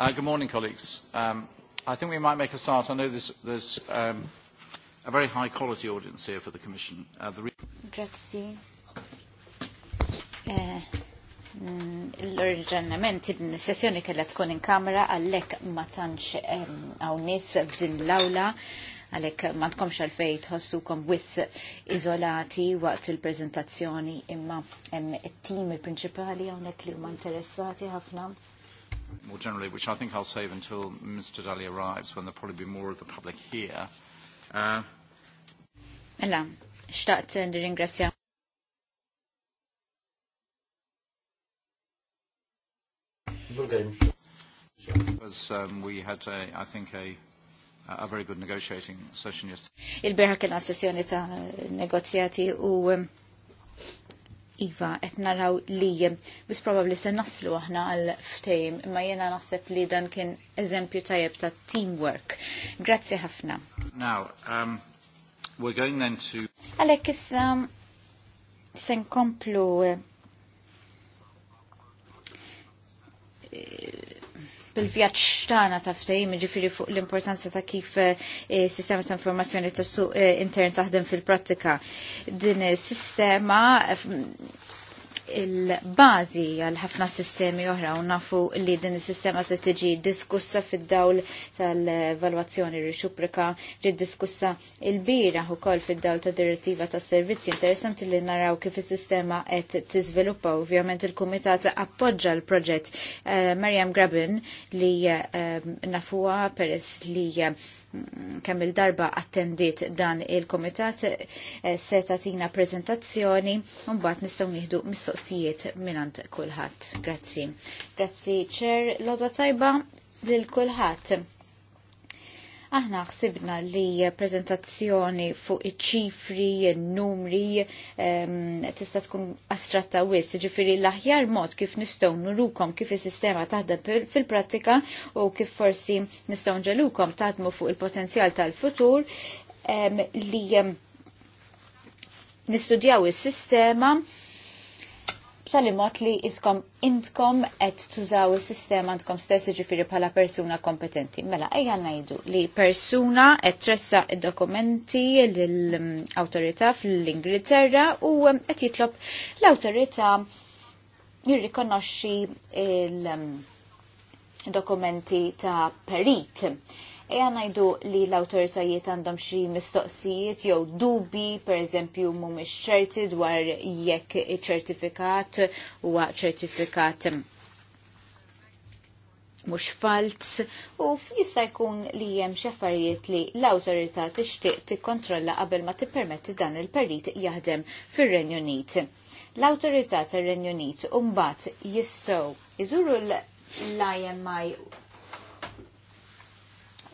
Uh, good morning, colleagues. Um, I think we might make a start. I know there's, there's um, a very high quality audience here for the Commission. Uh, the Grazie. Eh, mm, L-orġannament din sessjoni kella tkun in kamera għallek ma tantx hawn f'din l-awla għalek ma tkomx għalfej tħossukom wis izolati waqt il-prezentazzjoni imma it-tim il-prinċipali għawnek li huma interessati ħafna More generally, which I think I'll save until Mr. Daly arrives, when there'll probably be more of the public here. Uh, mela, xtaqt nirringrazzja. Because um, we had, a, I think, a a very good negotiating session yesterday. Il-berħa kena sessjoni ta' negozjati u um, Iva, qed naraw li bis probabli se naslu aħna għal ftejm, imma jena naħseb li dan kien eżempju tajjeb ta' teamwork. Grazzi ħafna. Now, um, we're going then to... Għalek issa sen komplu eh, fil-vjaġġ tagħna ta' ftehim ġifiri fuq l-importanza ta' kif eh, sistema ta' informazzjoni tas-suq eh, intern taħdem fil-prattika. Din is-sistema eh, il-bazi għal ħafna sistemi oħra u nafu li din is-sistema se tiġi diskussa fid-dawl tal-valwazzjoni reċuprika ġi diskussa il-bira u koll fid-dawl ta' direttiva ta' servizzi. Interessanti li naraw kif is-sistema qed tiżviluppa. Ovvjament il-Kumitat appoġġa l-proġett eh, Mariam Grabin li eh, nafuha peress li eh, kemm il-darba attendiet dan il-komitat eh, se tatina prezentazzjoni un bat nistaw nieħdu mistoqsijiet minant kulħadd. Grazzi. Grazzi ċer Lodwa Tajba lil kulħadd. Aħna ħsibna li prezentazzjoni fuq iċ-ċifri, numri ehm, tista' tkun astratta wis, ġifiri l-aħjar mod kif nistgħu nurukom kif is-sistema taħdem fil-prattika u kif forsi nistgħu nġelukom taħdmu fuq il-potenzjal tal-futur ehm, li ehm, nistudjaw is-sistema b'talimot li iskom intkom qed tużaw is-sistema għandkom stess ġifiri bħala persuna kompetenti. Mela, ejja ngħidu li persuna qed tressa id-dokumenti l-awtorità fl-Ingilterra u qed jitlob l-awtorità jirrikonoxxi il-dokumenti ta' perit Ejja najdu li l-autoritajiet għandhom xi mistoqsijiet jew dubi, per eżempju, mhumiex ċerti dwar jekk iċ-ċertifikat huwa ċertifikat mhux falt u jista' jkun li hemm xi li l-awtorità tixtieq tikkontrolla qabel ma tippermetti dan il-perit jaħdem fir-Renju Unit. L-awtorità tar-Renju Unit mbagħad jistgħu jżuru l-IMI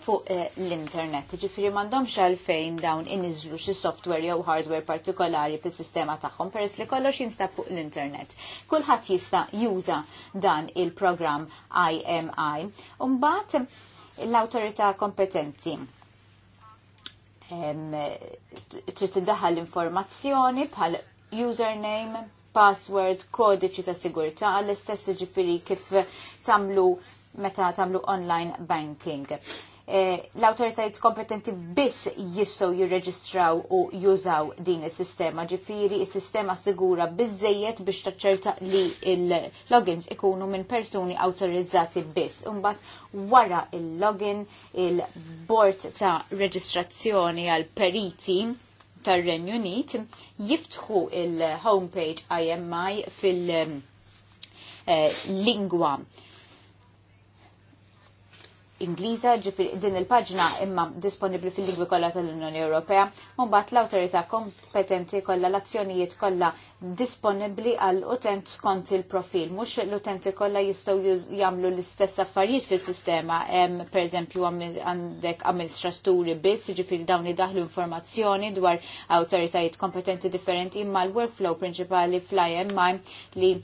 fuq eh, l-internet. Ġifiri mandom xalfejn dawn inizlu xi software jew hardware partikolari fis sistema tagħhom peress li kollox jinstab fuq l-internet. Kulħadd jista' juża dan il-programm IMI. Mbagħad l-awtorità kompetenti trid tiddaħħal l-informazzjoni bħal username, password, kodiċi ta' sigurtà l-istess ġifiri kif tamlu meta tamlu online banking. Eh, l-autoritajiet kompetenti biss jistgħu jirreġistraw u jużaw din is-sistema. Ġifieri is-sistema sigura biżejjed biex taċċerta li il-logins ikunu minn persuni awtorizzati biss. Imbagħad wara il-login il-bord ta' reġistrazzjoni għal periti tar-Renju Unit jiftħu il-homepage IMI fil-lingwa. Eh, Ingliża, ġifir din il-paġna imma disponibli fil-lingwi kollha tal-Unjoni Ewropea, mbagħad l-awtorità kompetenti kollha l-azzjonijiet kollha disponibbli għall utent skont il-profil, mhux l-utenti kollha jistgħu jagħmlu l-istess affarijiet fis-sistema, hemm pereżempju għandek amministraturi biss, ġifir dawn idaħlu informazzjoni dwar awtoritajiet kompetenti differenti imma l-workflow prinċipali fl-IMI li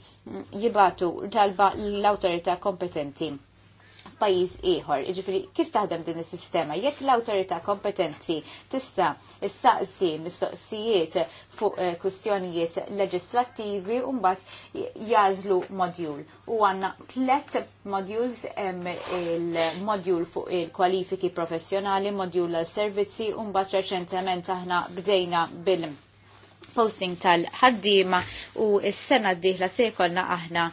jibatu talba l-awtorità kompetenti f'pajjiż ieħor. Jiġifieri kif taħdem din is-sistema? Jekk l-awtorità kompetenti tista' issaqsi mistoqsijiet fuq eh, kwistjonijiet leġislattivi u mbagħad jażlu modjul. U għandna tliet modules hemm il-modjul fuq il-kwalifiki professjonali, modjul għal-servizzi u mbagħad reċentement aħna bdejna bil posting tal-ħaddiema u s-sena d-dieħla se jkollna aħna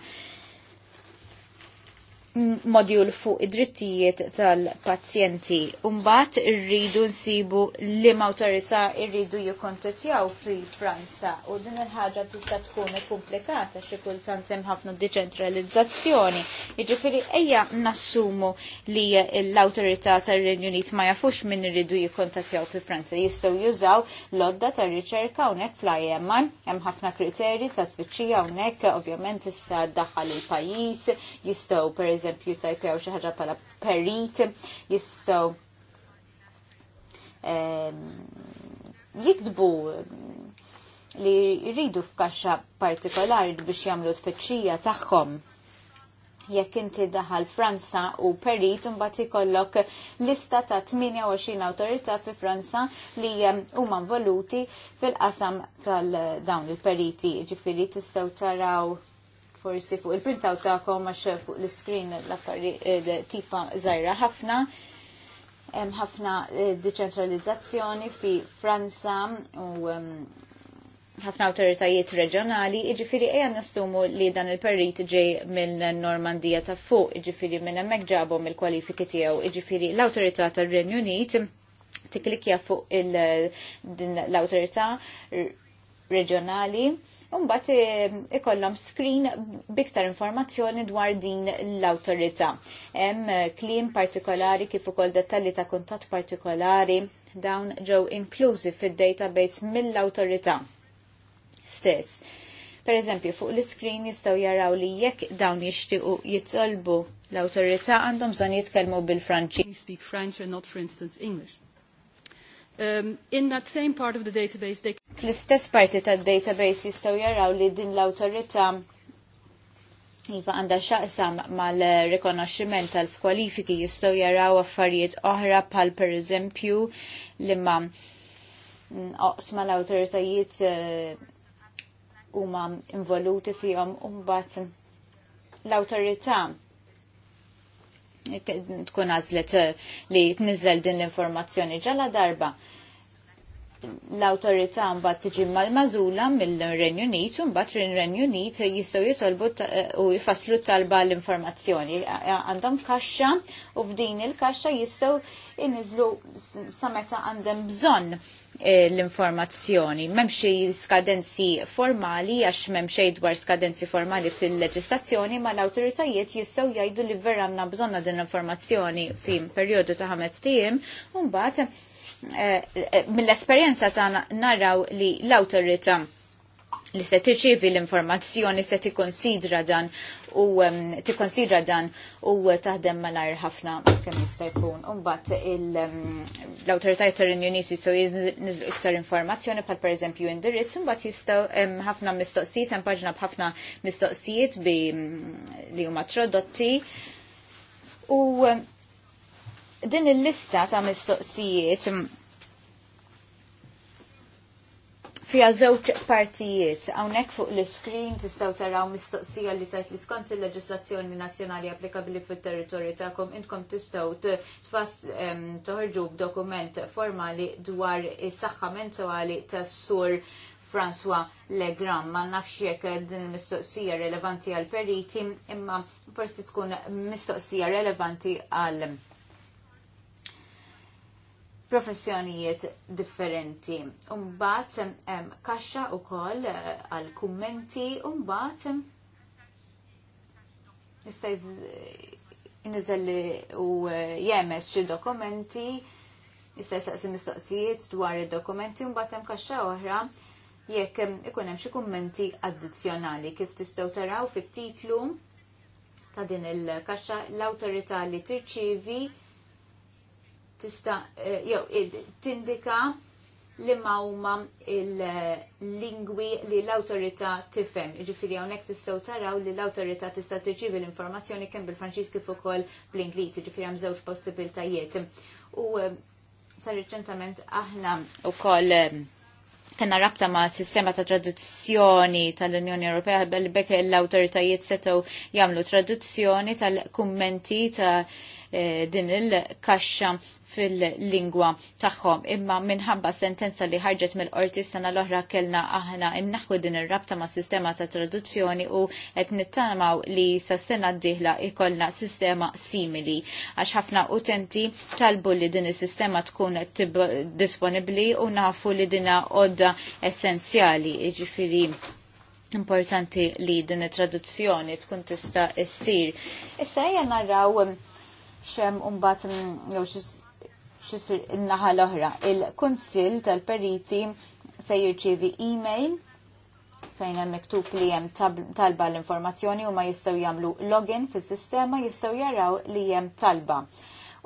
modjul fuq id-drittijiet tal-pazjenti. Umbat irridu nsibu li mawtorità irridu jikontotjaw fil-Franza u din il-ħagġa tista' tkun komplikata xi kultant hemm ħafna deċentralizzazzjoni. Jiġifieri ejja nassumu li l-awtorità tar-Renju Unit ma jafux min irridu jikkontattjaw fil Franza jistgħu jużaw lodda tar-riċerka hawnhekk fl-IMA hemm ħafna kriterji ta' tfittxija hawnhekk ovvjament issa ddaħħal il-pajjiż jistgħu per eżempju ta' jkrew xi ħaġa bħala perit jistgħu ehm, jikdbu li jridu f'kaxxa partikolari biex jagħmlu tfittxija tagħhom jekk inti daħal Franza u Perit imbagħad ikollok lista ta' 28 awtorità fi Franza li ehm, huma involuti fil-qasam tal-dawn il-periti. Ġifieri tistgħu taraw forsi fuq il-printaw ta'kom għax fuq l-screen l-affari eh, tipa zaħira ħafna hemm ħafna eh, deċentralizzazzjoni fi Franza u ħafna awtoritajiet reġjonali, jiġifieri ejja nassumu li dan il-perrit ġej minn normandija ta' fuq, jiġifieri minn hemmhekk ġabhom il-kwalifiki tiegħu, jiġifieri l-awtorità tar-Renju Unit tiklikja fuq l-awtorità reġjonali Mbagħad eh, ikollhom screen biktar informazzjoni dwar din l-awtorità. Hemm eh, kliem partikolari kif ukoll dettalji ta' kuntatt partikolari dawn ġew inklużi fid-database mill-awtorità stess. Per eżempju, fuq l-screen jistaw jaraw li jekk dawn jixtiqu jitolbu l-autorità għandhom bżonn jitkellmu bil-Franċi. speak French and not, for instance, English um, in that same part of the database they Fl-istess parti tad-database jistgħu jaraw li din l-awtorità Iva għanda xaqsam mal-rikonoxximent tal-kwalifiki jistgħu jaraw affarijiet oħra pal per eżempju li ma mm, oqsma l-awtoritajiet eh, huma involuti fihom u mbagħad l-awtorità tkun għazlet eh, li tnizzel din l-informazzjoni ġala darba l-autorità mbagħad tiġi mal-mażula mill-Renju Unit u mbagħad ir-Renju Unit jistgħu jitolbu u jifaslu talba l-informazzjoni. Għandhom kaxxa u f'din il-kaxxa jistgħu jniżlu sa meta għandhom bżonn eh, l-informazzjoni. Memxie skadenzi formali għax m'hemm xejn dwar skadenzi formali fil-leġislazzjoni, ma l-awtoritajiet jistgħu jgħidu li verra għandna bżonna din l-informazzjoni fi perjodu ta' ħames tiem u mbagħad Eh, mill-esperjenza ta' naraw li l autorita li se tirċievi l-informazzjoni se tikkonsidra dan u tikkonsidra dan u taħdem malajr ħafna kemm jista' jkun. l-awtoritajiet tar in-Unisi so jinżlu iktar informazzjoni bħal pereżempju indirizz, imbagħad jistgħu ħafna mistoqsijiet, hemm paġna b'ħafna mistoqsijiet bi li huma tradotti. U din il-lista ta' mistoqsijiet fija żewġ partijiet. Hawnhekk fuq l screen tistgħu taraw mistoqsija li tajt li skont il-leġislazzjoni nazzjonali applikabbli fit-territorju ta'kom, intkom tistgħu tfass ehm, toħorġu b'dokument formali dwar is-saħħa mentuali tas-sur François Legram. Ma nafx jekk din il-mistoqsija relevanti għal periti, imma forsi tkun mistoqsija relevanti għal professjonijiet differenti. Umbat hemm kaxxa wkoll eh, għal kummenti umbat nista' niżelli u eh, jemes xi dokumenti jista' jistaqsi mistoqsijiet dwar id-dokumenti mbagħad hemm kaxxa oħra jekk ikun hemm xi kummenti addizzjonali kif tistgħu taraw fit-titlu ta' din il-kaxxa l-awtorità li tirċievi tista' eh, jew tindika li ma huma il-lingwi li l-awtorità tifhem. Jiġifieri hawnhekk tistgħu taraw li l-awtorità tista' tiġibi l-informazzjoni kemm bil-Franċiż kif ukoll bl-Ingliż, jiġifieri hemm żewġ possibiltajiet. U eh, sa riċentament aħna wkoll eh, kena rabta ma' sistema ta' traduzzjoni tal-Unjoni Ewropea bel l-autoritajiet setgħu jagħmlu traduzzjoni tal-kummenti ta' din il-kaxxa fil-lingwa tagħhom. Imma minħabba sentenza li ħarġet mill-qorti sena l-oħra kellna aħna innaħħu din ir-rabta ma' sistema ta' traduzzjoni u qed nittamaw li sa sena d-dieħla ikollna sistema simili għax ħafna utenti talbu li din is-sistema tkun disponibbli u nafu li dina għodda essenzjali, iġifiri importanti li din traduzzjoni tkun tista' issir. Issa hija naraw um, xem umbat um, jew xisir naħa l-oħra. Il-Kunsil tal-Periti se jirċievi email fejn hemm miktub li hemm talba l-informazzjoni u ma jistgħu jagħmlu login fis-sistema jistgħu jaraw li hemm talba.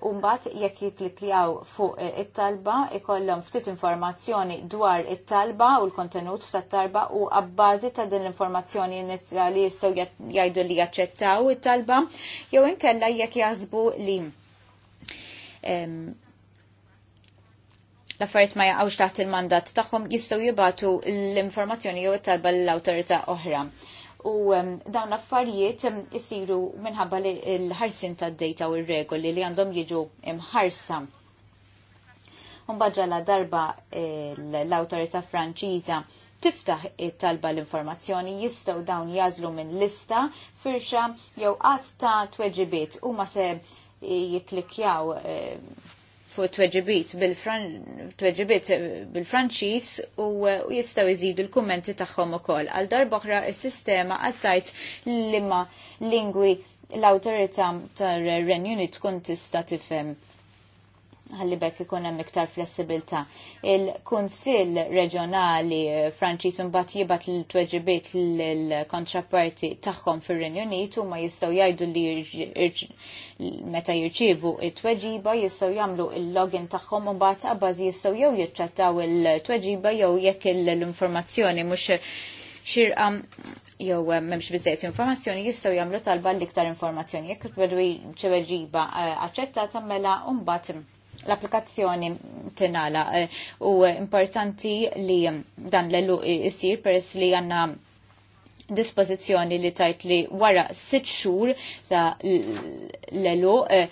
Umbat jekk jiklikljaw fuq it-talba ikollhom ftit informazzjoni dwar it-talba u l-kontenut tat-talba u abbażi ta' din l-informazzjoni inizjali jistgħu jgħidu li jaċċettaw it-talba jew inkella jekk jaħsbu li laffariet ma jaqgħux taħt il-mandat tagħhom jistgħu jibatu l-informazzjoni jew it-talba l-awtorità oħra. U um, dawn l-affarijiet um, isiru minħabba l-ħarsin tad data u r-regoli li għandhom jiġu imħarsa. la darba eh, l autorita Franċiża tiftaħ it-talba l-informazzjoni jistgħu dawn jażlu minn lista, firxa jew qatt ta' tweġibiet huma se jiklikjaw eh, fuq tweġibit eh, bil-Franċis eh, u jistaw iżidu l-kummenti tagħhom ukoll. Għal darboħra oħra is-sistema għattajt l-imma lingwi l-autorità tar-Renjuni tkun tista' tifhem ħalli bekk ikun hemm iktar flessibilità. Il-Kunsill Reġjonali Franċiż imbagħad jibgħat lill tweġibiet lill-kontraparti tagħhom fir-Renju Unit huma jistgħu jgħidu li meta jirċievu it-tweġiba jistgħu jagħmlu il-login tagħhom u mbagħad qabbażi jistgħu jew jiċċattaw il-tweġiba jew jekk l-informazzjoni mhux xirqa jew memx bizzejt informazzjoni jistgħu jagħmlu talba l-iktar informazzjoni jekk tweġiba eh, aċċettata mela u mbagħad l-applikazzjoni tinala eh, u importanti li dan l-elu jisir peress li għanna dispozizjoni li tajt li wara sitt xhur ta' l-elu eh,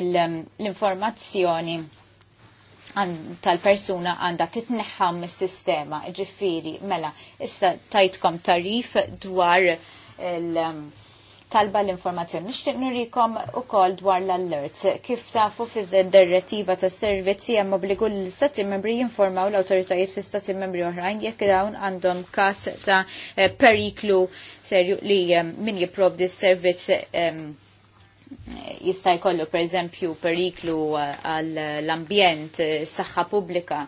l-informazzjoni tal-persuna għanda titneħħam mis-sistema, ġifiri, mela, issa tajtkom tarif dwar il- talba l-informazzjoni. Nixtieq nurikom ukoll dwar l-alerts. Kif tafu fiż direttiva tas servizzi hemm obligu l istati membri jinformaw l-awtoritajiet fi stati membri oħrajn jekk dawn għandhom każ ta' eh, periklu serju li eh, min jipprovdi s-servizz eh, jista' jkollu pereżempju periklu għall-ambjent, s-saħħa pubblika.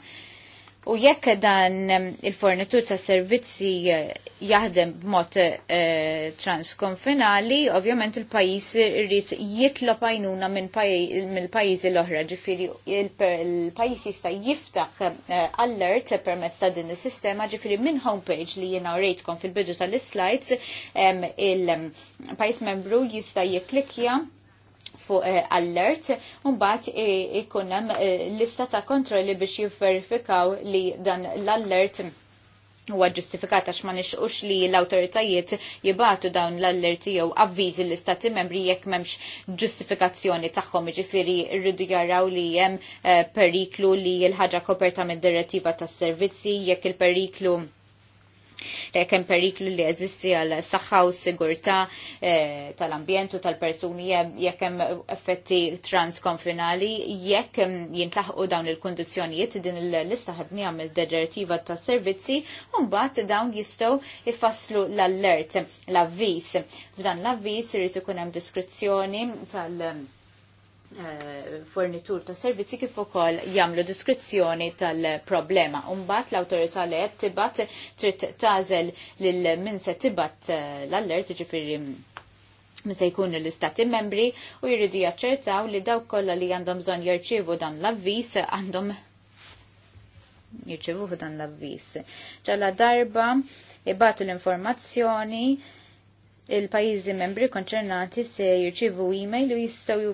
U jekk dan il-fornitur ta' servizzi eh, jaħdem b'mod eh, transkonfinali, ovvjament il-pajis irrid jitlob għajnuna mill pajjiżi l-oħra, ġifiri il-pajis jista' jiftaħ eh, alert permezz ta' din is-sistema, ġifiri minn homepage li jiena rejtkom fil-bidu tal-slides, il-pajis membru jista' jiklikja fuq eh, alert, mbagħad eh, ikun hemm eh, lista ta' kontrolli biex jifferifikaw li dan l-alert huwa ġustifikat għax ma nixqux li l-awtoritajiet jibatu dawn l-allerti jew avviżi l-istati membri jekk m'hemmx ġustifikazzjoni tagħhom jiġifieri rridu jaraw li hemm periklu li l-ħaġa koperta mid-direttiva tas-servizzi jekk il-periklu Rekken periklu li jeżisti għal saħħa u sigurta eh, tal-ambjentu tal-persuni jekk hemm effetti transkonfinali jekk mm, jintlaħqu dawn il-kondizzjonijiet din il-lista għam il-direttiva tas servizzi u mbagħad dawn jistgħu ifasslu l-allert l avvis F'dan l avvis irid ikun hemm diskrizzjoni tal- Eh, fornitur ta' servizzi kif ukoll jagħmlu diskrizzjoni tal-problema. Umbagħad l-awtorità li qed tibgħat trid tażel lil min se tibgħat eh, l-allert jiġifieri min se jkunu l-istati membri u jridu jaċċertaw li dawk kollha li għandhom bżonn jirċievu dan l-avviż għandhom jirċievu dan l-avviż. Ġalla darba ibatu l-informazzjoni il-pajizi membri konċernati se jirċivu e-mail u jistaw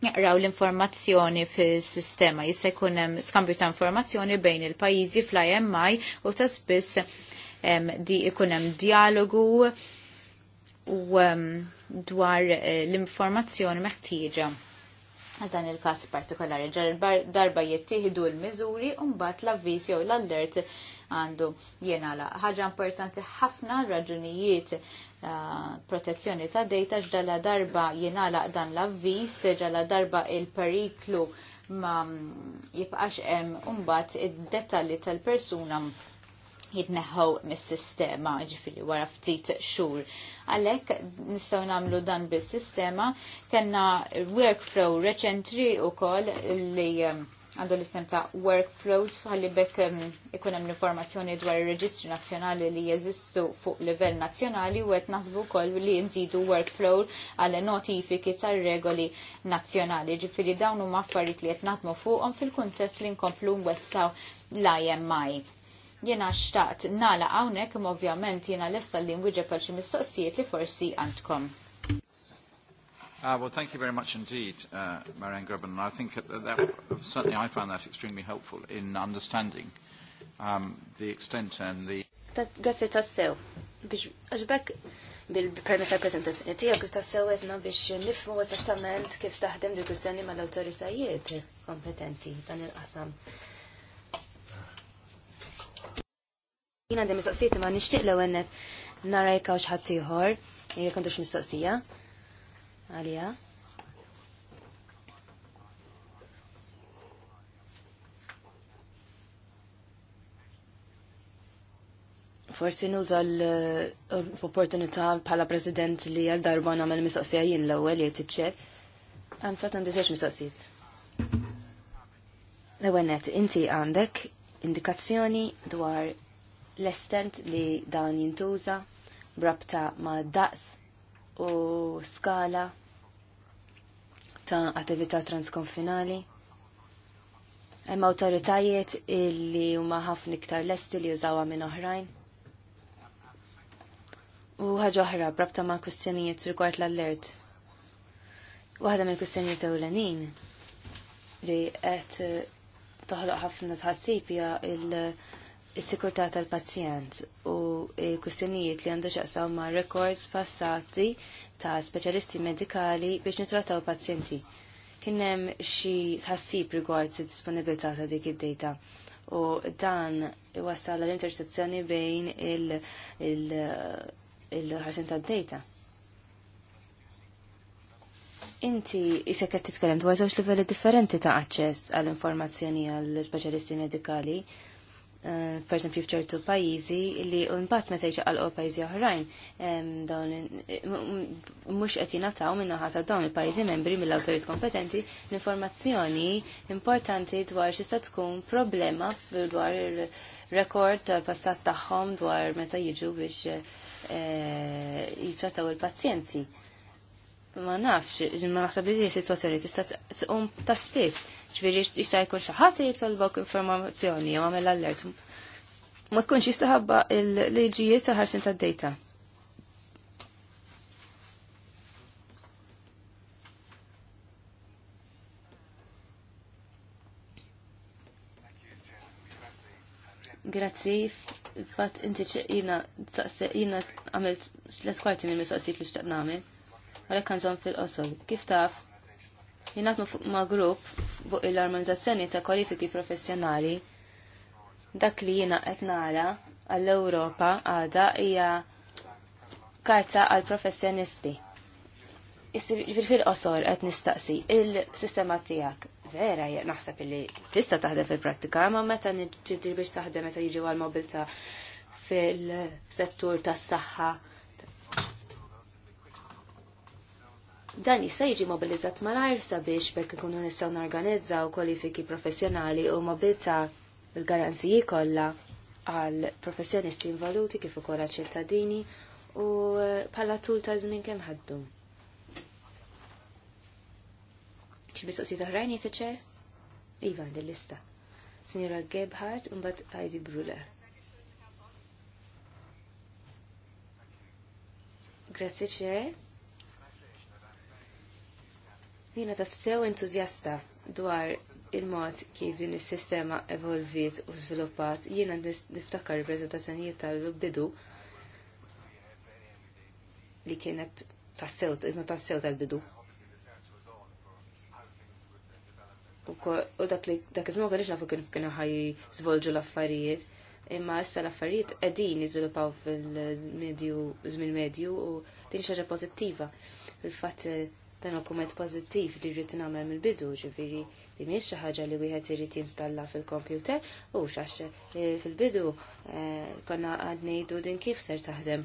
jaqraw l-informazzjoni fis sistema jista' jkun hemm skambju ta' informazzjoni bejn il-pajjiżi fl-IMI u ta' spiss di ikun hemm dialogu u dwar eh, l-informazzjoni meħtieġa dan il-kas partikolari ġar darba jittieħdu l-miżuri u mbagħad l-avviż jew l-allert għandu jena la ħaġa importanti ħafna raġunijiet protezzjoni ta' data ġdala darba jenalaq dan l-avvis, ġdala darba il-periklu ma jibqax hemm umbat id-detalli tal-persuna jitneħħaw mis-sistema ġifiri wara ftit xhur. Għalhekk nistgħu nagħmlu dan bis-sistema kellna workflow reċentri wkoll li um, għandu l-istem ta' workflows għalli bekk ikun hemm informazzjoni dwar ir-reġistri nazzjonali li jeżistu fuq livell nazzjonali u qed naħsbu wkoll li nżidu workflow għal notifiki tar-regoli nazzjonali. Ġifieri dawn huma affarijiet li qed naħdmu fuqhom fil-kuntest li nkomplu nwessaw l-IMI. Jena xtaqt nala hawnhekk imma ovvjament jiena lesta li nwieġeb għal xi mistoqsijiet li forsi għandkom. Uh, well, thank you very much indeed, uh, Marianne Grubben. I think that, that certainly I found that extremely helpful in understanding um, the extent and the... Grazie tassew. Biex, għaxbek bil-permessa prezentazzjoni tijak tassew għedna biex nifmu eżattament kif taħdem di kustjoni l autoritajiet kompetenti dan il-qasam. Jina għandem mistoqsijiet ma nishtiq l-għennet nara jekaw xħat tiħor, jekondux mistoqsija. mistoqsija għalija. Forsi nuża l-opportunità bħala president li għal darba nagħmel mistoqsija jien l-ewwel jgħid iċċer. Anza għandi sex mistoqsijiet. L-ewwel inti għandek indikazzjoni dwar l-estent li dan jintuża brabta ma' daqs u skala ta' attività transkonfinali. Hemm awtoritajiet illi huma ħafna iktar lesti li jużawha minn oħrajn. U ħaġa oħra brabta ma' kwistjonijiet rigward l-allert. Waħda mill kwistjonijiet ewlenin li qed toħloq ħafna tħassib hija il- is-sikurtà tal-pazjent u kwistjonijiet li għandu xaqsaw ma' records passati ta' speċjalisti medikali biex nitrattaw pazjenti. Kien hemm xi tħassib rigward id-disponibilità ta' dik id-data u dan iwassal l-intersezzjoni bejn il-ħarsin tad-data. Inti isek qed titkellem dwar żewġ livelli differenti ta' aċċess għall-informazzjoni għall speċjalisti medikali Eh, per esempio fċertu pajizi li bat meta għal u pajizi oħrajn mux eh, qed jingħataw minnaħa ta' dawn il-pajjiżi membri mill-awtorit kompetenti l-informazzjoni importanti dwar xista tkun problema dwar il-rekord tal-passat tagħhom dwar meta jiġu biex eh, jitrataw il-pazjenti ma nafx, ma naħseb li situazzjoni tista' tqum ta' spiss. Ġifieri jista' jkun xi ħadd jitolbok informazzjoni jew għamel allert. Ma tkunx jistaħabba l-liġijiet ta' ħarsin tad-dejta. Grazzi, fatt inti ċeqina, jina għamilt l-eskwarti minn mistoqsijiet li xtaqnamil. namil għalhekk kanżon fil-qosol. Kif taf, jinaħdmu ma' grupp fuq l-armonizzazzjoni ta' kwalifiki professjonali dak li jina qed għall-Ewropa għada hija karta għal professjonisti. Ġifir fil-qosor qed nistaqsi il-sistema tiegħek. Vera, naħseb li tista taħdem fil-prattika, ma meta nġiddir biex taħdem meta jiġi għal mobilta fil-settur tas saħħa Dan jista' jiġi mobilizzat malajr sabiex bekk ikunu nistgħu norganizzaw kwalifiki professjonali u mobilità l-garanziji kollha għal professjonisti involuti kif ukoll ċittadini u eh, bħala tul ta' żmien kemm ħaddu. Xi X'bistaqsijiet oħrajn jitiċer? Iva għandi lista. Signora Gebhardt u mbagħad Heidi Bruller. Grazie Chair. Jiena ta' sew entuzjasta dwar il-mod kif din is-sistema evolvit u żviluppat. Jiena niftakar il-preżentazzjonijiet tal-bidu li kienet jina ta' sew tal-bidu. U dak li dak iż-żmien nafu kien kienu ħaj żvolġu l-affarijiet, imma issa l-affarijiet qegħdin jiżviluppaw fil-medju żmien medju u din xi ħaġa pożittiva. fil dan u kumet pozittiv li rrit nagħmel mill-bidu, ġifiri li miex xi ħaġa li wieħed irid jinstalla fil-kompjuter u xax eh, fil-bidu eh, konna qed ngħidu din kif ser taħdem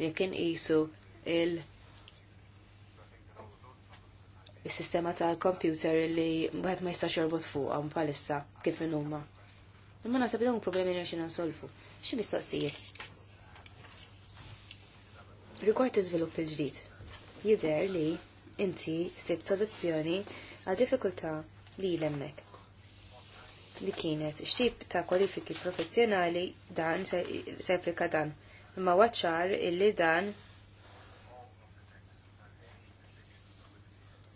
jekk inqisu il is-sistema tal-kompjuter li wieħed ma jistax jorbot fuqha palissa kif n-numma. Imma naħseb għum problemi li xi nsolvu. Xi mistaqsijiet? Rigward iżvilupp il-ġdid, jidher li inti sib soluzzjoni għal diffikultà li lemmek li kienet xtib ta' kwalifiki professjonali dan se applika dan. Imma waċċar illi dan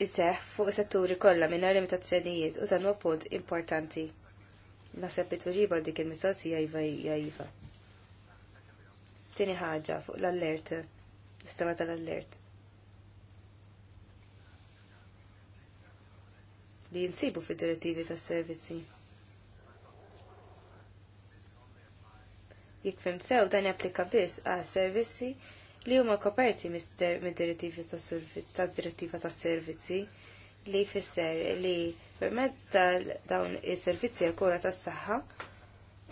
iseħ fuq setturi kollha mingħajr limitazzjonijiet u dan huwa punt importanti. Naħseb li tweġiba dik il-mistoqsija iva jiva. Tieni ħaġa fuq l-allert, sistema tal-allert. li jinsibu fid-direttivi tas-servizzi. Jekk fim sew dan japplika biss għal servizzi li huma koperti mid-direttivi tad-direttiva tas-servizzi li jfisser li permezz tal-dawn is-servizzi għal-kura tas-saħħa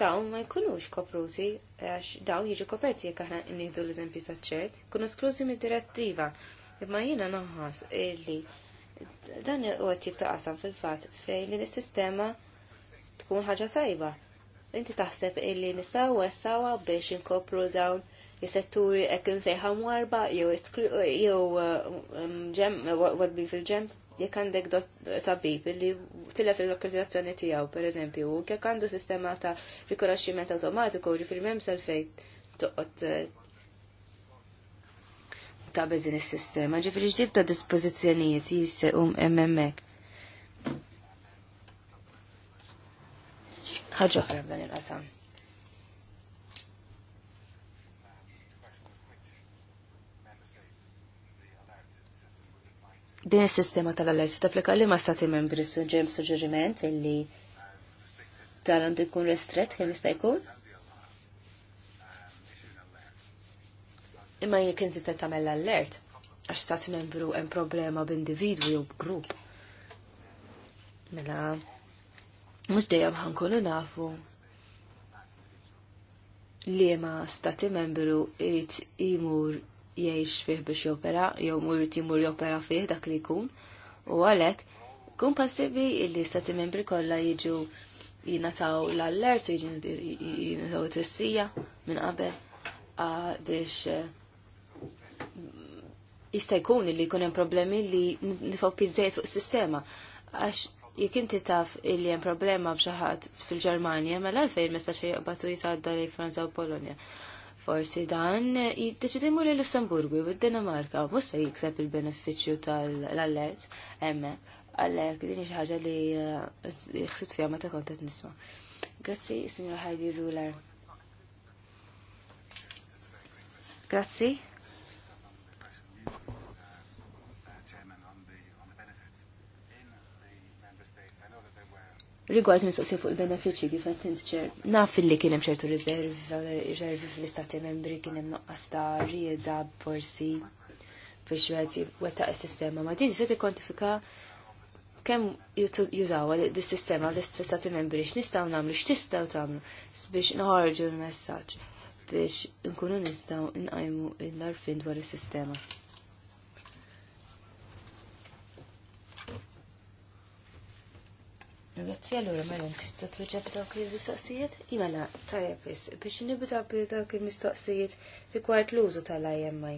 dawn ma jkunux kopruti għax dawn jiġu koperti jekk aħna nieħdu l-eżempju ta' ċer kunu sklużi mid-direttiva. Imma jiena naħas illi Dan u għattib ta' qasam fil-fatt fejn li s-sistema tkun ħaġa tajba. Inti taħseb illi nisaw sawa biex inkopru dawn is-setturi hekk sejħa mwarba jew jew warbi um, fil ġem jekk għandek tabib li tilef il-akkreditazzjoni tiegħu pereżempju, u jekk għandu sistema ta' rikonoxximent automatiku ġifier m'hemm fejt fejn toqgħod ta' bezin il-sistema, ġifiri ta' dispozizjonijiet jisse um emmek. ħagħuħra b'dan il-qasam. Din is-sistema tal-alert tapplika li ma stati membri ġem suġġeriment illi tal-għandu jkun restret kien jista' jkun? imma jek inti qed tagħmel allert għax stat membru hemm problema b'individwu jew b'grupp. Mela mhux dejjem ħankunu nafu li ma stati membru irid imur jgħix fih biex jopera, jew irid imur jopera fih dak li jkun, u għalhekk kun passibi li stati membri kollha jiġu jingħataw l-allert u jingħataw it-tissija minn qabel biex eh, jista' jkun li jkun hemm problemi li nifok pizzejt fuq sistema. Għax jekk inti taf li hemm problema b'xi fil-Ġermanja, mela għalfejn mista xejn jaqbatu jitgħadda lejn Franza u Polonja. Forsi dan jiddeċidimu li Lussemburgu u d-Danimarka, mhux se jikseb il-benefiċċju tal-allert hemmhekk. Għalhekk din xi ħaġa li jħsib eh, fiha meta kont qed nisma'. Grazzi, Signor Heidi Ruler. Grazzi. Rigward mistoqsija fuq il-benefiċi kif qed intċer. Naf illi kien hemm ċertu riservi fl-istati membri kien hemm noqqas ta' rieda forsi biex wieħed wettaq is-sistema. Ma din se tikkontifika kemm jużaw dis-sistema l-istati membri x'nistgħu nagħmlu x'tistgħu tagħmlu biex nħarġu l-messaġġ biex nkunu nistgħu nqajmu l-arfin dwar is-sistema. Grazzi għallura mela tista' tweġa b'dawk il-mistoqsijiet? Imela iva, tajjeb biex nibda b'dawk il-mistoqsijiet rigward l-użu tal-IMI.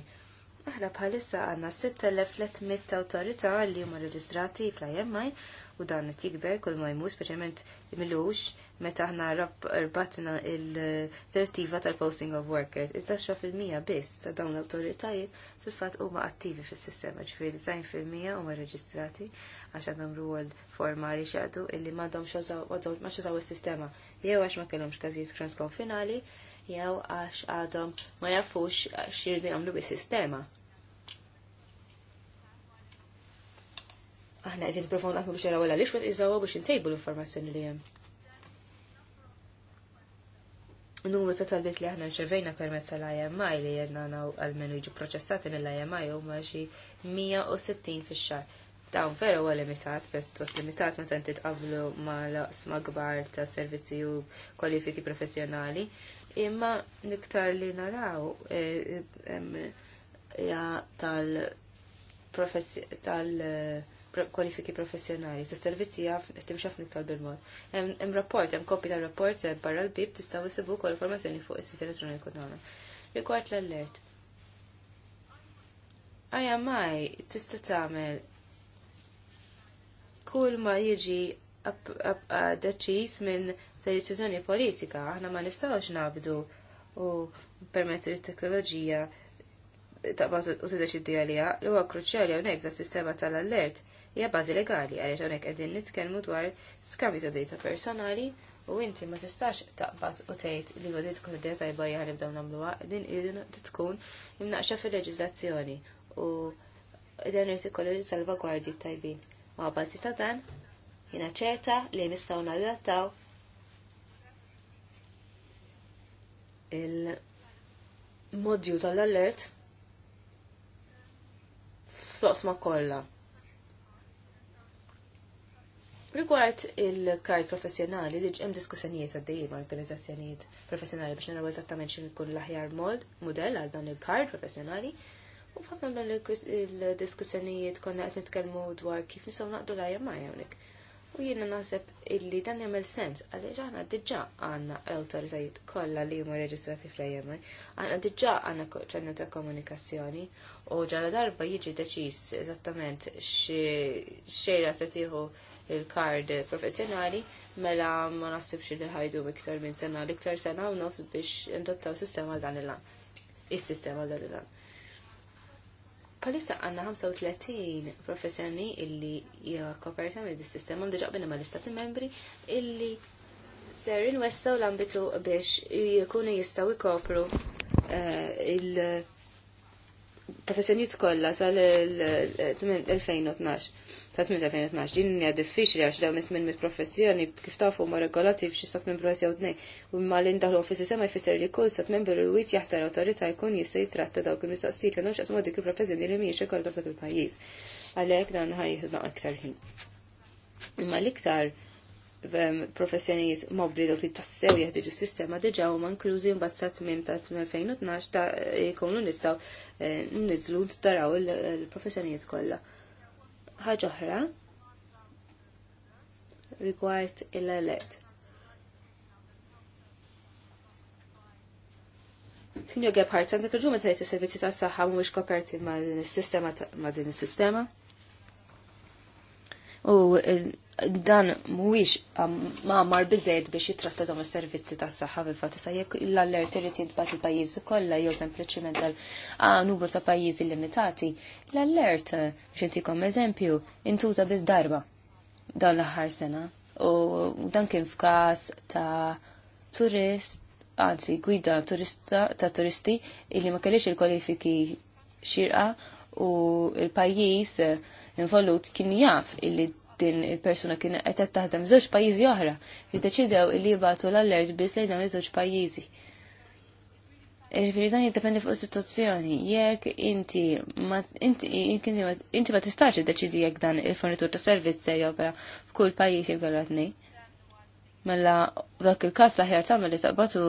Aħna bħalissa għandna 6300 autorita li huma reġistrati fl-IMI u dan qed jikber kull ma jmur speċjalment milux meta aħna rbatna il-direttiva tal-posting of workers. Iżda xa fil-mija biss ta' dawn l-awtoritajiet fil-fatt huma attivi fis-sistema, ġifieri 90 fil-mija huma reġistrati għax għandhom rwol formali xaqtu illi m'għandhom ma xużaw is-sistema. Jew għax ma kellhomx każijiet finali jew għax għadhom ma jafux x'jirdu jagħmlu bis-sistema. Aħna qegħdin nippruvaw naħmu biex naraw għaliex wet iżawha biex intejbu l-informazzjoni li hemm. Numru ta' talbiet li aħna rċevejna permezz tal-IMI li jedna għal-menu jiġu proċessati mill-IMI u xi 160 fix-xahar. Dawn vera huwa limitat, pjuttost limitat meta inti tqablu ma' laqsma kbar ta' servizzi u kwalifiki professjonali. Imma niktar li naraw eh, ja tal-kwalifiki eh, professjonali, ta' servizzi għaf timxaf niktar bil-mod. Hemm rapport, hemm kopji tal-rapport eh, barra l-bib s-sibu kol informazzjoni fuq is-sit elettroniku tagħna. Rigward l-allert. Aja maj, tista' tagħmel kull ma jiġi deċiż minn deċiżjoni politika, aħna ma nistgħux nabdu u permezz it-teknoloġija taqbad u tiddeċidi għalija li huwa kruċjali hawnhekk tas sistema tal-allert hija bażi legali għaliex hawnhekk qegħdin nitkellmu dwar skambju ta' data personali u inti ma tistax taqbad u tgħid li għadin tkun id-data tajba jaħ nibdew nagħmluha din irid tkun jimnaqxa fil-leġiżlazzjoni u dan irid ikollu salvagwardji tajbin. Ma bazzi ta' dan, jina ċerta li nistgħu nadattaw il-modju tal-alert floqsma kollha. Rigward il-kajt professjonali, diġ jem diskussjonijiet għaddejjim għal organizzazzjonijiet professjonali biex naraw eżattament xin kull l-aħjar mod, model għal dan il-kajt professjonali, U f'ħafna dan il-diskussjonijiet konna qed nitkellmu dwar kif nisaw naqdu lajja ma' hawnhekk. U jiena naħseb illi dan jagħmel sens għaliex aħna diġà għandna l-awtoritajiet kollha li huma reġistrati fl-IMI, għandna diġà għandna ċannu ta' komunikazzjoni u ġala darba jiġi deċiż eżattament xejra se tieħu il-kard professjonali mela ma naħsibx li ħajdu iktar minn sena l-iktar sena u nofs biex indottaw sistema għal dan il-lan. Is-sistema għal dan il-lan. Palissa għanna 35 professjoni illi jkoperta minn sistema għandu għabina ma l-istati membri illi ser inwessaw l-ambitu biex jkunu jistaw ikopru uh, il- professjonijiet kollha sal-2012 sa' 2012 din hija diffiċli għax dawn ismin mit-professjoni kif tafu huma regolati f'xi stat membru jew tnejn u ma l ndaħlu fis-sistema jfisser li kull stat membru wit jaħtar autorità jkun jista' jitratta dawk il-mistoqsijiet li għandhomx qasmu dik il-professjoni li mhijiex ikollha dak il-pajjiż. Għalhekk dan ħajħna aktar ħin. Imma l-iktar professjonijiet mobli dawk li tassew jeħtieġu s-sistema diġa u man inklużi un bazzat mim ta' 2012 ta' nistaw nizlu niżlu daraw il-professjonijiet kolla. ħagħuħra oħra rigward il-alert. Sinjor Gebhardt, għandek raġuni tajt is-servizzi tas-saħħa mhumiex koperti ma' din is-sistema ma' din il sistema U eh, dan mhuwiex mamar biżejt biex jitratta dawn is-servizzi tas-saħħa fil-fatt issa jekk l-allert irid jintbagħat il pajjiż kollha jew sempliċiment għal numru ta' pajjiżi limitati, l-allert eh, biex intikom eżempju intuża biss darba dan l-aħħar sena u dan kien f'każ ta' turist anzi gwida turista ta' turisti illi ma kellix il-kwalifiki xirqa u il-pajjiż eh, involut kien jaf illi din il-persuna kien qed taħdem żewġ pajjiżi oħra, jiddeċidew illi jibgħatu l-allert biss lejn dawn iż-żewġ pajjiżi. Irriferi dan jiddependi fuq is is-sitwazzjoni. Jekk inti ma inti ma tistax iddeċidi jekk dan il-fornitur ta' servizz se jopera f'kull pajjiż jew Mela dak il-każ l-aħjar tagħmel li taqbatu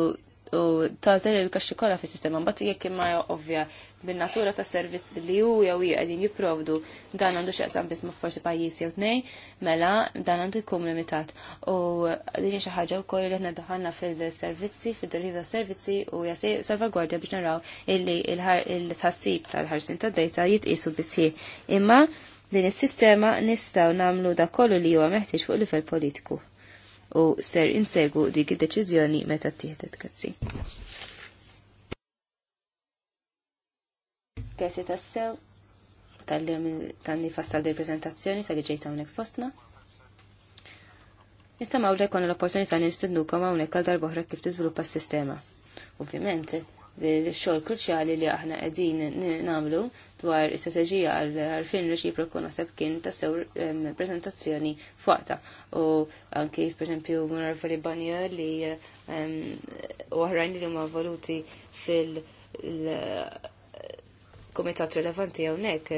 u tażel il-kaxxi kollha fis-sistema mbagħad jekk imma ovvja bin-natura ta' servizz li hu jew hi jipprovdu dan għandu x'jaqsam biss ma' forsi pajjiż jew tnejn, mela dan għandu jkun limitat. U din xi ħaġa wkoll li aħna daħalna fil-servizzi, fid-deriva servizzi u jasi salvagwardja biex naraw illi il-tħassib tal-ħarsin tad-dejta jitqisu bissi. Imma din is-sistema nistgħu nagħmlu dak kollu li huwa meħtieġ fuq livell politiku u ser insegu dik id-deċiżjoni meta tieħdet kazzi. Grazie tassew tal-li fassal di prezentazzjoni tal-li ġejta unek fosna. Nittamaw l-ekon l-opportunità koma unek għal darboħra kif tiżviluppa s-sistema. Ovvijament, l-xogħol kruċjali li aħna qegħdin nagħmlu dwar istrateġija għal-fin reċiproku naħseb kien tassew prezentazzjoni fuqta. U anki, per esempio, Munar Felibania li oħrajn li huma voluti fil- kumitat komitat rilevanti hawnhekk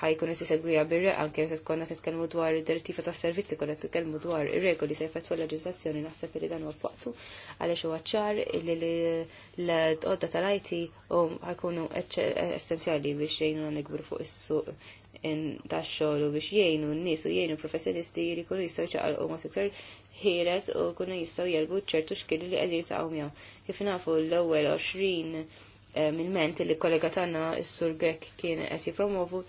ħajkun qed isegwija bir-req anke se tkun qed nitkellmu dwar id-direttiva tas-servizzi konna qed nitkellmu dwar ir-regoli se jfetwa l-leġiżlazzjoni naħseb li dan huwa f'waqtu għaliex huwa ċar li l-qodda tal-IT ħajkunu essenzjali biex jgħinu nikbru fuq is-suq tax-xogħol u biex jgħinu n-nies u jgħinu professjonisti li jkunu jistgħu ċaqalqu ma' iktar ħieles u kunu jistgħu jelbu ċertu xkili li qegħdin ta' Kif nafu l ewwel 20 mill-ment eh, li kollega tagħna is-sur Grek kien qed jippromovu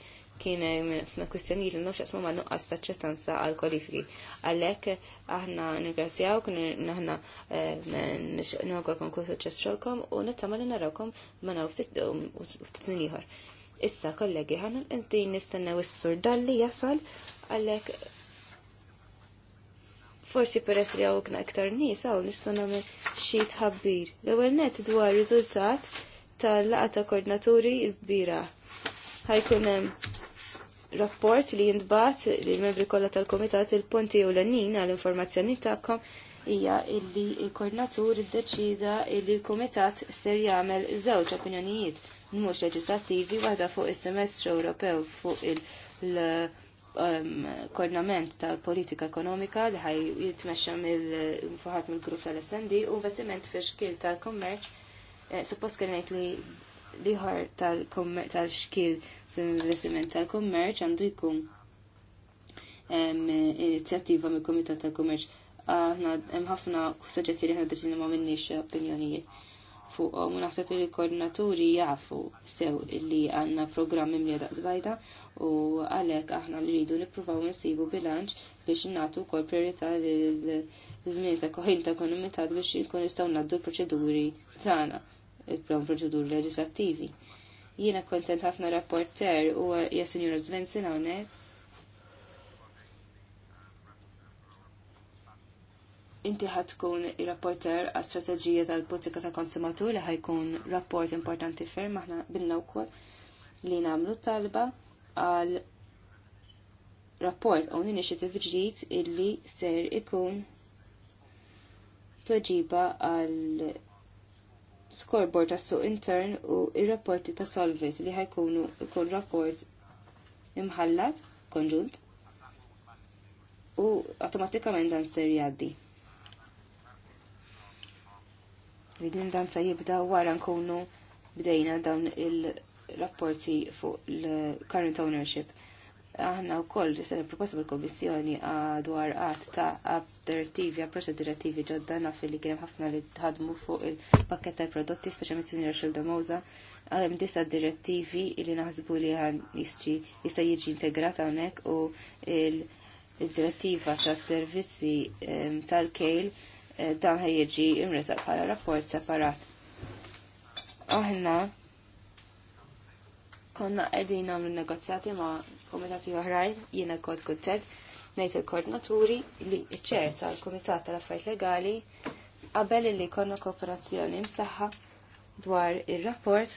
kien eh, f'na kwistjonijiet li nofx ma nuqqas taċċettanza għal kwalifiki. Għalhekk aħna nirgrazzjaw kien aħna eh, nogħolkom kull suċċess xogħolkom u nittama li narawkom ma naraw ftit um, ieħor. Issa kollegi ħana inti nistennew is-sur dalli jasal għalhekk forsi peress li hawn iktar nies hawn nista' nagħmel xie tħabbir. L-ewwel net dwar riżultat tal-laqa ta' koordinaturi l-bira. Ħajkun hemm rapport li jintbat li membri kollha tal-komitat il-punti u l għall-informazzjoni tagħkom hija illi il-koordinatur iddeċida illi l-komitat ser jagħmel żewġ opinjonijiet mhux leġislattivi waħda fuq is-semestru Ewropew fuq il-koordinament um, tal-politika ekonomika li ħaj jitmexxa mill-fuħat mill-grupp tal-SND u investiment fi xkil tal-kummerċ Eh, suppost kien li liħor tal-xkil fil investiment tal-kummerċ għandu jkun inizjattiva mill kumitat tal-kummerċ aħna hemm ħafna suġġetti li ħna deċiżjoni ma minnix opinjonijiet fuqhom u naħseb li l-koordinaturi jafu sew li għandna programm imlija daqsbajda u għalhekk aħna li rridu nippruvaw nsibu bilanċ biex nagħtu wkoll priorità l żmien ta' koħin ta' konomitat biex nkun nistgħu naddu l-proċeduri tagħna il-plan proċedur leġislattivi. Jiena kontent ħafna rapporter u jasinjura Svensson hawnhekk. Inti ħad tkun ir-rapporter għal strateġija tal-politika ta' konsumatur li ħajkun rapport importanti ferm aħna bilna wkoll li nagħmlu talba għal rapport own initiativ ġdid illi ser ikun toġiba għal scoreboard tas suq intern u il rapporti ta' solvis li ħajkunu ikun rapport imħallat konġunt u automatikament dan ser jaddi. Ridin dan se jibda wara nkunu bdejna dawn il-rapporti fuq l-current ownership aħna wkoll li se proposta mill-Kommissjoni dwar qatt ta' direttivi approċċ direttivi ġodda naf li kienem ħafna li tħadmu fuq il pakketta tal-prodotti speċjalment Sinjor Xilda Mowza għalem disa direttivi li naħsbu li għan jista jiġi integrata għonek u il-direttiva ta' servizzi tal-kejl eh, dan ħaj jieġi imresa bħala rapport separat. Aħna konna għedin għamlu negozjati ma' komitati oħrajn, jiena l-Kod kuntent, ngħid il-koordinaturi li ċ-ċer tal-Kumitat tal-Affarijiet Legali qabel li konna kooperazzjoni msaħħa dwar ir-rapport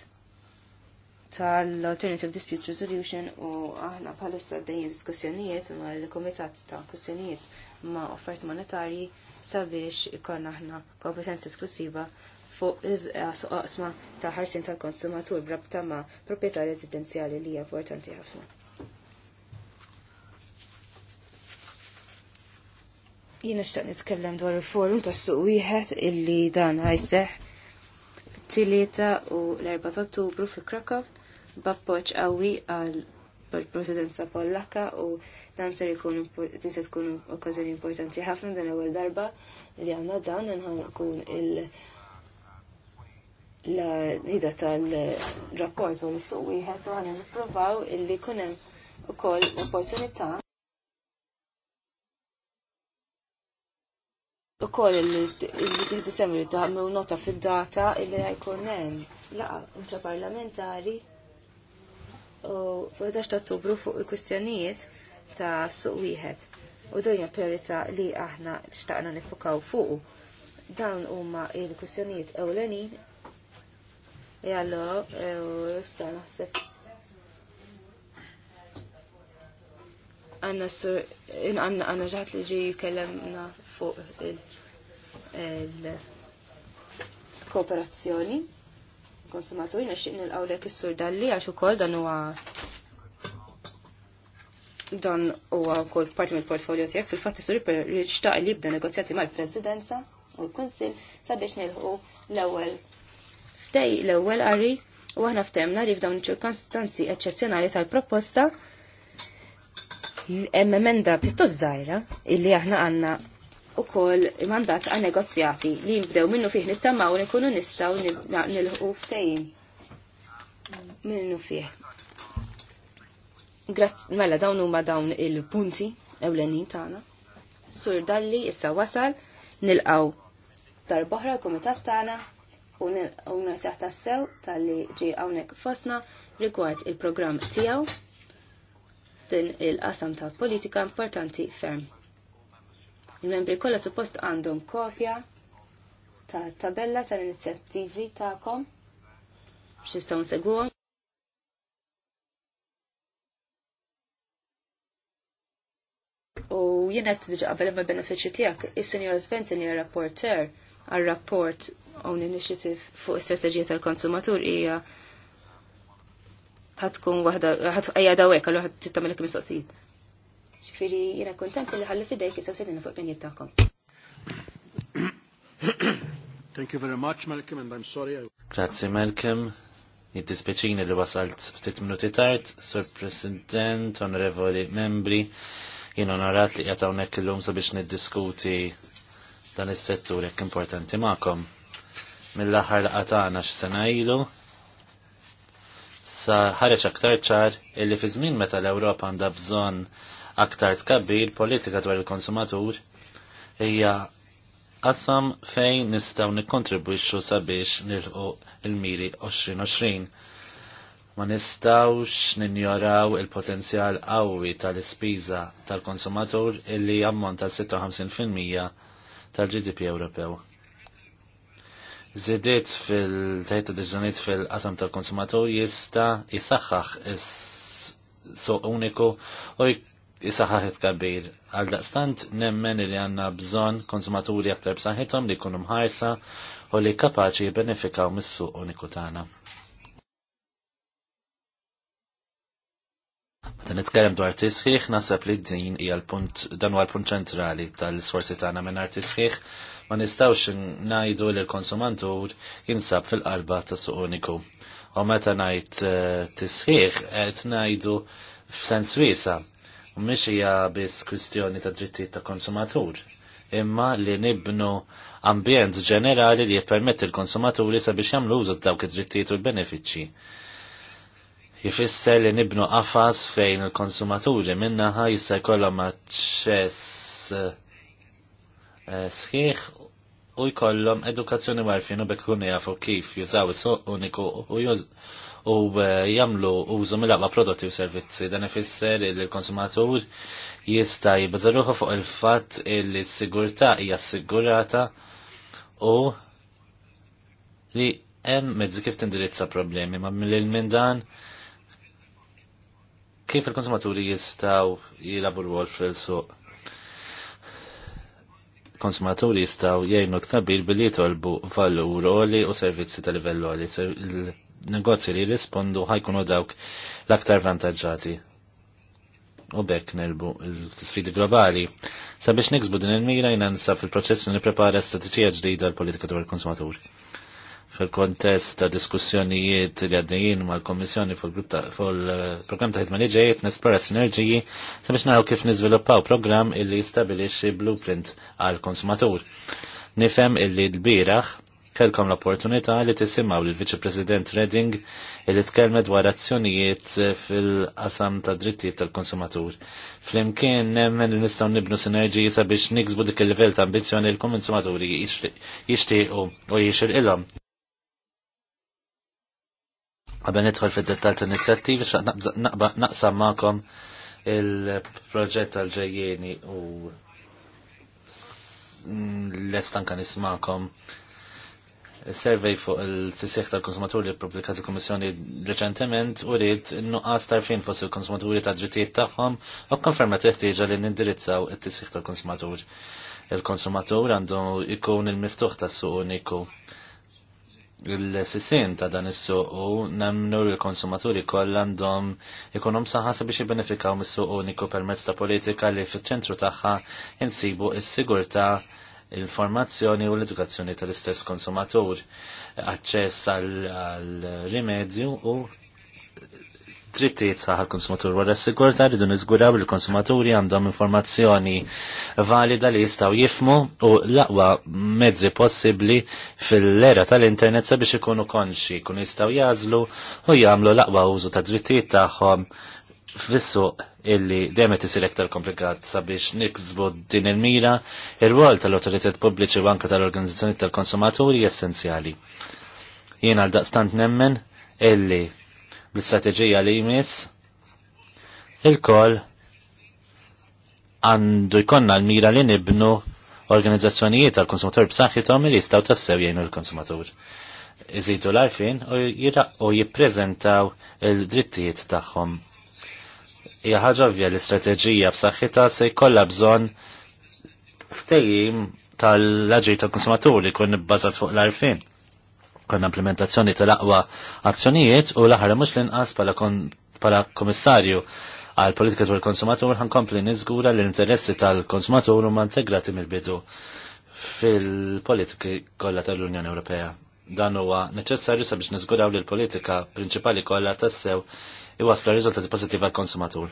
tal-Alternative Dispute Resolution u aħna bħalissa dejjem diskussjonijiet ma' l-Komitat ta' Kussjonijiet ma' offert monetarji sabiex ikon aħna kompetenza esklusiva fuq qasma ta' ħarsin tal-konsumatur brabta ma' proprjetà residenzjali li hija importanti ħafna. Jina xtaq nitkellem dwar il-forum ta' suq wieħed illi dan t tilieta u l 14 ta' Ottubru fi Krakow b'appoġġ qawwi għal presidenza Pollakka u dan ser ikun din se tkun okkażjoni importanti ħafna dan ewwel darba li għandna dan inħan ikun il la nida tal-rapport u l-suq wieħed u għan nippruvaw illi kunem ukoll opportunità u koll li tiħdu semmi li taħmu nota fil-data il-li ħajkun nem. laqa unta parlamentari. u fil-11 ta' Ottubru fuq il-kwistjonijiet ta' suq wieħed u dinja priorità li aħna xtaqna nifukaw fuq. Dawn huma il-kwistjonijiet ewlenin E allora, eh, issa naħseb. Għanna s-għanna sur ġaħat li ġi kellemna fuq il- l-kooperazzjoni konsumaturi nixtieq nilqawlek is-sur dalli għax ukoll dan huwa dan huwa wkoll parti mill-portfolio tiegħek fil-fatt per rixtaq li jibda negozjati mal-Presidenza u l-Kunsill sabiex nilħu l-ewwel ftej l-ewwel qari u aħna ftemna li f'dawn ċirkostanzi eċċezzjonali tal-proposta hemm emenda pjuttost żgħira illi aħna għandna u koll mandat għal negozjati li nibdew minnu fih nittamaw li kunu nistaw nilħu ftejn. Minnu fiħ. Grazz, mela dawn huma dawn il-punti ewlenin tagħna. Sur Dalli issa wasal nilqaw darboħra l-kumitat tagħna u nirtaħ tassew tal-li ġi hawnhekk fosna rigward il-programm tiegħu din il-qasam tal-politika importanti ferm. Il-membri kollha suppost għandhom kopja ta' tabella tal-inizjattivi ta'kom biex jistgħu segwhom. U jiena qed diġà qabel ma' benefiċċji tiegħek, is-Sinjor Sven hija rapporter għar-rapport on Initiative fuq istrateġija tal-konsumatur hija ħatkun waħda ħajja dawek għal waħed tittamilek mistoqsijiet ċifiri jira kontent li ħalli fidejk jisaw sedina fuq penjiet tagħkom. Thank you very much, Malcolm, and I'm sorry. Grazie, Malcolm. Jiddispeċini li wasalt ftit minuti tard, Sur President, Onorevoli Membri, jien onorat li qiegħed hawnhekk illum sabiex niddiskuti dan is-settur jekk importanti magħkom. Mill-aħħar laqatana x'sena ilu, sa ħareġ aktar ċar illi fi żmien meta l-Ewropa għandha bżonn aktar l politika dwar il-konsumatur hija qasam fejn nistgħu nikkontribwixxu sabiex nilħu il-miri 2020. Ma nistgħux ninjoraw il-potenzjal qawwi tal-ispiża tal-konsumatur illi ammonta 56% tal-GDP Ewropew zidiet fil-tajta diġżaniet fil-qasam tal-konsumatur jista jisaxħax is-suq uniku u jisaħħaħet kabir. Għal daqstant nemmen li għanna bżon konsumaturi aktar b'saħħithom li jkunu mħarsa u li kapaċi jibbenefikaw mis-suq uniku tagħna. Meta nitkellem dwar tisħiħ, nasab li din hija l-punt dan huwa l-punt ċentrali tal-isforzi tagħna minn art tisħiħ, ma nistgħux ngħidu li l-konsumatur jinsab fil-qalba ta' suq uniku. U meta ngħid eh, tisħiħ qed ngħidu f'sens wiesa mhix hija biss kwistjoni ta' drittijiet ta' konsumatur, imma li nibnu ambjent ġenerali li jippermetti l-konsumaturi sabiex jagħmlu użu dawk id-drittijiet u l-benefiċċji jifisser li nibnu qafas fejn il-konsumaturi minnaħa jissa jkollhom aċċess eh, sħiħ u jkollhom edukazzjoni warfin u bekkun jafu kif jużaw is-suq uniku u u eh, jagħmlu użu mill-aqwa prodotti u servizzi. Dan ifisser li l-konsumatur jista' jibazarruħu fuq il-fatt li s-sigurtà hija assigurata u li hemm mezzi kif tindirizza problemi ma' mill-min dan kif il-konsumaturi jistaw jilabu l wolf fil-suq? Konsumaturi jistaw jgħinu tkabil billi jitolbu valur oli u servizzi tal livell oli negozji li rispondu ħajkunu dawk l-aktar vantaġġati. U bekk nelbu l-sfidi globali. Sabiex niksbu din il-mira nsa fil-proċess li prepara strategija ġdida l-politika dwar il-konsumatur. Fil-kontest ta' diskussjonijiet li għaddejjin mal komissjoni fil-program ta' ħidma li ġejiet nesplora sinerġiji sabiex naraw kif niżviluppaw program illi jistabilixi blueprint għal-konsumatur. Nifhem illi l biraħ kelkom l-opportunità li tisimaw l viċi President Redding li tkellmet dwar azzjonijiet fil-qasam ta' drittijiet tal-konsumatur. Flimkien nemmen li nistgħu nibnu sinerġiji sabiex niksbu dik il-livell ta' ambizzjoni l-konsumaturi jixtiequ u jixirqilhom. Għabben nidħol fil-dettal ta' inizjattivi, naqsam ma'kom il-proġett tal-ġejjeni u l-estan kan nismakom survey fuq il-tisjeħ tal-konsumatur li publikat il-Komissjoni reċentement u rrid nuqqas tarfin fost il-konsumaturi ta' drittijiet tagħhom u konferma teħtieġa li nindirizzaw it-tisjeħ tal-konsumatur. Il-konsumatur għandu ikun il-miftuħ tas-suq uniku il-sissin ta' dan is-suq u nemnu l-konsumaturi koll għandhom ikunhom saħħa biex jibbenefikaw mis-suq uniku permezz ta' politika li fiċ-ċentru tagħha insibu is-sigurtà l-informazzjoni u l-edukazzjoni tal-istess konsumatur, aċċess għal-rimedju u drittijiet saħal konsumatur wara s-sigurta rridu niżguraw li konsumaturi għandhom informazzjoni valida li jistaw jifmu u l-aqwa mezzi possibbli fil-era tal-internet sabiex ikunu konxi, kun jistaw jazlu u jagħmlu l-aqwa użu ta' drittijiet tagħhom F''issu illi demet isir iktar komplikat sabiex nikzbu din il-mira, ir wol tal-autoritet pubbliċi u anka tal-organizzazzjoni tal-konsumaturi essenzjali. Jiena għal daqstant nemmen illi bl-istrateġija li jmiss il-kol għandu jkonna l-mira li nibnu organizzazzjonijiet tal-konsumatur b'saħħithom li jistgħu tassew jgħinu l-konsumatur iżidu l-arfin u jippreżentaw il-drittijiet tagħhom hija ħaġa l-istrateġija b'saħħitha se jkollha bżonn ftehim tal-aġir tal-konsumatur li kun bbażat fuq l-arfin kon implementazzjoni tal-aqwa azzjonijiet u l-aħħar mhux l-inqas pala, komissarju għal politika tal konsumatur ħankompli niżgura l-interessi tal-konsumatur huma integrati mill-bidu fil-politiki kollha tal-Unjoni Ewropea. Dan huwa neċessarju sabiex niżguraw li l-politika prinċipali kollha tassew Iwasla riżultati pozittiva għal-konsumatur.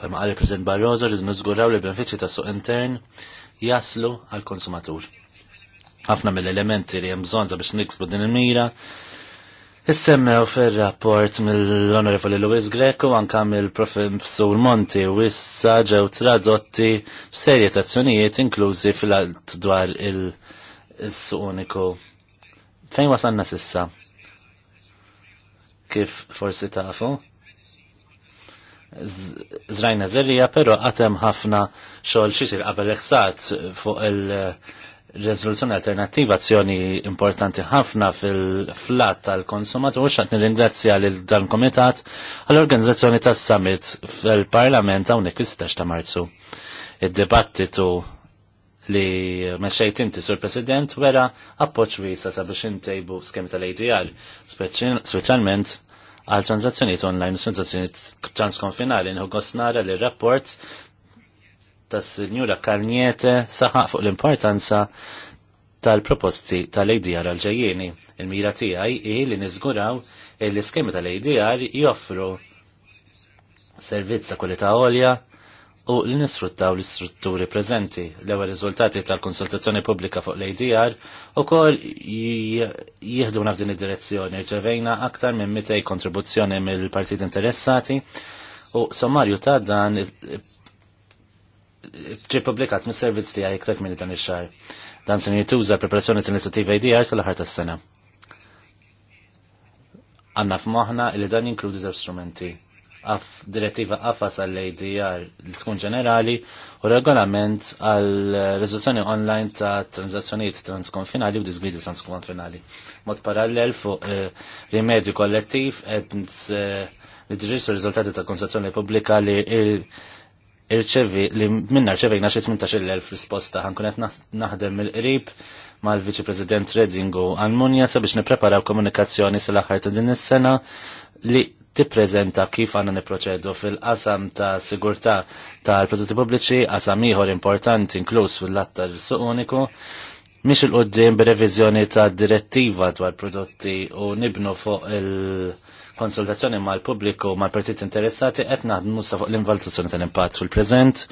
Palma għal President Barroso rridu nizguraw li benefiċi ta' suq intern jaslu għal-konsumatur. Ħafna mill-elementi li hemm bżonn biex niksbu din il-mira Issemmew fil-rapport mill-Onorevoli Luis Greco anka mill-Professur Monti u issa ġew tradotti f'serje tazzjonijiet inklużi fil-alt dwar il-suq uniku. Fejn wasanna sissa? kif forsi tafu. Zrajna zerrija, pero għatem ħafna xogħol xisir qabel eħsat fuq il-rezoluzzjoni alternativa azzjoni importanti ħafna fil-flat tal-konsumatur u xaqni ingrazzja lil dan komitat għall-organizzazzjoni tas-summit fil-parlament hawnhekk 16 ta' Marzu. Id-dibattitu li meċċajt inti sur President wera appoċ wisa sabiex intejbu skemi tal-ADR, speċjalment għal tranzazzjoniet online tranzazzjoniet transkonfinali nħu gosnara li rapport tas sinjura Karniete saħaq fuq l-importanza tal-proposti tal-ADR għal ġajjeni Il-mira tiegħi hi li niżguraw l-iskemi tal-ADR joffru kulli ta' olja, għolja u li nisfruttaw l-istrutturi preżenti l-ewwel riżultati tal-konsultazzjoni pubblika fuq l-ADR ukoll jieħduna f'din id-direzzjoni rċevejna aktar minn mitej kontribuzzjoni mill-partit interessati u sommarju ta' dan ġi publikat mis servizz tiegħi iktar minn dan ix-xahar. Dan se jituża preparazzjoni tal-inizjattiva ADR sal ħar tas-sena. Għanna f'moħħna li dan jinkludi strumenti direttiva għafas għall-ADR li tkun ġenerali u regolament għal rezoluzzjoni online ta' tranzazzjonijiet transkonfinali u disgwidi transkonfinali. Mod parallel fuq eh, rimedju kollettiv ed eh, li tġiġisu riżultati ta' konsultazzjoni pubblika li irċevi li minna rċevejna xi 18,000 risposta ħankun qed naħdem mill-qrib mal-Viċi President Redingu għal Munja sabiex nipreparaw komunikazzjoni sal-aħħar ta' din is-sena li tippreżenta kif għandna niproċedu fil-qasam ta' sigurtà tal-prodotti pubbliċi, qasam ieħor importanti inkluż fil latta tal-suq uniku, miex il-qoddim b'reviżjoni ta' direttiva dwar prodotti u nibnu fuq il- konsultazzjoni mal-pubbliku mal partiti interessati qed naħdmu sa fuq l-invalutazzjoni tal-impatt fil-preżent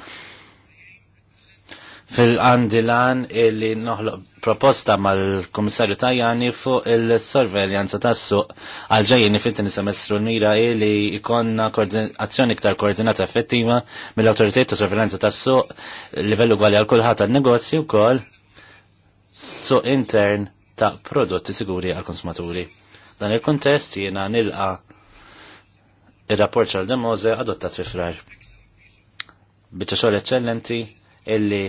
fil-għandilan illi noħloq proposta mal-Komissarju Tajani fuq il-sorveljanza tas-suq għal-ġejjini fit-tini semestru l-mira illi ikonna azzjoni iktar koordinata effettiva mill autoritet ta' sorveljanza tas-suq livellu għali għal kulħadd għal negozju wkoll suq intern ta' prodotti siguri għal-konsumaturi. Dan il-kontest jiena nilqa il-rapport ċal-demoze adottat fi frar. Bicċa xogħol eccellenti illi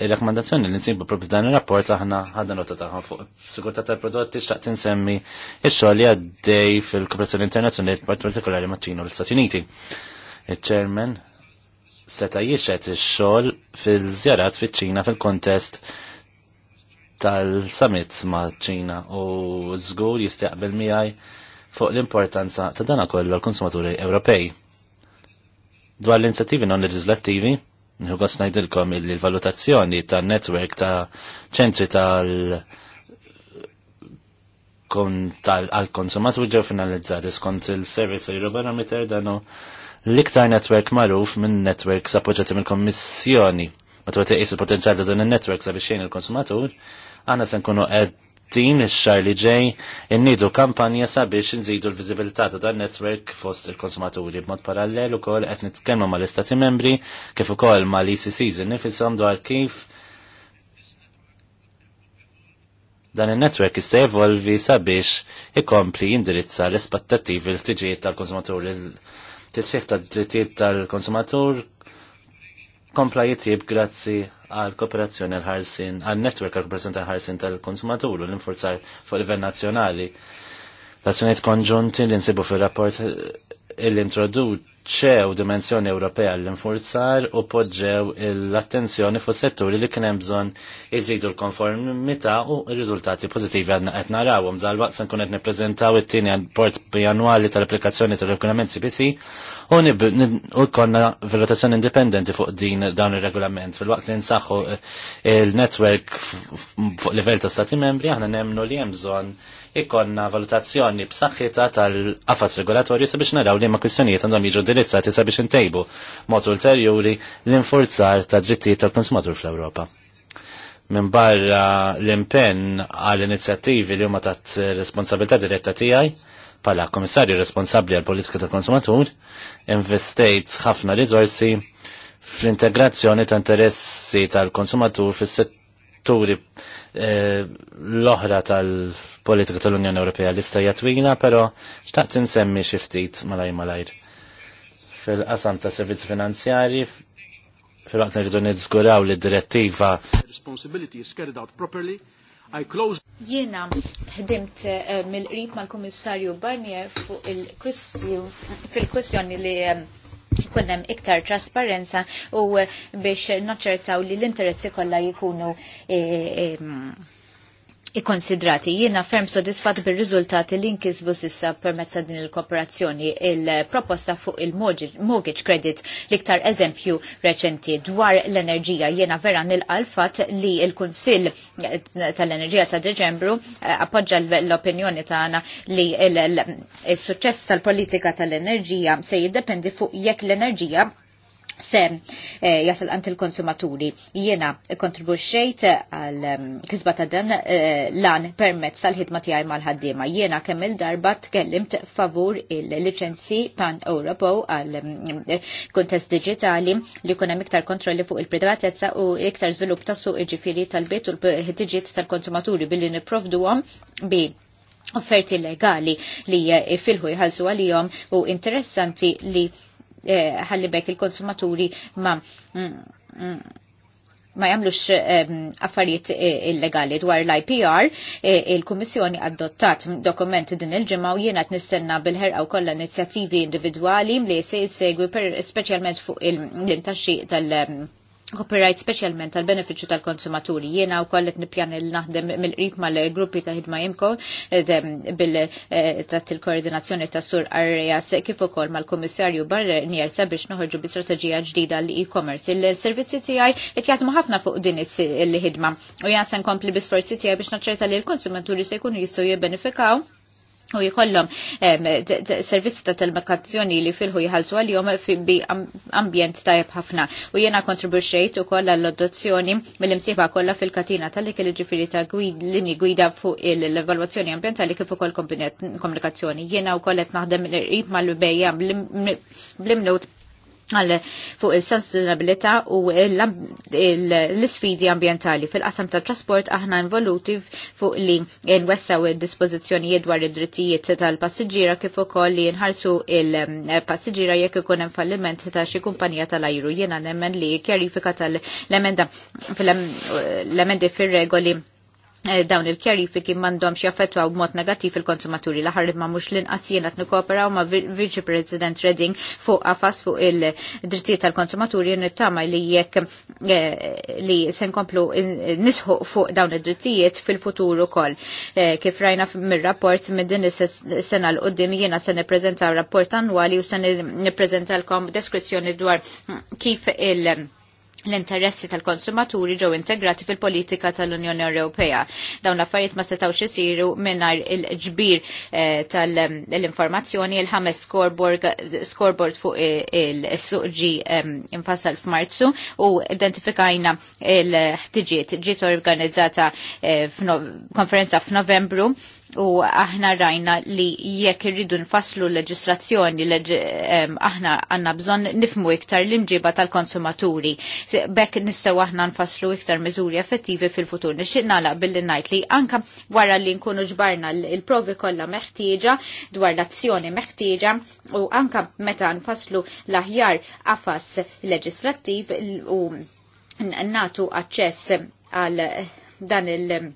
il-rakkomandazzjoni li nsibu propri dan il-rapport aħna ħadna nota taħħa fuq. Sigurta tal-prodotti xtaqt insemmi il-xogħol li għaddej fil-kooperazzjoni internazzjonali partikolari maċ-Ċina u l-Stati Uniti. Il-Chairman seta' jiexet ix-xogħol fil-żjarat fiċ-Ċina fil-kontest tal-summits ma' ċina u żgur jistaqbel miegħi fuq l-importanza ta' dana kollu għal-konsumaturi Ewropej. Dwar l-inizjattivi non leġislattivi, Nħugos najdilkom il valutazzjoni ta' netwerk ta' ċentri tal- tal konsumatur ġew finalizzati skont il-service Eurobarometer danu l-iktar netwerk maruf minn netwerk appoġġati mill-Kommissjoni. Matwati is il-potenzjal ta' dan il-netwerk sabiex xejn il-konsumatur, għana se nkunu qed din ix-xahar li ġej innidu kampanja sabiex nżidu l-viżibilità ta' dan netwerk fost il-konsumaturi b'mod parallel ukoll qed nitkellmu mal-Istati Membri kif ukoll mal-ECCs innifisom dwar kif dan il-netwerk jista' jevolvi sabiex ikompli jindirizza l-espattattivi l-tiġijiet tal-konsumatur l tisħiħ tad-drittijiet tal-konsumatur kompla jitjib grazzi għal kooperazzjoni għal ħarsin, għal netwerk għal kooperazzjoni għal ħarsin tal-konsumatur u l-infurzar fuq livell nazzjonali. L-azzjoniet konġunti li nsibu fil-rapport eh, il introdut ċew dimensjoni Ewropea l-infurzar u podġew l-attenzjoni fuq setturi li kien hemm bżonn iżidu l-konformità u r-riżultati pożittivi għadna qed narawhom. Dal-waqt se nkun qed nippreżentaw it-tieni port bianwali tal-applikazzjoni tal-regolament CBC u konna velotazzjoni indipendenti fuq din dawn ir-regolament. Fil-waqt li nsaħħu eh, il-netwerk fuq livell ta' stati membri aħna nemmnu li hemm bżonn ikonna valutazzjoni b'saħħitha tal-qafas regolatorju sabiex naraw li ma kwistjonijiet għandhom jiġu dirizzati sabiex intejbu mod ulterjuri l-infurzar ta' drittijiet tal-konsumatur fl-Ewropa. Minn barra l-impenn għal inizjattivi li huma tat responsabilità diretta tiegħi, pala komissarju responsabli għal politika tal konsumatur, investejt ħafna rizorsi fl-integrazzjoni ta' interessi tal-konsumatur fis ...turi eh, l-oħra tal-politika tal-Unjoni Ewropea l-ista jatwina, pero xtaqt insemmi xiftit malaj malajr. Fil-qasam ta' servizzi finanzjari, fil-waqt nirridu nizguraw li direttiva. Jena is carried out properly. I Jiena ħdimt eh, mill-qrib mal-Kummissarju Barnier fuq il-kwissjoni li eh, kunnem iktar trasparenza u biex naċċertaw li l-interessi kollha jkunu e, e, ikkonsidrati. Jiena ferm sodisfat bir-riżultati li nkisbu sissa permezz din il-kooperazzjoni il-proposta fuq il-mortgage credit liktar eżempju reċenti dwar l-enerġija. Jiena vera nil-alfat li il-Kunsill tal-Enerġija ta' Deċembru eh, appoġġa l-opinjoni tagħna li il-suċċess tal-politika tal-enerġija se jiddependi fuq jekk l-enerġija se eh, jasal għant il-konsumaturi. Jena kontribuċċejt eh, għal ehm, kizba ta' dan eh, lan permezz tal-ħidma tiegħi mal-ħaddiema. Jena kemm il-darba tkellimt favur il-liċenzi pan Europo għal ehm, kontest digitali li kuna miktar kontrolli fuq il-privatezza u iktar żvilupp ta' suq iġifieri tal-bit u l-ħtiġiet tal-konsumaturi billi għom bi offerti legali li eh, filħu jħalsu għalihom u interessanti li ħalli bekk il-konsumaturi ma mm, ma jamlux ehm, affarijiet e, illegali dwar l-IPR, e, il-Kummissjoni adottat dokumenti din il-ġimgħa u jiena nistenna bil-ħerqa kollha inizjattivi individwali li se jsegwi speċjalment fuq l-intaxxi tal- ehm, Copyright specialment tal-beneficju tal-konsumaturi. Jiena u kollet nipjan il-naħdem mill-qrib mal-gruppi ta' ħidma jimko eh, bil-tat eh, il-koordinazzjoni ta' sur Arias kif ukoll mal-Kummissarju Barnierza biex noħorġu bi strateġija ġdida l-e-commerce. Il-servizzi tiegħi qed jaħdmu ħafna fuq din il-ħidma u jgħan se nkompli bi sforzi tiegħi biex naċċerta li l-konsumaturi se jkunu jistgħu jibbenefikaw u jikollom servizz ta' telmakazzjoni li filħu jħalsu għal-jom bi ambjent tajab ħafna. U jena kontribuċejt u kolla l-adozzjoni mill-imsiħba kolla fil-katina tal li kelli ġifiri ta' lini gwida fuq l-evaluazzjoni ambientali kif ukoll komunikazzjoni. Jena u kollet naħdem l-qrib mal-bejja bl-imnut għalle fuq il-sensibilità u l-sfidi ambientali. Fil-qasam ta' trasport aħna involuti fuq li nwessaw il dispozizjoni dwar id-drittijiet tal-passiġġiera kif ukoll li nħarsu il-passiġġiera jekk ikun hemm falliment ta' xi kumpanija tal-ajru. Jiena nemmen li kjarifika tal-emenda fil-emendi fir-regoli Eh, dawn il-kjarifiki mandom xjaffetwaw b'mod negativ il-konsumaturi laħar ma mux l-inqas jenat nikoperaw ma Vice President Redding fuq għafas fuq il-drittijiet tal-konsumaturi nittama li jekk eh, li komplu nisħu fuq dawn id-drittijiet fil-futuru kol. Eh, kif rajna mir-rapport minn din is-sena l-qoddim jiena se nippreżentaw rapport annwali u se nippreżentalkom deskrizzjoni dwar kif il- l-interessi tal-konsumaturi ġew integrati fil-politika tal-Unjoni Ewropea. Dawn l-affarijiet ma setgħux isiru mingħajr il-ġbir eh, tal-informazzjoni il-ħames scoreboard fuq eh, il-suq ġi infassal f'Marzu u identifikajna il-ħtiġiet ġiet organizzata eh, konferenza f'Novembru u aħna rajna li jekk irridu nfasslu l-leġislazzjoni aħna għanna bżon nifmu iktar l-imġiba tal-konsumaturi. Bekk nistaw aħna nfasslu iktar miżuri effettivi fil-futur. Nixtieq nagħlaq billi najt li anka wara li nkunu ġbarna l-provi kollha meħtieġa dwar l-azzjoni meħtieġa u anka meta nfasslu l-aħjar afas leġislattiv u natu aċċess għal dan il-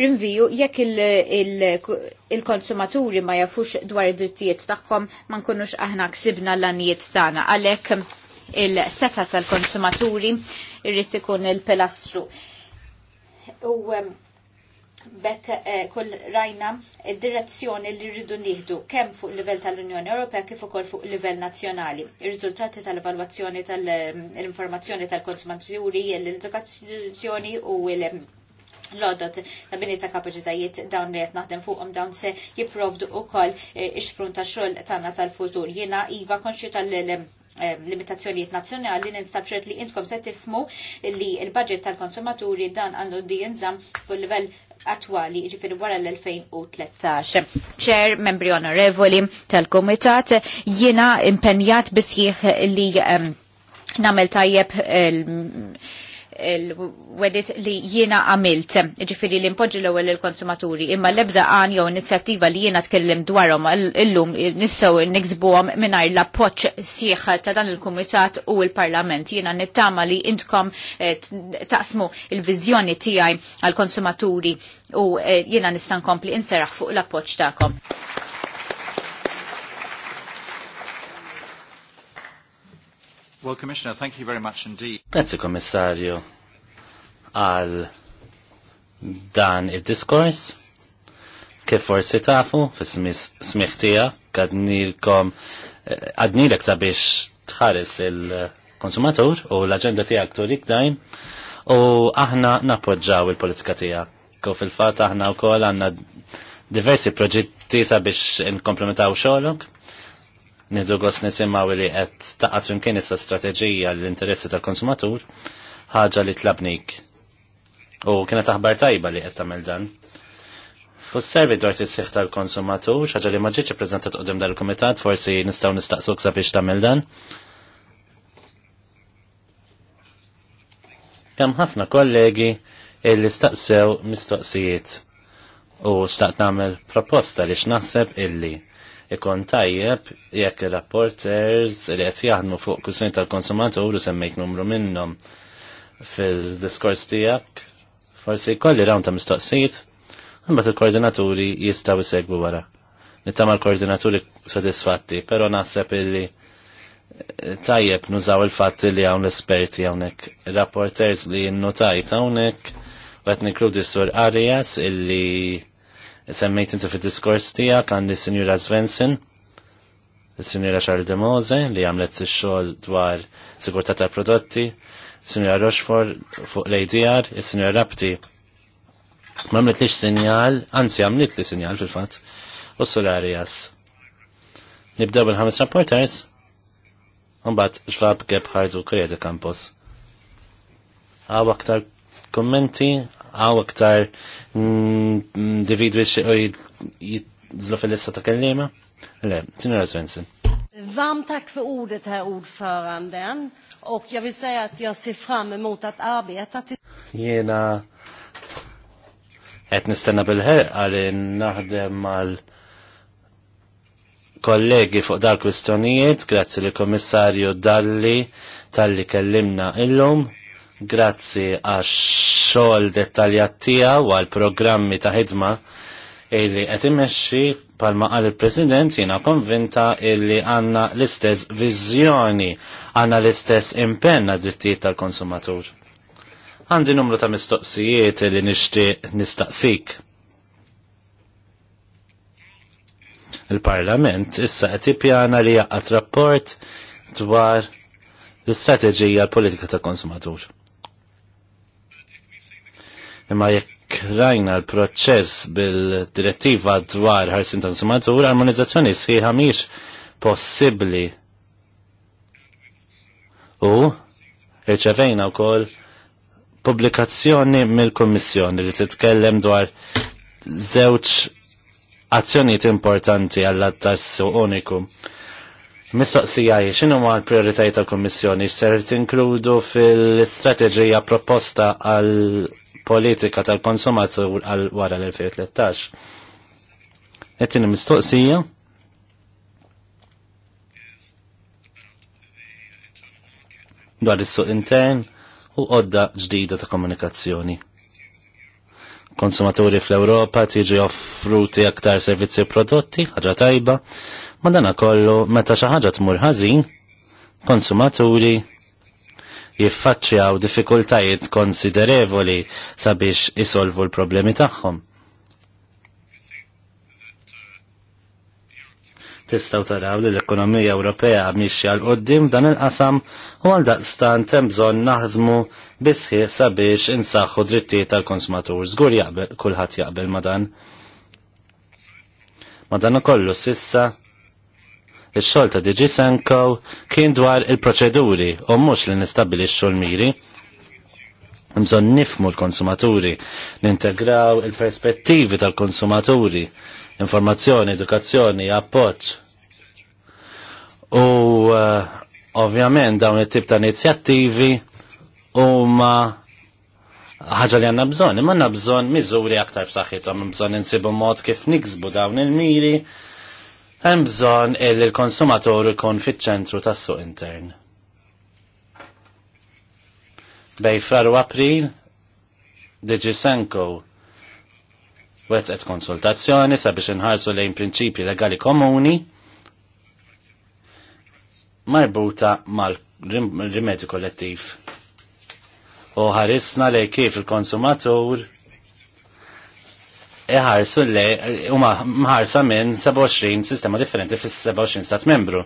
rinviju jekk il-konsumaturi ma jafux dwar id-drittijiet tagħhom ma nkunux aħna ksibna l-anijiet tagħna għalhekk il-seta tal-konsumaturi irrid ikun il-pilastru. U bekk eh, kull rajna id-direzzjoni li rridu nieħdu kemm fuq livell tal-Unjoni Ewropea kif ukoll fuq livell nazzjonali. Ir-riżultati tal-evalwazzjoni tal-informazzjoni eh, tal-konsumaturi, l-edukazzjoni u l l-oddot ta' bini ta' kapacitajiet dawn li naħdem fuqom dawn se jiprovdu u koll eh, ixprun ta' xol tanna tal-futur. Jena Iva konxju tal-lem eh, limitazzjonijiet nazzjonali ninstab xert li intkom se tifmu li il-budget tal-konsumaturi dan għandu di jinżam fuq livell attwali ġifiri wara l-2013. ċer, membri onorevoli tal-komitat, jiena impenjat bisħiħ li um, namel tajjeb um, il-wedit li jiena għamilt, ġifiri li impoġġi l-ewel il-konsumaturi, imma l-ebda għan jew inizjattiva li jiena tkellim dwarhom illum n niksbuhom mingħajr l-appoġġ sieħa ta' dan il-Kumitat u l-Parlament. Jiena nittama li intkom eh, taqsmu il-viżjoni tiegħi għal-konsumaturi u eh, jiena nista' nkompli inseraħ fuq l-appoġġ tagħkom. Well, Commissioner, thank you very much indeed. Grazie, Kommissarju, għal dan id-diskors. Kif forsi tafu, fis-smiħtija, għadnilkom, eh, għadnilek sabiex tħares il-konsumatur u l-agenda tijak turik dajn u aħna napoġġaw il-politika tijak. Kow fil-fat aħna u kol għanna diversi proġetti sabiex nkomplementaw xolok Nidu għos nisimaw li qed taqat flimkien issa strateġija l-interessi tal-konsumatur ħaġa li tlabnik. U kienet aħbar tajba li qed tagħmel dan. s servi dwar sieħ tal-konsumatur, ħagġa li ma ġietx ippreżentat qudiem dal-kumitat, forsi nistgħu nistaqsuk sabiex tagħmel dan. Kemm ħafna kollegi illi staqsew mistoqsijiet u staqt nagħmel proposta li x'naħseb illi ikon tajjeb jekk il-rapporters li qed jaħdmu fuq kwistjoni tal-konsumatur u semmejt numru minnhom fil-diskors tiegħek forsi jkolli rawn ta' mistoqsijiet imbagħad il-koordinaturi jistgħu jsegwu wara. Nittama l-koordinaturi sodisfatti, però naħseb illi eh, tajjeb nużaw il-fatt li hawn l-esperti hawnhekk rapporters li nnotajt hawnhekk u qed nikkludi sur Arias illi semmejt inti fid diskors tiegħek għandi Sinjura Svensson, Sinjura Charles de Mose li għamlet ix-xogħol dwar sigurtà tal-prodotti, Signora Rochefort fuq l-ADR, is-Sinjura Rapti. Ma għamlitlix sinjal, anzi għamlet li sinjal fil-fatt, u Solarias. Nibdew bil-ħames rapporters, Mbagħad xfab għeb ħarġu Kredi kampus. Għaw aktar kommenti, għaw aktar David biex jizlu fil-lista ta' kellima? Le, Sinjora Svensson. Varmt tack för ordet, herr ordföranden. Och jag vill säga att jag ser fram emot att arbeta till... Jena... Ett nistenna bil-ħerqa li naħdem mal kollegi fuq dal kwistjonijiet, grazzi li komissarju Dalli tal-li kellimna illum. Grazzi għax xogħol dettaljat tiegħu għal programmi ta' ħidma illi qed imexxi palma qal il-President jiena konvinta illi għandna l-istess viżjoni, għandna l-istess impenn għad-drittijiet tal-konsumatur. Għandi numru ta' mistoqsijiet illi nixtieq nistaqsik. Il-Parlament issa qed ippjana li jaqgħad rapport dwar l-istrateġija politika tal-konsumatur. Imma jekk rajna l-proċess bil-direttiva dwar ħarsin ta' konsumatur, armonizzazzjoni sħiħa miex possibbli. U u wkoll pubblikazzjoni mill-Kummissjoni li titkellem dwar żewġ azzjonijiet importanti għall-attassu uniku. Mistoqsija hi xinu ma l-prijoritajiet tal-Kummissjoni xser tinkludu fil-istrateġija proposta għal politika tal-konsumatur għal wara l-2013. Etin mistoqsija dwar is-suq intern u qodda ġdida ta' komunikazzjoni. Konsumaturi fl-Ewropa tiġi offruti aktar servizzi u prodotti, ħaġa tajba, ma dana kollu meta xi ħaġa tmur ħażin, konsumaturi jiffaċċjaw diffikultajiet konsiderevoli sabiex isolvu l-problemi tagħhom. Tistaw taraw li l-ekonomija Ewropea mixja għal qoddim dan il-qasam u għal daqstant hemm bżonn naħżmu bisħieq sabiex insaħħu drittijiet tal-konsumatur. Żgur jaqbel kulħadd jaqbel ma dan. Ma dan sissa Ix-xogħol ta' Diġi Senko kien dwar il-proċeduri u mhux li nistabili l-miri. Mżon nifmu l-konsumaturi, nintegraw il-perspettivi tal-konsumaturi, informazzjoni, edukazzjoni, appoġġ. U eh, ovvjament dawn it-tip ta' inizjattivi huma ħaġa li għanna bżon, imma għanna bżon miżuri aktar b'saħħithom, bżon insibu mod kif niksbu dawn il-miri, hemm bżonn il l-konsumatur ikun fiċ-ċentru tas-suq intern. Bej frar u April, Digi Senko wetqet konsultazzjoni sabiex inħarsu lejn prinċipji legali komuni marbuta mal-rimedju kollettiv. U ħarisna lej kif il-konsumatur iħarsu le u maħarsa minn 27 sistema differenti fis-27 stat membru.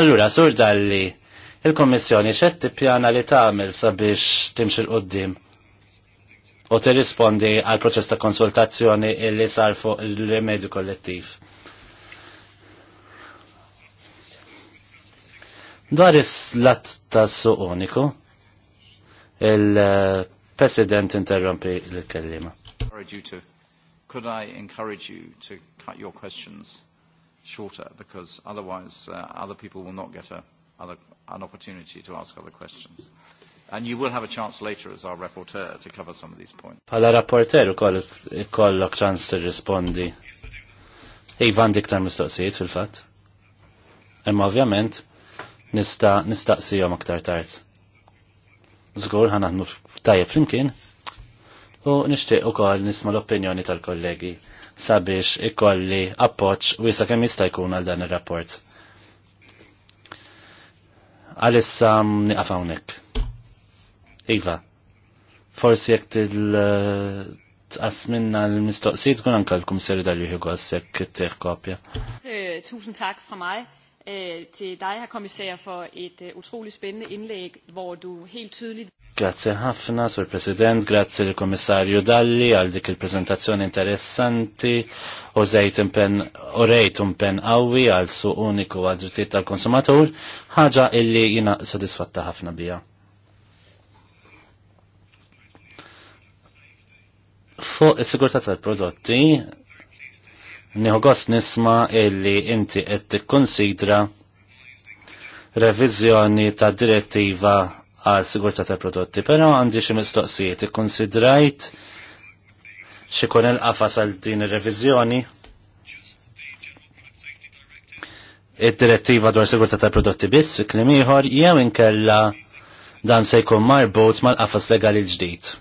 Allura sur dalli il-Kommissjoni xed tippjana li tagħmel sabiex timxil qoddim u tirrispondi għal proċess ta' konsultazzjoni li sar fuq il-remedju kollettiv. Dwar is-lat ta' suq uniku, il-President interrompi l-kellima could I encourage you to cut your questions shorter because otherwise uh, other people will not get a, other, an opportunity to ask other questions. And you will have a chance later as our rapporteur to cover some of these points. Pala rapporteur u kollok ċans to rispondi. Ivan diktar mistoqsijiet fil-fat. Imma ovvjament nista nistaqsijom aktar tard. Zgur ħanaħnu f'tajja flimkien u nixtieq ukoll nisma l-opinjoni tal-kollegi sabiex ikolli appoġġ wiesa kemm jista' jkun għal dan ir-rapport. Għalissa niqafawnek. hawnhekk. Iva, forsi jekk t tqasminna l-mistoqsijiet kun anka l-kum seri dal-juhi għas jekk tiħ kopja. tak fra Øh, til dig, her kommissær, for et øh, utroligt spændende indlæg, hvor du helt tydeligt... Grazie Hafna, sur President, grazie il commissario Dalli al dik il presentazione interessanti u zejt impen u rejt impen qawwi għal su uniku għadrittiet tal-konsumatur, ħaġa illi jina soddisfatta Hafna bija. Fuq is-sigurtà tal-prodotti, Nieħu gost nisma illi inti qed tikkunsidra reviżjoni ta' direttiva għal sigurtà ta' prodotti, però għandi xi mistoqsijiet ikkunsidrajt kun il-qafas għal din ir-reviżjoni id-direttiva dwar sigurtà ta' prodotti biss, klim ieħor jew inkella dan se jkun marbut mal-qafas legali l-ġdid.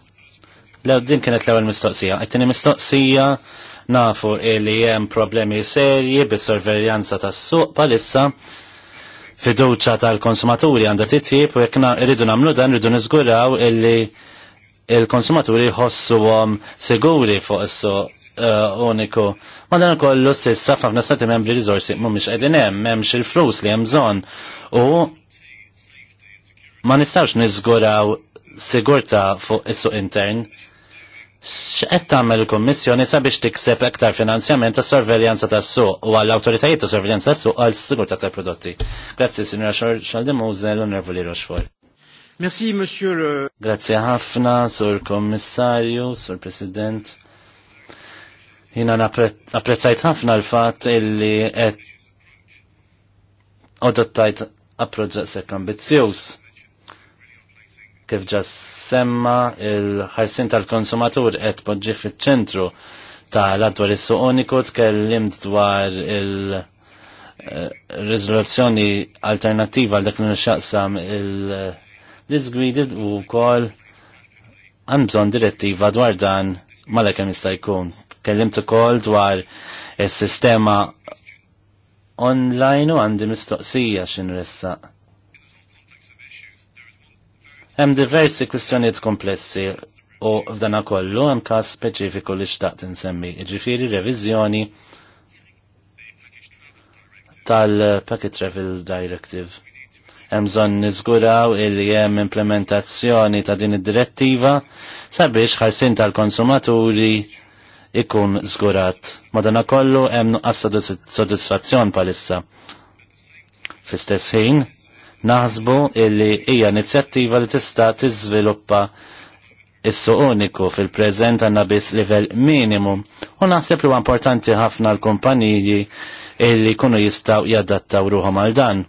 Lew din kienet l-ewwel mistoqsija. Qed mistoqsija Nafu li hemm problemi serji bis sorverjanza tas-suq palissa fiduċa tal-konsumaturi għandha titjib u jekk irridu nagħmlu dan rridu niżguraw illi il-konsumaturi jħossuhom siguri fuq is-suq eh, uniku. Ma dan kollu sissa f'ħafna stati membri rizorsi mhumiex qegħdin hemm, m'hemmx il-flus li hemm bżonn. U ma nistawx niżguraw sigurta fuq is-suq intern X'qed tagħmel il-Kummissjoni sabiex tikseb aktar finanzjament ta' sorveljanza tas-suq u għall awtoritajiet ta' sorveljanza tas-suq għal sigurtà tal-prodotti. Grazzi, Xaldi Xaldemużel, l-Onorevoli Rochefort. Merci, Monsieur Grazzi ħafna, Sur Kommissarju, Sur President. Jina apprezzajt ħafna l-fat illi qed odottajt approġġett sekk ambizzjuż Kif ġas semma il-ħarsin tal-konsumatur qed poġġi fiċ-ċentru tal-adwar is-suq uniku tkellimt dwar il- rizoluzzjoni alternativa għal dak li nxaqsam il-disgwidi u kol għandbżon direttiva dwar dan mala kem jista' jkun. Kellimt ukoll dwar is-sistema online u għandi mistoqsija x'inressaq. Hemm diversi kwistjonijiet komplessi u f'dana kollu hemm każ speċifiku li xtaqt insemmi, ġifieri reviżjoni tal-Packet Travel Directive. Hemm bżonn niżguraw illi hemm implementazzjoni ta' din id-direttiva sabiex ħarsin tal-konsumaturi ikun żgurat. Madanakollu hemm nuqqas sodisfazzjon palissa. Fl-istess ħin, naħsbu illi hija inizjattiva li tista' tiżviluppa Issu uniku fil-prezent għanna biss livell minimum u naħseb li huwa importanti ħafna l-kumpaniji illi kunu jistaw jadattaw ruħom għal dan.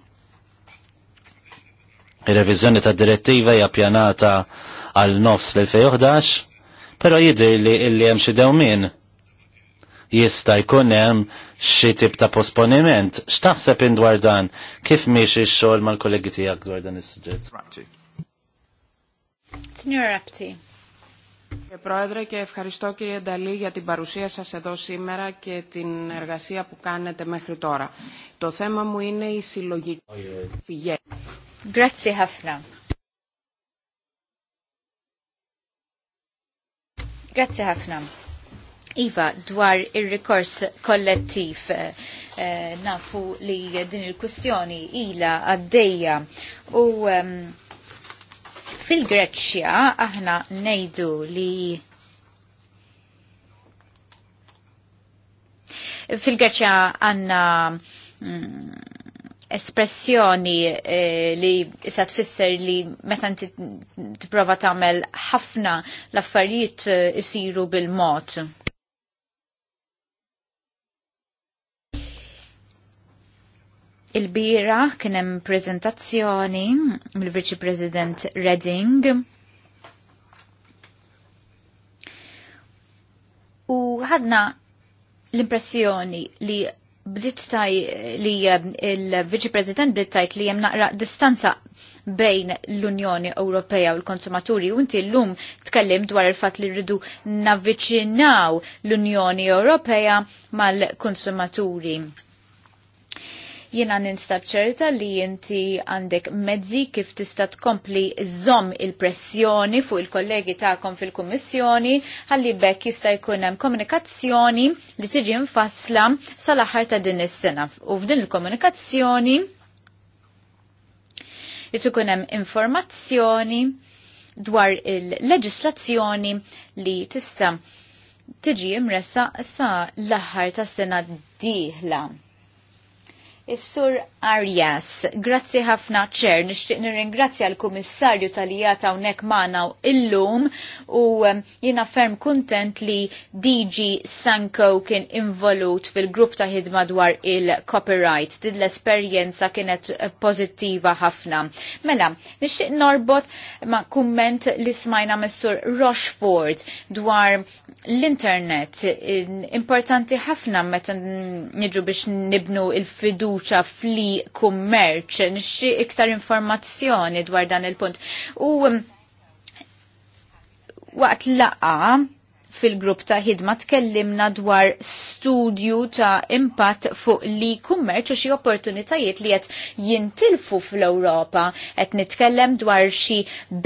Ir-reviżjoni ta' direttiva hija pjanata għal nofs l-2011, però jidher li illi hemm xi dewmien jista' jkun hemm xi tip ta' posponiment. X'taħseb in dwar dan? Kif miex ix-xogħol mal-kollegi tiegħek dwar dan is-suġġett? Signor Rapti. Πρόεδρε και ευχαριστώ κύριε Νταλή για την παρουσία σας εδώ σήμερα και την εργασία που κάνετε μέχρι τώρα. Το θέμα μου είναι η συλλογική oh, φυγέ. Grazie ħafna. Grazie ħafna. Iva, dwar il-rikors kollettiv, eh, eh, nafu li din il-kussjoni ila għaddeja u um, fil-Greċja aħna nejdu li fil-Greċja għanna mm, espressjoni eh, li issa tfisser li meta inti tipprova tagħmel ħafna l-affarijiet eh, isiru bil-mod. Il-bira kienem prezentazzjoni mill-Viċi President Redding u ħadna l-impressjoni li bdittaj li eh, il-Viċi President bdiet li jem naqra distanza bejn l-Unjoni Ewropea u l-konsumaturi u inti l-lum tkellim dwar il-fat li rridu naviċinaw l-Unjoni Ewropea mal-konsumaturi. Jiena ninstab ċerta li inti għandek mezzi kif tista' tkompli zom il-pressjoni fuq il-kollegi tagħkom fil-Kummissjoni għalli bekk jista' jkun hemm komunikazzjoni li tiġi mfassla sal-aħħar ta' din is-sena. U f'din il-komunikazzjoni jitkun hemm informazzjoni dwar il-leġislazzjoni li tista' tiġi imressa sa l-aħħar tas-sena d-dieħla. Is-Sur Arias, grazzi ħafna ċer, nixtieq nirringrazzja l-Kummissarju tal-Ijata hawnhekk magħna illum u um, jiena ferm kuntent li DG Sanko kien involut fil-grupp ta' ħidma dwar il-copyright. Din l-esperjenza kienet pożittiva ħafna. Mela, nixtieq norbot ma' kumment li smajna mis-Sur Rochford dwar l-internet importanti ħafna meta niġu biex nibnu il-fiduċ fiduċa fli kummerċ, nxie iktar informazzjoni dwar dan il-punt. U um, waqt laqa fil-grupp ta' ħidma tkellimna dwar studju ta' impatt fuq li kummerċ u xi opportunitajiet li qed jintilfu fl-Ewropa qed nitkellem dwar xi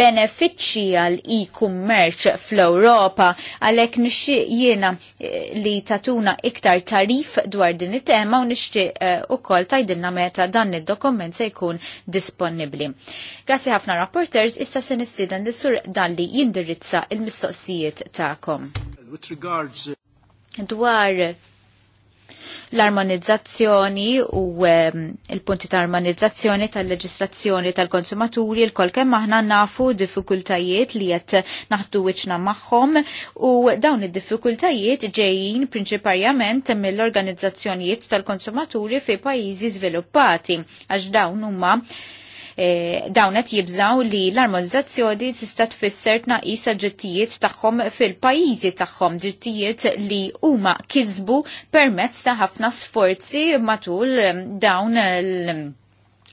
benefiċċji għal e-kummerċ fl-Ewropa għalhekk nixtieq jiena eh, li tatuna iktar tarif dwar din it-tema u nixtieq eh, ukoll tajdilna meta dan id-dokument se jkun disponibbli. Grazzi ħafna rapporters issa se nistieden li sur dan li jindirizza il-mistoqsijiet tagħkom. With regards uh, dwar l-armonizzazzjoni u ehm, il-punti ta' armonizzazzjoni tal-leġislazzjoni tal-konsumaturi l-kol kemm aħna nafu diffikultajiet li qed naħdu wiċna magħhom u dawn id-diffikultajiet ġejjin prinċiparjament mill-organizzazzjonijiet tal-konsumaturi fi pajizi żviluppati għax dawn huma Eh, dawn qed jibżaw li l-armonizzazzjoni tista' tfisser tnaqis ġittijiet tagħhom fil-pajjiżi tagħhom, ġittijiet li huma kisbu permezz ta' ħafna sforzi matul dawn l-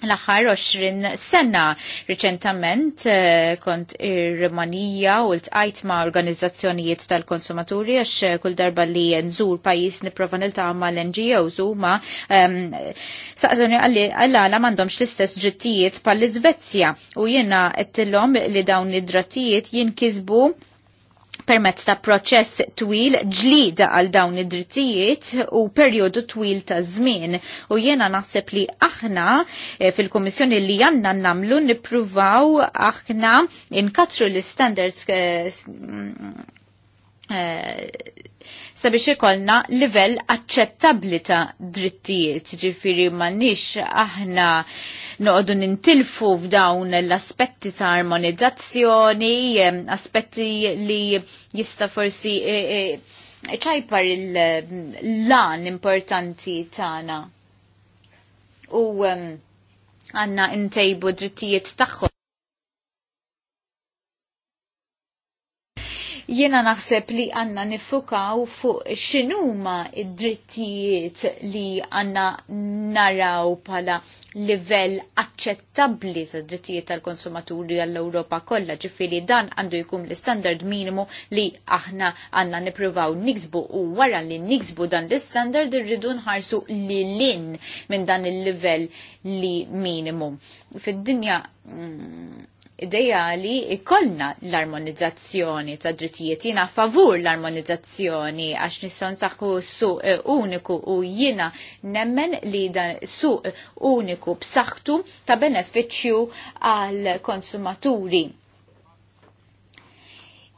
l-aħħar 20 sena. Reċentament eh, kont ir-Rumanija u l-tqajt ma' organizzazzjonijiet tal-konsumaturi għax eh, kull darba li nżur pajis niprofa niltama l-NGOs u ma' ehm, saqsuni għallala mandomx l-istess ġittijiet pal-Izvezja u jena għettilom li dawn id-drattijiet jinkisbu permezz ta' proċess twil ġlida għal dawn id-drittijiet u perjodu twil ta' żmien. U jiena naħseb li aħna eh, fil-Komissjoni li għanna namlu nippruvaw aħna inkatru l-standards eh, Eh, sabiex ikollna livell aċċettabbli ta' drittijiet, ġifiri m'għandniex aħna noqogħdu nintilfu f'dawn l-aspetti ta' armonizzazzjoni, ehm, aspetti li jista' forsi e, e, ċajpar il-lan importanti tagħna. U ehm, għanna intejbu drittijiet tagħhom. Jiena naħseb li għanna nifukaw fuq xinuma id-drittijiet li għanna naraw pala livell accettabli sa drittijiet tal-konsumaturi għall-Europa kollha ġifiri dan għandu jkun l-standard minimu li aħna għanna nipruvaw niksbu u wara li niksbu dan l-standard irridu nħarsu li lin minn dan il-livell li minimu. Fid-dinja mm, ideali ikollna l-armonizzazzjoni ta' drittijiet. Jina favur l-armonizzazzjoni għax nisson saħu suq eh, uniku u jina nemmen li dan suq uniku b'saħħtu ta' beneficju għal konsumaturi.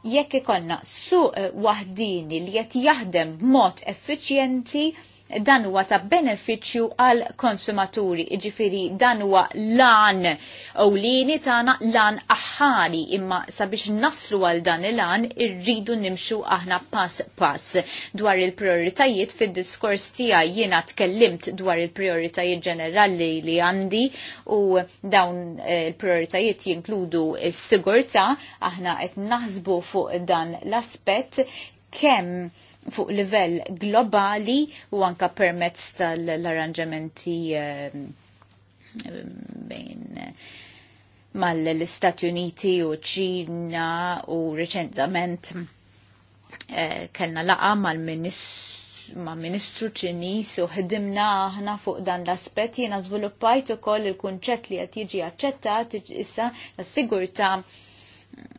Jekk ikollna suq waħdini li qed jaħdem b'mod effiċjenti, dan huwa ta' beneficju għal konsumaturi, ġifiri dan huwa lan ewlieni tagħna lan aħħari imma sabiex naslu għal dan il-lan irridu nimxu aħna pass pass dwar il-prioritajiet fid-diskors tiegħi jiena tkellimt dwar il-prioritajiet ġenerali li għandi u dawn eh, il-prioritajiet jinkludu s-sigurta aħna qed naħsbu fuq dan l-aspett kemm fuq livell globali u anka permezz tal-arranġamenti ehm, ehm, bejn mal-Istati Uniti u ċina u reċentament eh, kellna laqa mal-Ministru ma' ministru ċinis u ħdimna aħna fuq dan l-aspet jiena żviluppajt ukoll il-kunċett li qed jiġi aċċettat issa s-sigurta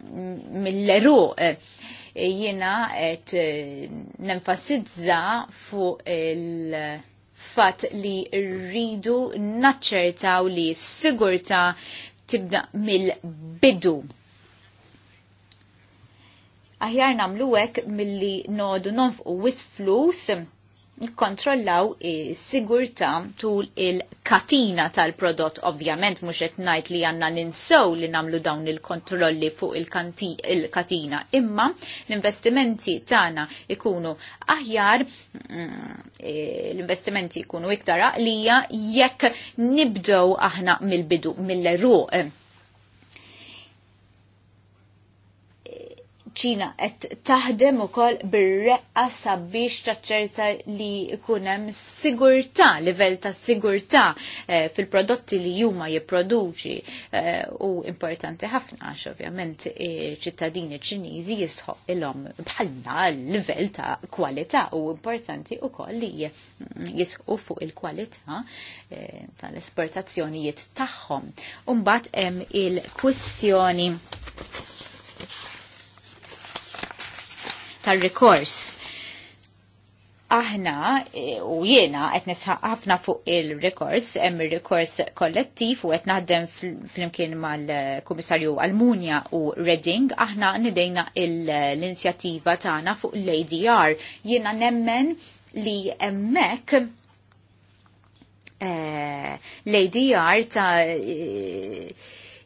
mill-eruq eh, jiena qed eh, nenfasizza fuq il- fatt li rridu naċċertaw li s-sigurta tibda mill-bidu. Aħjar namluwek hekk milli nodu nonfqu wis flus kontrollaw is-sigurtà tul il-katina tal-prodott ovvjament mhux qed ngħid li għandna ninsew li nagħmlu dawn il-kontrolli fuq il-katina imma l-investimenti tagħna ikunu aħjar mm, eh, l-investimenti ikunu iktar għalija jekk nibdew aħna mill-bidu mill-eruq ċina qed taħdem ukoll bir-reqqa sabiex taċċerta li jkun hemm sigurtà, livell ta' sigurtà eh, fil-prodotti li huma jipproduċi eh, u importanti ħafna għax ovvjament ċittadini ċiniżi jistħoq ilhom bħalna livell ta' kwalità u importanti ukoll li jisħu fuq il-kwalità eh, tal-esportazzjonijiet tagħhom. Mbagħad hemm il-kwistjoni tal-rikors. Aħna e, u jiena qed nisħaq ħafna fuq il-rikors, hemm il rikors kollettiv u qed naħdem flimkien mal-Kummissarju Almunja u Redding, aħna nidejna l-inzjattiva tagħna fuq l-ADR. Jiena nemmen li hemmhekk. E, l-ADR ta' e,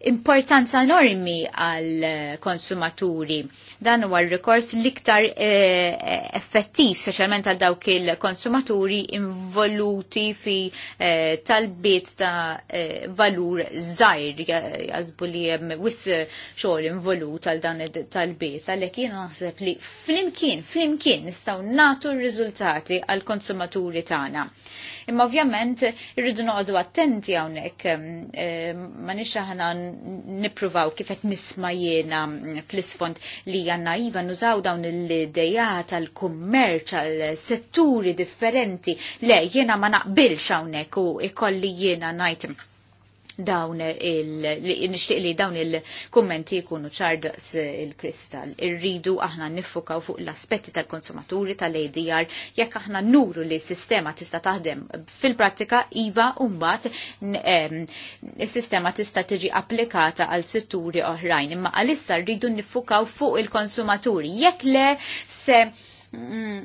importanza enormi għal konsumaturi. Dan huwa rikors l-iktar eh, eh, effettiv, speċjalment għal dawk il-konsumaturi involuti fi eh, talbiet ta' eh, valur żgħir jazbu li hemm wis eh, xogħol involut għal dan talbiet. Għalhekk jiena naħseb li flimkien, flimkien nistgħu nagħtu r-riżultati għal konsumaturi tagħna. Imma ovvjament irridu noqogħdu attenti hawnhekk ma nix aħna nippruvaw kif qed nisma' jiena fl-isfond li għandna iva nużaw dawn il-dejja tal-kummerċ tal setturi differenti. Le, jiena ma naqbilx hawnhekk u ikolli jiena ngħid dawn il-nishtiq li dawn il-kummenti jkunu ċardaqs il-kristall. Irridu aħna nifukaw fuq l-aspetti tal-konsumaturi tal-ADR jekk aħna nuru li s-sistema tista taħdem fil-prattika iva umbat s-sistema tista tiġi applikata għal setturi oħrajn. Imma għalissa rridu nifukaw fuq il-konsumaturi. Jekk le se mm,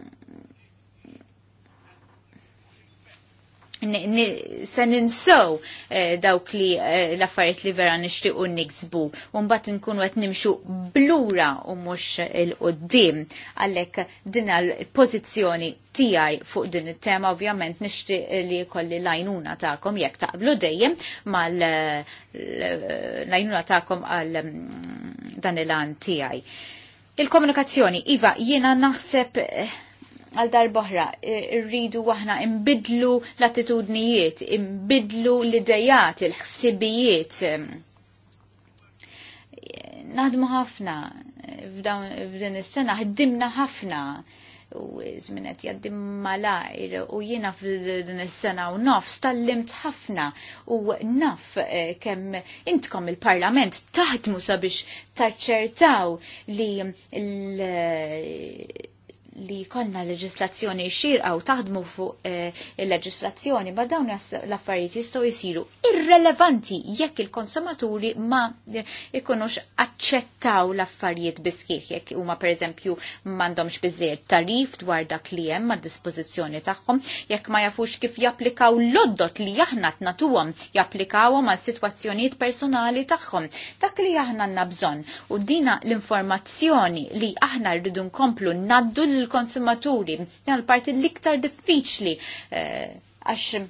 se ninsow eh, dawk li eh, l-affarijiet li vera nixtiequ niksbu u mbagħad nkunu qed nimxu blura u mhux il-qoddim għalhekk din l-pożizzjoni tiegħi fuq din it-tema ovvjament nixtieq li kolli lajnuna tagħkom jekk taqblu dejjem mal eh, lajnuna tagħkom għal mm, dan il-għan tiegħi. Il-komunikazzjoni, Iva, jiena naħseb għal darboħra, rridu waħna imbidlu l-attitudnijiet, imbidlu l-idejat, il-ħsibijiet. Naħdmu ħafna, f'din is-sena ħdimna ħafna u zminet jaddim malajr u jina f'din is-sena u naf stallimt ħafna u naf eh, kemm intkom il-parlament taħdmu sabiex taċċertaw li l li konna leġislazzjoni xirqa u taħdmu fuq eh, il-leġislazzjoni ma dawn l-affarijiet jistgħu jsiru irrelevanti jekk il-konsumaturi ma eh, ikunux aċċettaw l-affarijiet biskieħ jekk huma pereżempju m'għandhomx biżejjed tarif dwar dak li hemm ma' dispożizzjoni tagħhom jekk ma jafux kif japplikaw l-oddot li aħna tnatuhom japplikawhom għal sitwazzjonijiet personali tagħhom. Dak li aħna għandna bżonn u dina l-informazzjoni li aħna rridu nkomplu naddu l il-konsumaturi. Dan l-parti l-iktar diffiċli eh, għax eh,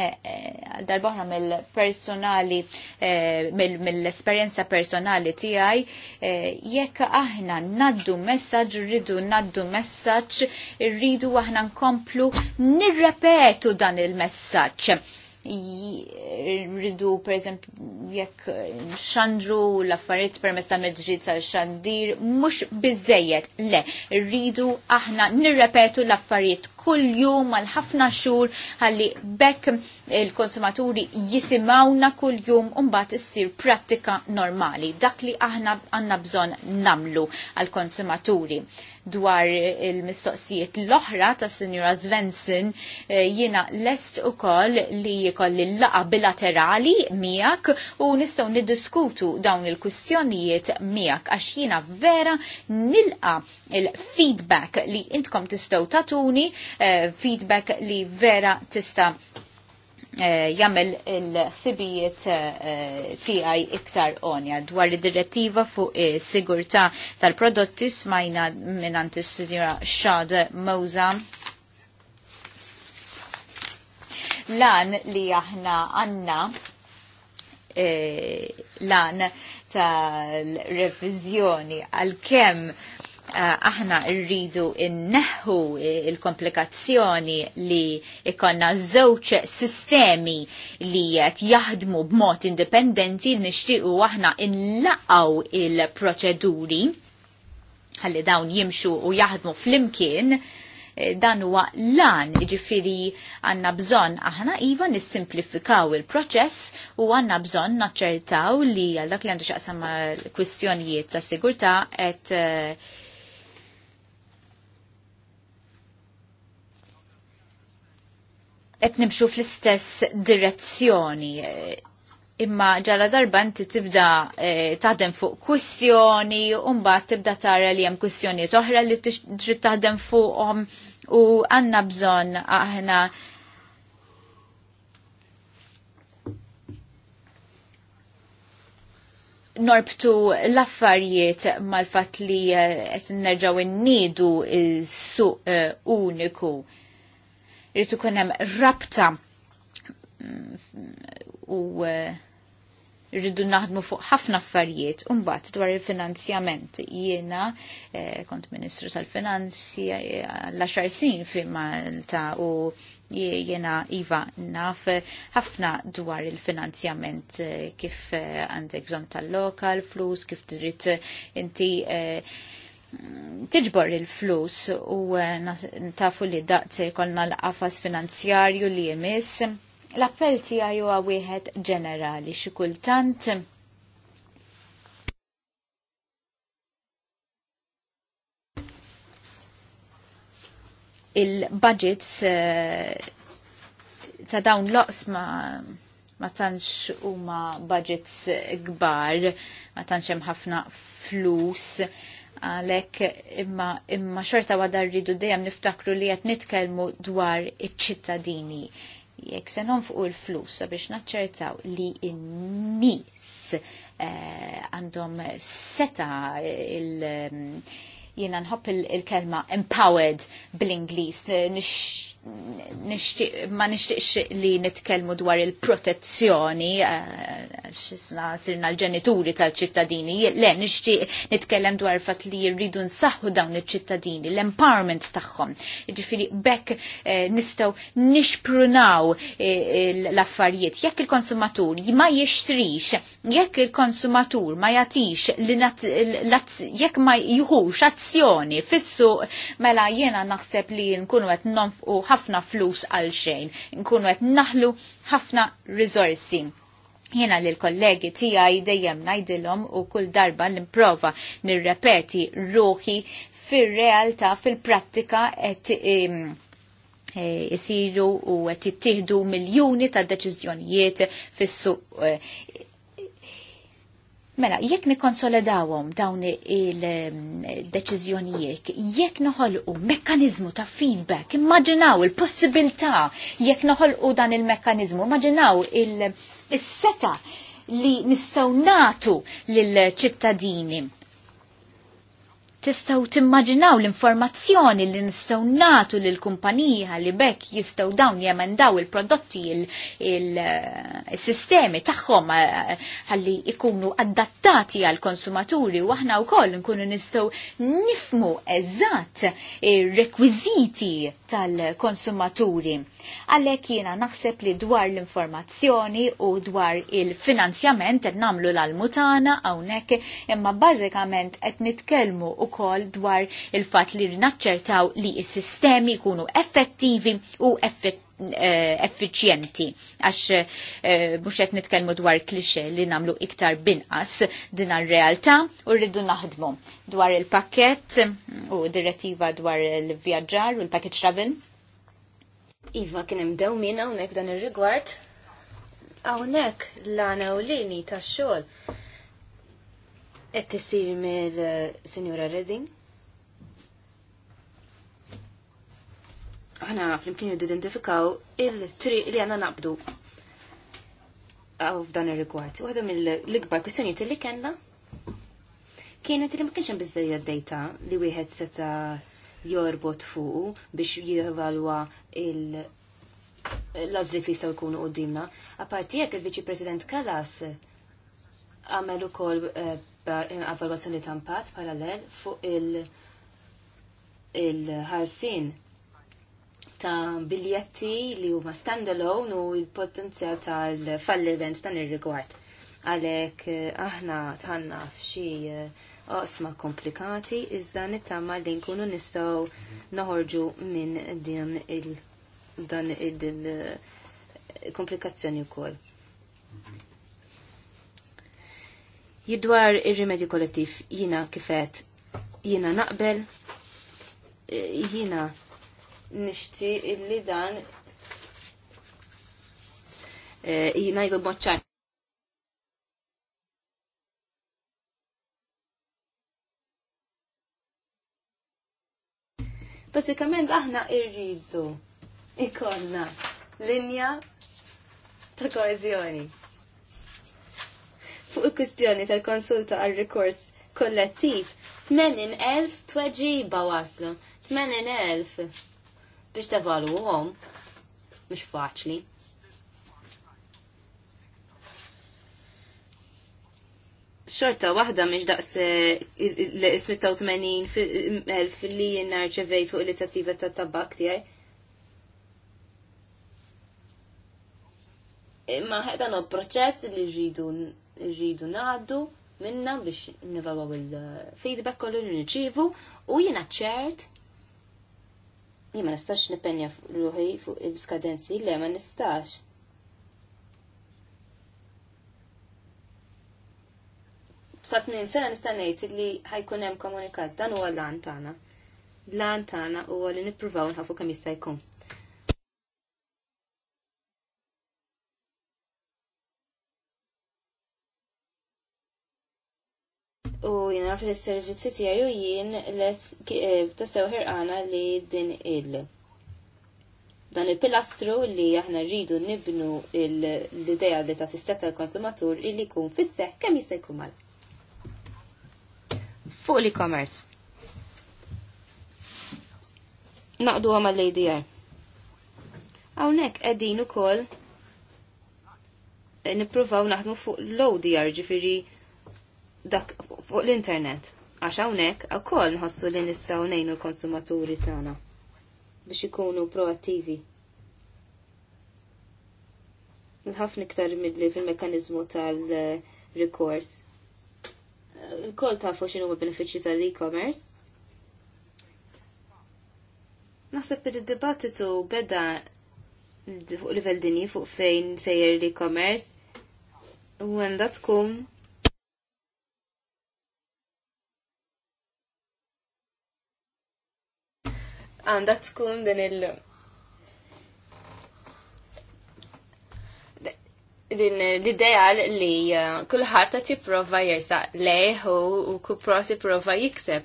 eh, darbohra mill-personali, mill-esperienza personali tijaj, jekk aħna naddu messaġġ, rridu naddu messaġġ, rridu aħna nkomplu nirrepetu dan il-messaġġ jirridu per jekk xandru l-affarijiet permess ta' medġrid sa' xandir mhux bizzejet, le rridu aħna nirrepetu l-affarijiet kull jum għal ħafna xhur għalli bekk il-konsumaturi jisimawna kull jum mbagħad issir prattika normali dak li aħna għandna bżonn namlu għal konsumaturi dwar il-mistoqsijiet l-oħra ta' Sinjura Svensson eh, jiena lest ukoll li l laqa bilaterali miegħek u nistgħu niddiskutu dawn il-kwistjonijiet miegħek għax jiena vera nilqa il-feedback li intkom tistgħu tatuni, eh, feedback li vera tista' Eh, Jammel il sibijiet eh, tiegħi iktar onja dwar id-direttiva fuq sigurtà tal-prodotti smajna minn is-sinjura Xad Moza. lan li aħna għanna eh, lan tal-revizjoni għal-kem Eh, aħna rridu inneħu eh, il-komplikazzjoni li ikonna żewġ sistemi li jaħdmu b'mod indipendenti nixtiequ aħna inlaqgħu il-proċeduri ħalli dawn jimxu u jaħdmu flimkien eh, dan huwa lan ġifiri għanna bżon aħna iva nissimplifikaw il-proċess u għanna bżon naċċertaw li għal dak li għandu xaqsam kwistjonijiet ta' sigurta et uh, qed nimxu fl-istess direzzjoni. Imma ġala darba inti tibda eh, taħdem fuq kwistjoni u mbagħad tibda tara li hemm kwistjonijiet oħra li trid taħdem fuqhom u għandna bżonn aħna norbtu l-affarijiet mal-fat li eh, qed nerġgħu innidu is-suq eh, uniku. Irrid ikun hemm rabta u eh, rridu naħdmu fuq ħafna affarijiet mbagħad dwar il-finanzjament. Jiena eh, kont ministru tal-finanzi eh, l-10 sin fi Malta u jiena Iva naf ħafna dwar il-finanzjament kif għandek bżonn tal-lokal, flus, kif trid inti eh, tiġbor il-flus u eh, tafu li daqse jkollna l-qafas finanzjarju li jemis. L-appell tiegħi huwa wieħed ġenerali xi kultant il-budgets eh, ta' dawn loqs ma tantx huma budgets kbar, ma tantx hemm ħafna flus għalek imma, imma xorta għada rridu dejjem niftakru li għet nitkelmu dwar iċ-ċittadini. Jek se fuq il-flus biex naċċertaw li n-nis eh, għandhom eh, seta il- jiena nħobb il-kelma empowered bl-Inglis, nix ma nixtieqx li nitkellmu dwar il-protezzjoni eh, xisna sirna l-ġenituri tal-ċittadini, le nixtieq nitkellem dwar fat li jirridu nsaħħu dawn iċ-ċittadini, l-empowerment tagħhom. Ġifieri bekk eh, nistgħu nixprunaw eh, l-affarijiet. Jekk il-konsumatur ma jixtrix, jekk il-konsumatur ma jagħtix jekk ma jħux azzjoni fissu mela jiena naħseb li nkunu qed nonfqu ħafna flus għal xejn, nkunu qed naħlu ħafna risorsi. Jena li l-kollegi tijaj dejjem najdilom u kull darba nimprova nirrepeti ruħi fil-realta, fil-prattika et jisiru e, u jittihdu miljoni ta' deċizjonijiet fissu e, Mela, jekk nikonsolidawhom dawn il-deċiżjonijiet, ehm, jekk noħolqu mekkanizmu ta' feedback, immaġinaw il-possibilità jekk noħolqu dan il-mekkanizmu, immaġinaw il-seta li nistgħu natu lill-ċittadini Tistaw timmaġinaw l-informazzjoni li nistaw natu l kumpanija li bekk jistaw dawn jemendaw il-prodotti il-sistemi eh, tagħhom eh, ħalli ikunu adattati għal konsumaturi u aħna wkoll nkunu nistaw nifmu eżatt il rekwiżiti tal-konsumaturi Għalhekk jiena naħseb li dwar l-informazzjoni u dwar il-finanzjament qed nagħmlu l-almutana hawnhekk imma bażikament qed nitkellmu wkoll dwar il-fatt li rinaċċertaw li s-sistemi jkunu effettivi u effettivi eh, effiċjenti, għax eh, mux qed nitkellmu dwar klixe li namlu iktar binqas din ar-realtà u rridu naħdmu dwar il-pakket u direttiva dwar il-vjaġġar u l paket travel Iva kien hemm dewmien hawnhekk dan ir-rigward. Hawnhekk l-għana u lini tax-xogħol qed tisir mill-Sinjura eh, Redding. Aħna flimkien identifikaw il-triq li għandna naqbdu għaw f'dan ir-rigward. Waħda mill-ikbar kwistjonijiet li kellna kienet li ma kienx hemm biżejjed data li wieħed seta' jorbot fuqu biex jirvalwa il- l-azlit li jistaw jkunu qoddimna. Aparti jekk il-Viċi President Kalas għamel ukoll eh, avalwazzjoni ta' impatt parallel fuq il- ħarsin ta' biljetti li huma standalone u l-potenzjal tal-falliment dan ir-rigward. Għalhekk eh, aħna tħanna f'xi eh, oqsma komplikati iżda nittama li nkunu nistgħu noħorġu minn din il dan il eh, komplikazzjoni wkoll. Jidwar ir-rimedju kollettif jina kifet jina naqbel eh, jina nixti illi dan eh, jina jidu boċċar. Basikament aħna irridu ikonna linja ta' koezjoni. Fuq il-kustjoni tal-konsulta għal-rikors kollettiv, 80.000 tweġiba waslu, 80.000 biex tavalu għom, mux faċli. xorta wahda miex daqs eh, l-88 fil-li jennar ċevejt fuq l-istattiva ta' tabak tijaj. Imma ħedan u proċess li ġidu naddu minna biex nivawaw il-feedback kollu li nċivu u jina ċert jima nistax nipenja ruħi fuq il-skadenzi li ma nistax. tfat minn sena nistannejt li ħajkun hemm komunikat dan huwa l-għan tagħna. L-għan tagħna huwa li nippruvaw nħafu kemm jista' jkun. u jina naf il-servizzi tijaj u jien eh, tassew ħirqana li din il- dan il-pilastru li aħna rridu nibnu l-ideja li ta' tistetta l-konsumatur illi kun fisseħ kemm jista' jkun mal fuq l-e-commerce. Naqdu għam għal adr Għawnek għedin u koll eh, niprufaw naħdmu fuq l-ODR ġifiri dak fuq l-internet. Għax hawnhekk ukoll nħossu li nistgħu ngħinu l-konsumaturi tagħna biex ikunu proattivi. Ħafna iktar midli fil-mekkaniżmu tal-rikors l-koll tafu xinu benefiċi tal-e-commerce. Naħseb li dibattitu beda fuq livell dinji fuq fejn sejjer l-e-commerce u għanda tkun tkun din il- din l-ideal li eh, kullħata ti prova jersaq lejh u ti prova jikseb.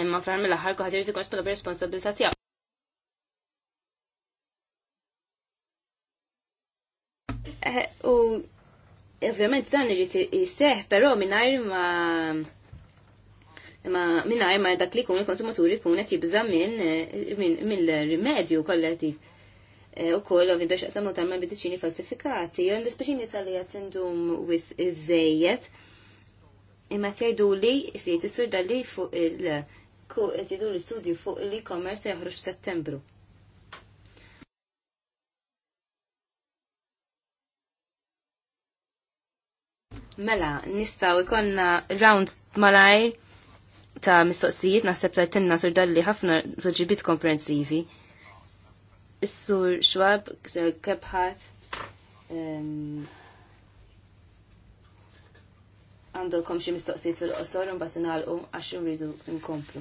Imma fl mill-aħħar kulħadd irid ikun spilla responsabilità eh, U ovvjament dan irid jisseħ, però mingħajr ma ma minnajr ma dak li jkun il-konsumaturi jkun qed jibża minn eh, mill-rimedju kollettiv Eh, u koll għom jiddu xaqsam notar ma' bidiċini falsifikati. Għan dispeċini tal-li għatindum wis iż-żejjed. Imma tjajdu li, jisiet jisur dal-li fuq il- jtidu l-studju fuq l-e-commerce jħroġ f'Settembru. Mela, nistaw ikonna round malajr ta' mistoqsijiet naħseb tajtinna sur dalli ħafna suġibiet komprensivi. Is-sur xwab, kebħat, għandilkom xi mistoqsijiet fil-qosor u mbagħad ingħalqu għax irridu nkomplu.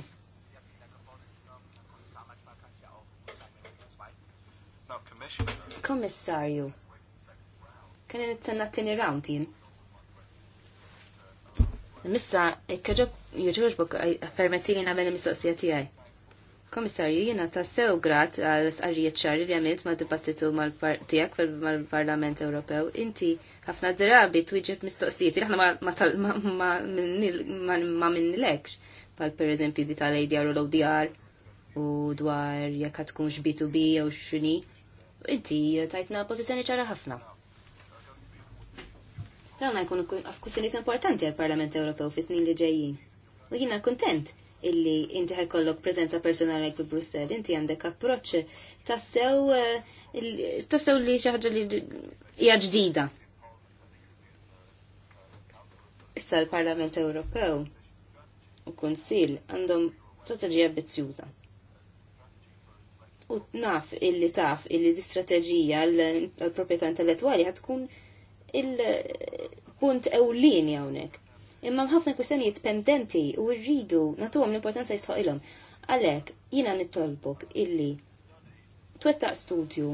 Komissarju, kien nittenna t tini round jien. Missa, kħeġob jħuġbuk permetti li nagħmel il-mistoqsija Komissarju, jiena ta' sew grat għal sqarrijiet ċarri li għamilt ma' dibattitu mal-partijak mal-Parlament Ewropew. Inti ħafna drabi twiġib mistoqsijiet, aħna ma' minnilekx, pal per eżempju di tal-ADR u l-ODR u dwar jekk tkunx B2B jew x'ini. Inti tajtna pożizzjoni ċara ħafna. Dawna jkun afkussjonijiet importanti għal-Parlament Ewropew fis-snin li ġejjin. U jiena kuntent illi inti ħajkollok preżenza personali fi Brussel, inti għandek approċċ tassew eh, tassew li xi ħaġa li hija ġdida. Issa l-Parlament Ewropew u Kunsil għandhom strateġija ambizzjuża. U naf illi taf illi di strateġija l-proprjetà intellettwali ħatkun il-punt ewlieni hawnhekk imma ħafna kwistjonijiet pendenti u rridu nagħtuhom l-importanza jistħoq ilhom. Għalhekk jiena nittolbok illi twettaq studju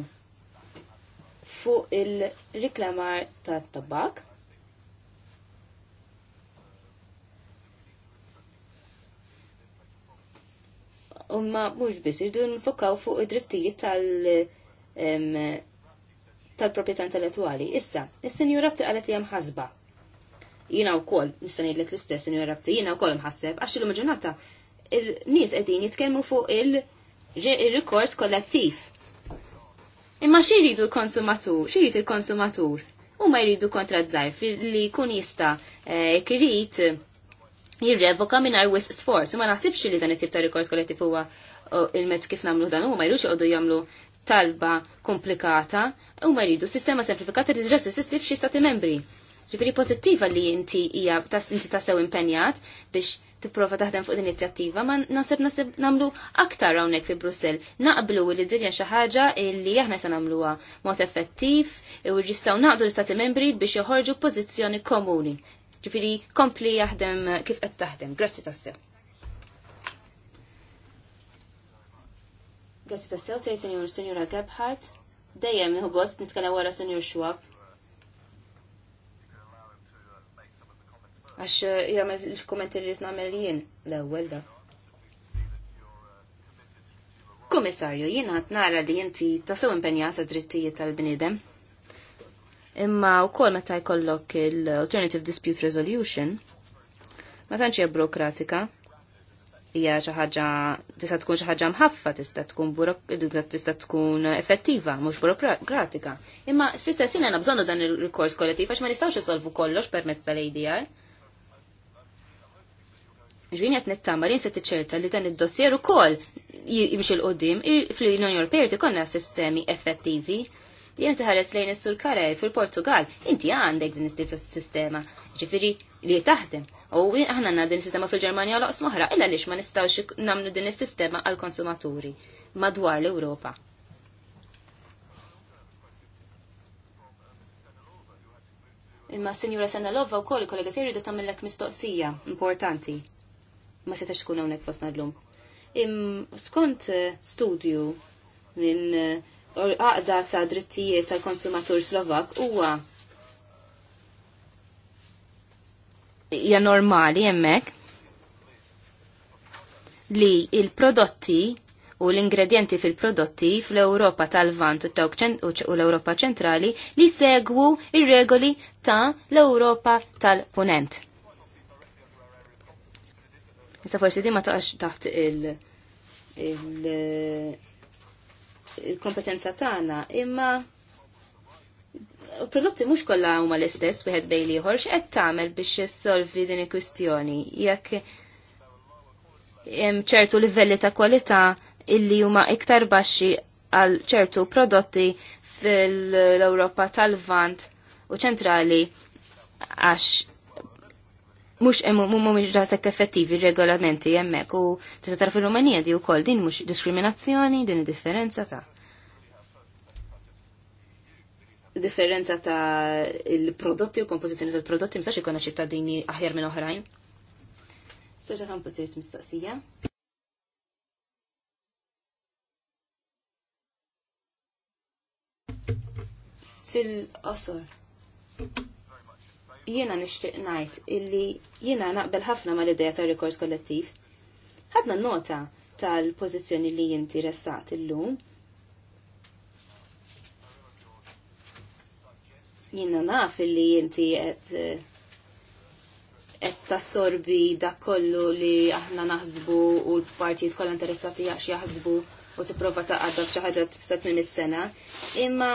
fuq il-riklamar ta' tabak Umma mux bis, irdu nfokaw fuq id-drittijiet tal- tal-proprjetà intellettuali. Issa, is-sinjura għalet jam ħazba jina u kol, nistanej l l-istess in rabti, jina u kol mħasseb, għax l ġurnata il-nis għedin jitkelmu fuq il-rikors kollettiv. Imma rridu l-konsumatur, rridu l-konsumatur, u ma jridu kontra d-żarf li kun jista eh, kirit jirrevoka minn arwis sforz, u ma naħsibx li dan it ta' rikors kollettiv huwa il-mezz kif namlu dan, u ma jridux għoddu jagħmlu talba komplikata, u ma jridu sistema semplifikata li s sistif xi stati membri ġifiri pozittiva li inti hija inti tasew impenjat biex tipprova taħdem fuq l inizjattiva, ma nasib nasib namlu aktar hawnhekk fi Brussell. Naqblu li dinja xi ħaġa li aħna se nagħmluha mod effettiv u jistgħu naqdu l-istati membri biex joħorġu pożizzjoni komuni. Ġifieri kompli jaħdem kif qed taħdem. Grazzi tassew. Grazzi tassew, tgħid Senjur Senjura Gebhardt. Dejjem nieħu gost nitkellem wara Senjur Schwab. għax eh, jgħamil il-kommenti li jtnamil jien l-ewel da. Komissarju, jien għat nara li jinti tasaw impenjata drittijiet tal-bnidem. Imma u kol meta jkollok il-Alternative Dispute Resolution, ma tantx hija burokratika, hija xi ħaġa tista' tkun xi ħaġa mħaffa, tista' tkun tista' tkun effettiva, mhux burokratika. Imma fl-istess ħin għandna bżonnu dan il-rikors kollettiv għax ma nistgħux isolvu kollox permezz tal-ADR. Ġvini għet nittama li nset ċerta li dan id-dossier u kol jimxie l-qoddim fl-Unjoni Ewropea konna sistemi effettivi. Jien tħares lejn is-sur Karej fil-Portugal, inti għandek din is-sistema. Ġifiri li taħdem. U aħna għandna din sistema fil-Ġermanja u laqs moħra, illa lix ma nistgħux nagħmlu din is-sistema għall-konsumaturi madwar l-Ewropa. Imma Sinjura Senalova u koll kollega tiegħi tagħmellek mistoqsija importanti ma setax tkun hawnhekk fostna llum. Im skont eh, studju minn eh, għaqda ta' drittijiet tal-konsumatur Slovak huwa hija normali hemmhekk li il-prodotti u l-ingredienti fil-prodotti fl-Ewropa tal-Vant u l-Ewropa ċentrali li segwu ir-regoli ta' l-Ewropa tal-Punent. Issa forsi di ma taqax taħt il- il-kompetenza tagħna, imma prodotti mhux kollha huma l-istess wieħed bejn ieħor x'qed tagħmel biex issolvi din il-kwistjoni jekk hemm ċertu livelli ta' kwalità illi huma iktar baxxi għal ċertu prodotti fil-Ewropa tal-Vant u ċentrali għax mux mux daqsek effettivi regolamenti jemmek u tista tara fil romania di u kol din mux diskriminazzjoni, din differenza ta' differenza ta' il-prodotti u kompożizzjoni tal-prodotti msax ikonna ċittadini aħjar minn oħrajn. Sorta kan posirt mistaqsija. Fil-qosor jiena nixtieq ngħid illi jiena naqbel ħafna mal-idea ta' rikors kollettiv. Ħadna nota tal-pożizzjoni li jinti ressaqt illum. Jiena naf illi jinti qed eh, qed tassorbi dak kollu li aħna naħsbu u l-partijiet kollha interessati jaqx jaħsbu u tipprova taqgħadha f'xi ħaġa f'sat minn is-sena. Imma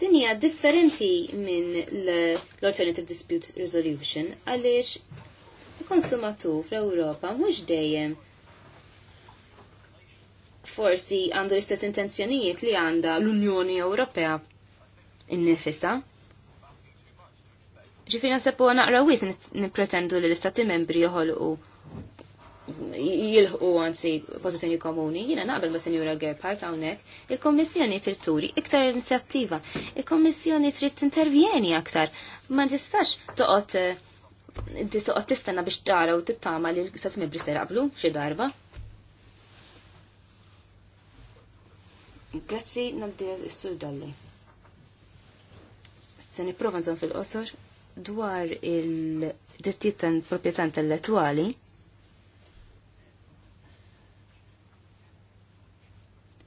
Din hija differenti minn l-Alternative Dispute Resolution għaliex il-konsumatur fl-Ewropa mhux dejjem forsi għandu l-istess intenzjonijiet li għandha l-Unjoni Ewropea innifisa. Ġifina seppu naqra wis nipretendu li l-istati membri joħolqu jilħu għansi pozizjoni komuni, jina naqbel ma' Senjura Gerhardt għawnek, il-Kommissjoni trid turi iktar inizjattiva, il-Kommissjoni trid intervjeni aktar, ma tistax toqgħod tistoqgħod eh, tistenna biex tara u tittama li l-istat membri se għablu, xi darba. Grazzi nabdi s-sur dalli. Se nipprova nżomm fil-qosor dwar il-drittijiet tal-proprjetà intellettwali.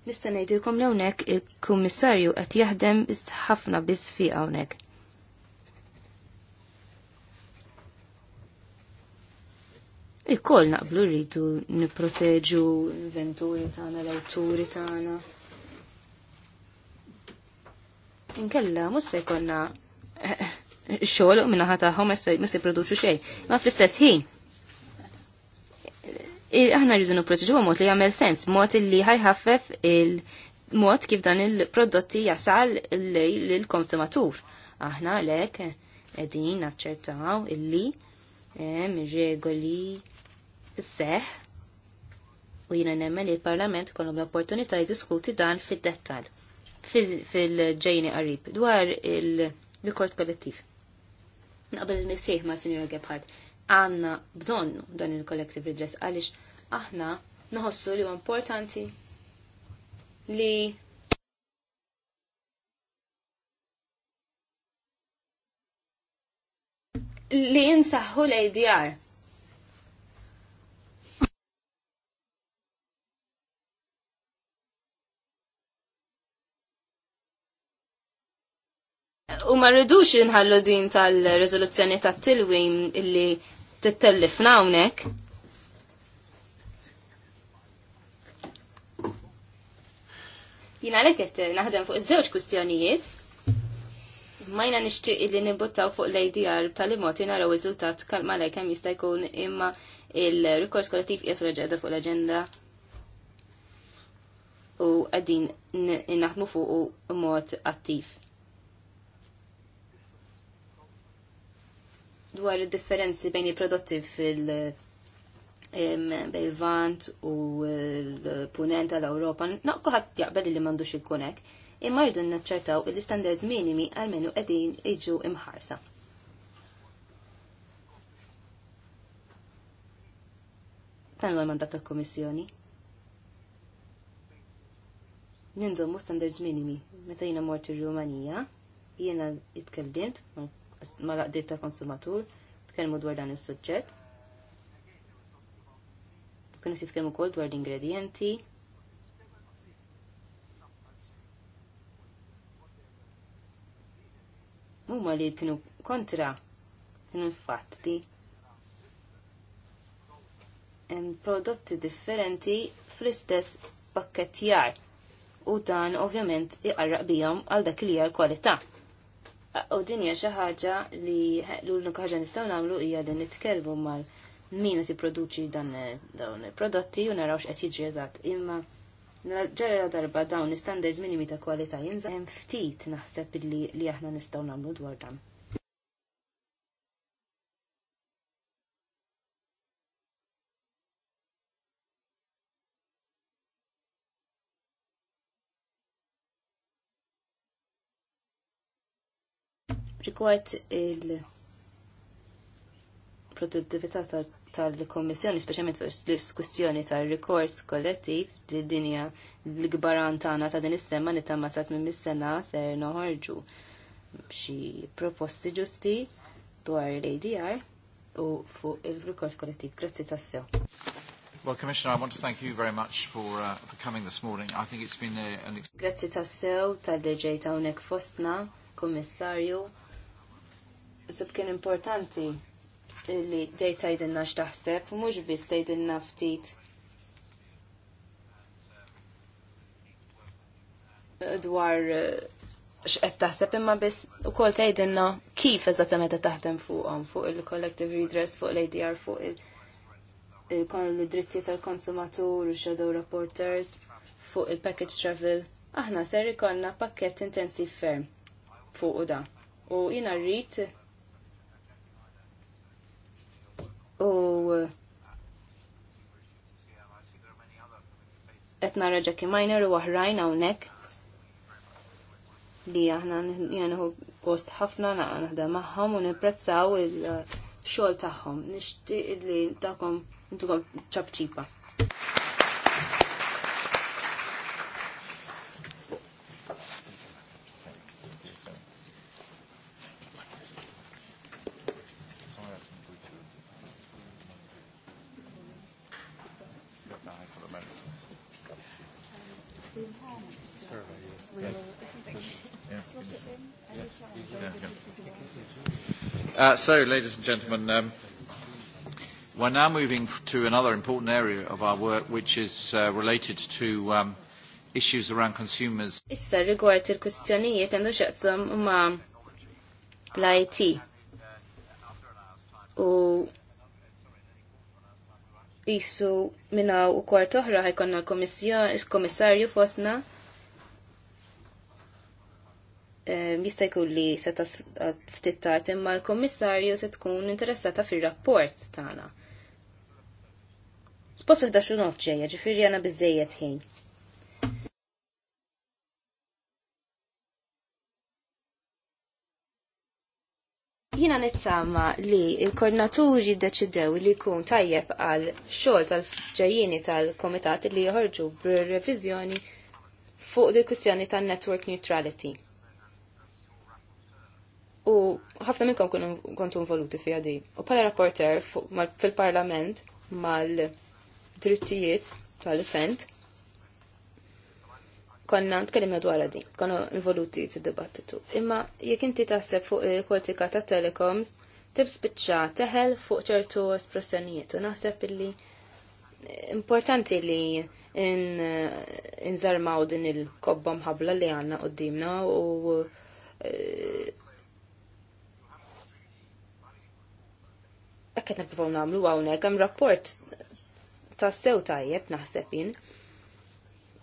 Nista' ngħidilkom li hawnhekk il-kummissarju qed jaħdem ħafna biss fi hawnhekk. Il-koll naqblu rridu nipproteġu l-inventuri tagħna, l-awturi tagħna. Inkella mhux se jkollna eh, eh, xogħol minn ħata tagħhom ma se jproduċu xejn. Ma fl-istess ħin aħna rridu nipproteġuha mod li jagħmel sens, mod li ħajħaffef il-mod kif dan il-prodotti jasal lill-konsumatur. Aħna lek qegħdin naċċertaw illi hemm regoli fis-seħ u jiena nemmen li l-Parlament kollhom l-opportunità jiddiskuti dan fid-dettall fil-ġejni qarib dwar il-rekord kollettiv. Naqbel mis-sieħ ma' Sinjor Gebhardt għanna bżonnu dan il-collective redress għalix aħna nħossu li huwa importanti li li insaħħu l-ADR. U ma rridux inħallu din tal-rezoluzzjoni tat-tilwim illi tittellifna hawnhekk. Jina għalek għet naħdem fuq iż-żewġ kustjonijiet. Majna nixtieq li nibbuttaw fuq l-ADR tal-imoti naraw riżultat kalma għalek hemm jista' jkun imma il-rikors kollettiv qiegħed reġgħeda fuq l-aġenda u għaddin naħdmu fuq mod attiv. Dwar differenzi bejn il-prodotti fil- bejvant u l-punent tal-Europa, naqqa ħadd jaqbel li m'għandux ikun hekk, imma rridu naċċertaw il-standards minimi għalmenu qegħdin jiġu imħarsa. Dan huwa mandat tal-Kummissjoni. Ninżommu standards minimi. Meta jiena mort ir-Rumanija, jiena itkellimt ma' laqdiet ta' konsumatur, tkellmu dwar dan is-suġġett kien nisit jitkellmu wkoll dwar l-ingredienti. Huma li kienu kontra kienu l-fatti hemm prodotti differenti fl-istess pakketjar u dan ovvjament iqarraq bijom għal dak li għal l-kwalità. U dinja hija xi ħaġa li l-unika ħaġa nistgħu nagħmlu hija li nitkellmu mal- min si produċi dan eh, dawn il-prodotti u narawx qed jiġri eżatt. Imma ġara darba dawn l-standards minimi ta' kwalità jinżel hemm ftit naħseb li li aħna nistgħu nagħmlu dwar dan. Rikward il-produttività tal tal-Kommissjoni, speċjalment l-diskussjoni tal-rikors kollettiv li dinja l-gbaran tagħna ta' din is-sema li ta' matat minn mis-sena ser noħorġu xi proposti ġusti dwar l-ADR u fuq il-rikors kollettiv. Grazzi tassew. Well, Commissioner, I want to thank you very much for, uh, for coming this morning. I think it's been a, an... Grazzi tassew tal-leġej ta' unek fostna, Kommissarju. Sib kien importanti li ġej tajdinna x'taħseb, mhux biss tajdinna ftit dwar eh, x'qed taħseb imma biss ukoll tgħidilna kif eżattament qed taħdem fuqhom fuq il-collective redress fuq l-ADR fuq il-dritti tal-konsumatur u shadow reporters fuq il-package travel. Aħna ser ikollna pakkett intensiv ferm fuq u da. U jiena rrid. etna qed nara Jackie Miner u oħrajn hawnhekk li għahna jenħu kost ħafna naqa naħdem magħhom u nipprezzaw il-xogħol tagħhom. Nixtieq li taħkom intukom ċabċipa. Uh, so, ladies and gentlemen, um, we're now moving to another important area of our work, which is uh, related to um, issues around consumers. Issa rigward il kustjonijiet għandu xaqsum ma l-IT. U issu minna u kwart oħra ħajkonna l-komissarju fosna jista' jkun li se ftit tard imma l-Kommissarju se tkun interessata fir-rapport tagħna. Spost fil xun nof ġejja, ġifieri għandna biżejjed ħin. Jina nittama li il-koordinaturi deċidew li kun tajjeb għal xogħol tal-ġajjini tal-komitat li joħorġu bir-reviżjoni fuq il kwistjoni tan-network neutrality. U ħafna minnkom kontu involuti fija di. U pala rapporter fil-parlament mal-drittijiet tal-utent, konna nitkellimna dwar din konna involuti fil-dibattitu. Imma jekk inti taħseb fuq il-koltika ta' telecoms, tibspiċċa teħel fuq ċertu espressjonijiet u naħseb illi importanti li nżarmaw din il-kobba mħabla li għanna qoddimna u eh, qed nippruvaw nagħmlu hawnhekk hemm rapport ta' sew tajjeb naħseb jien.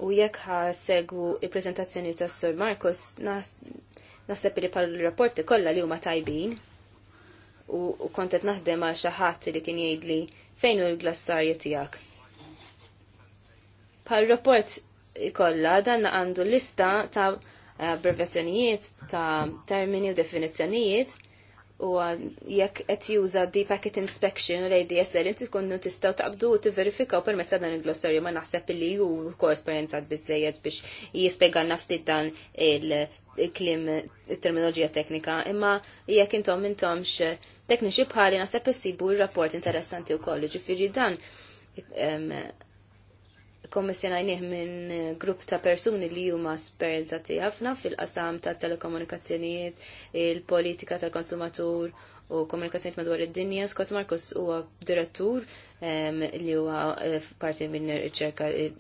U jekk ħa segwu il-preżentazzjoni ta' Sir Marcos naħseb li pal rapporti kollha li huma tajbin. U kontet naħdem għal xi ħadd li kien jgħidli fejn hu l-glassarji tiegħek. Pal rapport kollha dan għandu lista ta' abbreviazzjonijiet, ta' termini u definizzjonijiet u jekk qed juża di packet inspection u lej DSL inti tkunu tistgħu taqbdu u tivverifikaw permezz ta' dan il-glossarju ma naħseb li hu wkoll esperjenzat biżejjed biex jispjegana ftit dan il-klim terminoloġija teknika, imma jekk intom intomx tekniċi bħali naħseb issibu r-rapport interessanti wkoll, ġifieri dan għajnieh minn eh, grupp ta' persuni li huma sperjenzati ħafna fil-qasam ta' telekomunikazzjonijiet, il-politika tal konsumatur u komunikazzjoniet madwar id-dinja. Scott Marcus huwa direttur li huwa eh, parti minn riċerka eh,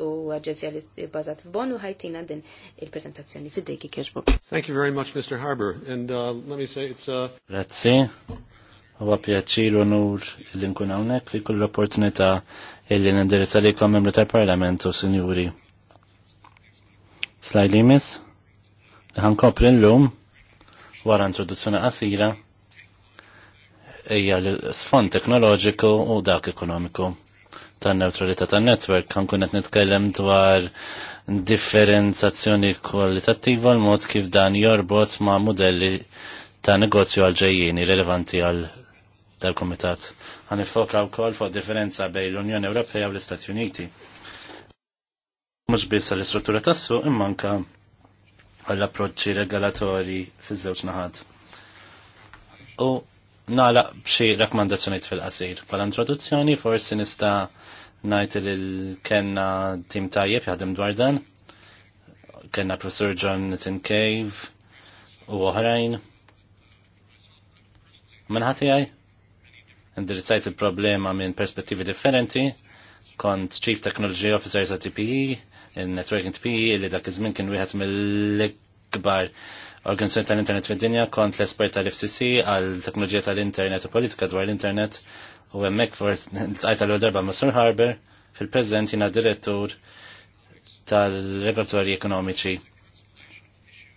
u aġenzja li bbażat f'Bonn u ħajtina din il-preżentazzjoni fid-dejki kieġbok. Thank you very much, Mr. Harbour, and uh, let me say it's a... Uh, Grazie. Huwa pjaċir u nur li nkun hawnhekk li kull opportunità illi nindirizza li kom membri tal-Parlament u sinjuri. Slide li mis, li kopri l-lum wara introduzzjoni qasira hija l-sfond teknoloġiku u dak ekonomiku tan-neutralità tan-netwerk kan kun qed nitkellem dwar differenzazzjoni kwalitattiva l mod kif dan jorbot ma' modelli ta' negozju għal ġejjini rilevanti għal tal-Komitat. Għan ifoka wkoll fuq differenza bejn l-Unjoni Ewropea u l-Istati Uniti. Mhux biss għall-istruttura tassu imma anke għall-approċċi regalatori fiż-żewġ naħat. U nagħlaq b'xi rakkomandazzjonijiet fil-qasir. Bħala introduzzjoni forsi nista' ngħid li kellna tim tajjeb jaħdem dwar dan. Kenna Professor John Cave u oħrajn. Manħati għaj? indirizzajt il-problema minn perspettivi differenti, kont Chief Technology Officer sa TPE, il-Networking TPE, li dak iż-żmien kien wieħed mill-ikbar organizzazzjoni tal-internet fid-dinja, kont l-espert tal-FCC għal teknoloġija tal-internet u politika dwar l-internet, u hemmhekk forsi tqajt l darba ma' Harbour, fil-preżent jiena direttur tal-regolatori ekonomiċi.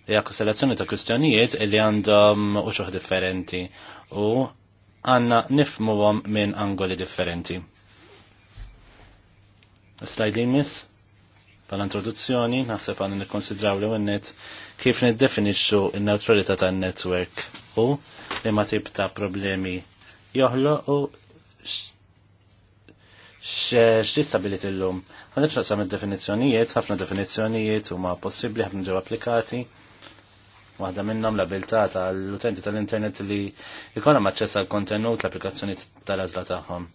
Hija kostellazzjoni ta' kwistjonijiet li għandhom uċuħ differenti u għanna nifmuwom minn angoli differenti. Slide li miss, pal-introduzzjoni, naħseb għanna nikkonsidraw li għennet kif niddefinixxu il-neutralità tan-network u li ma tib ta' problemi joħlo u x'disabilit illum. Ma nifxaqsam id-definizzjonijiet, ħafna definizzjonijiet huma possibbli ħafna ġew applikati Waħda minnhom l-abilità tal-utenti tal-internet li jkollhom aċċess għal kontenut l-applikazzjoni tal-għażla tagħhom.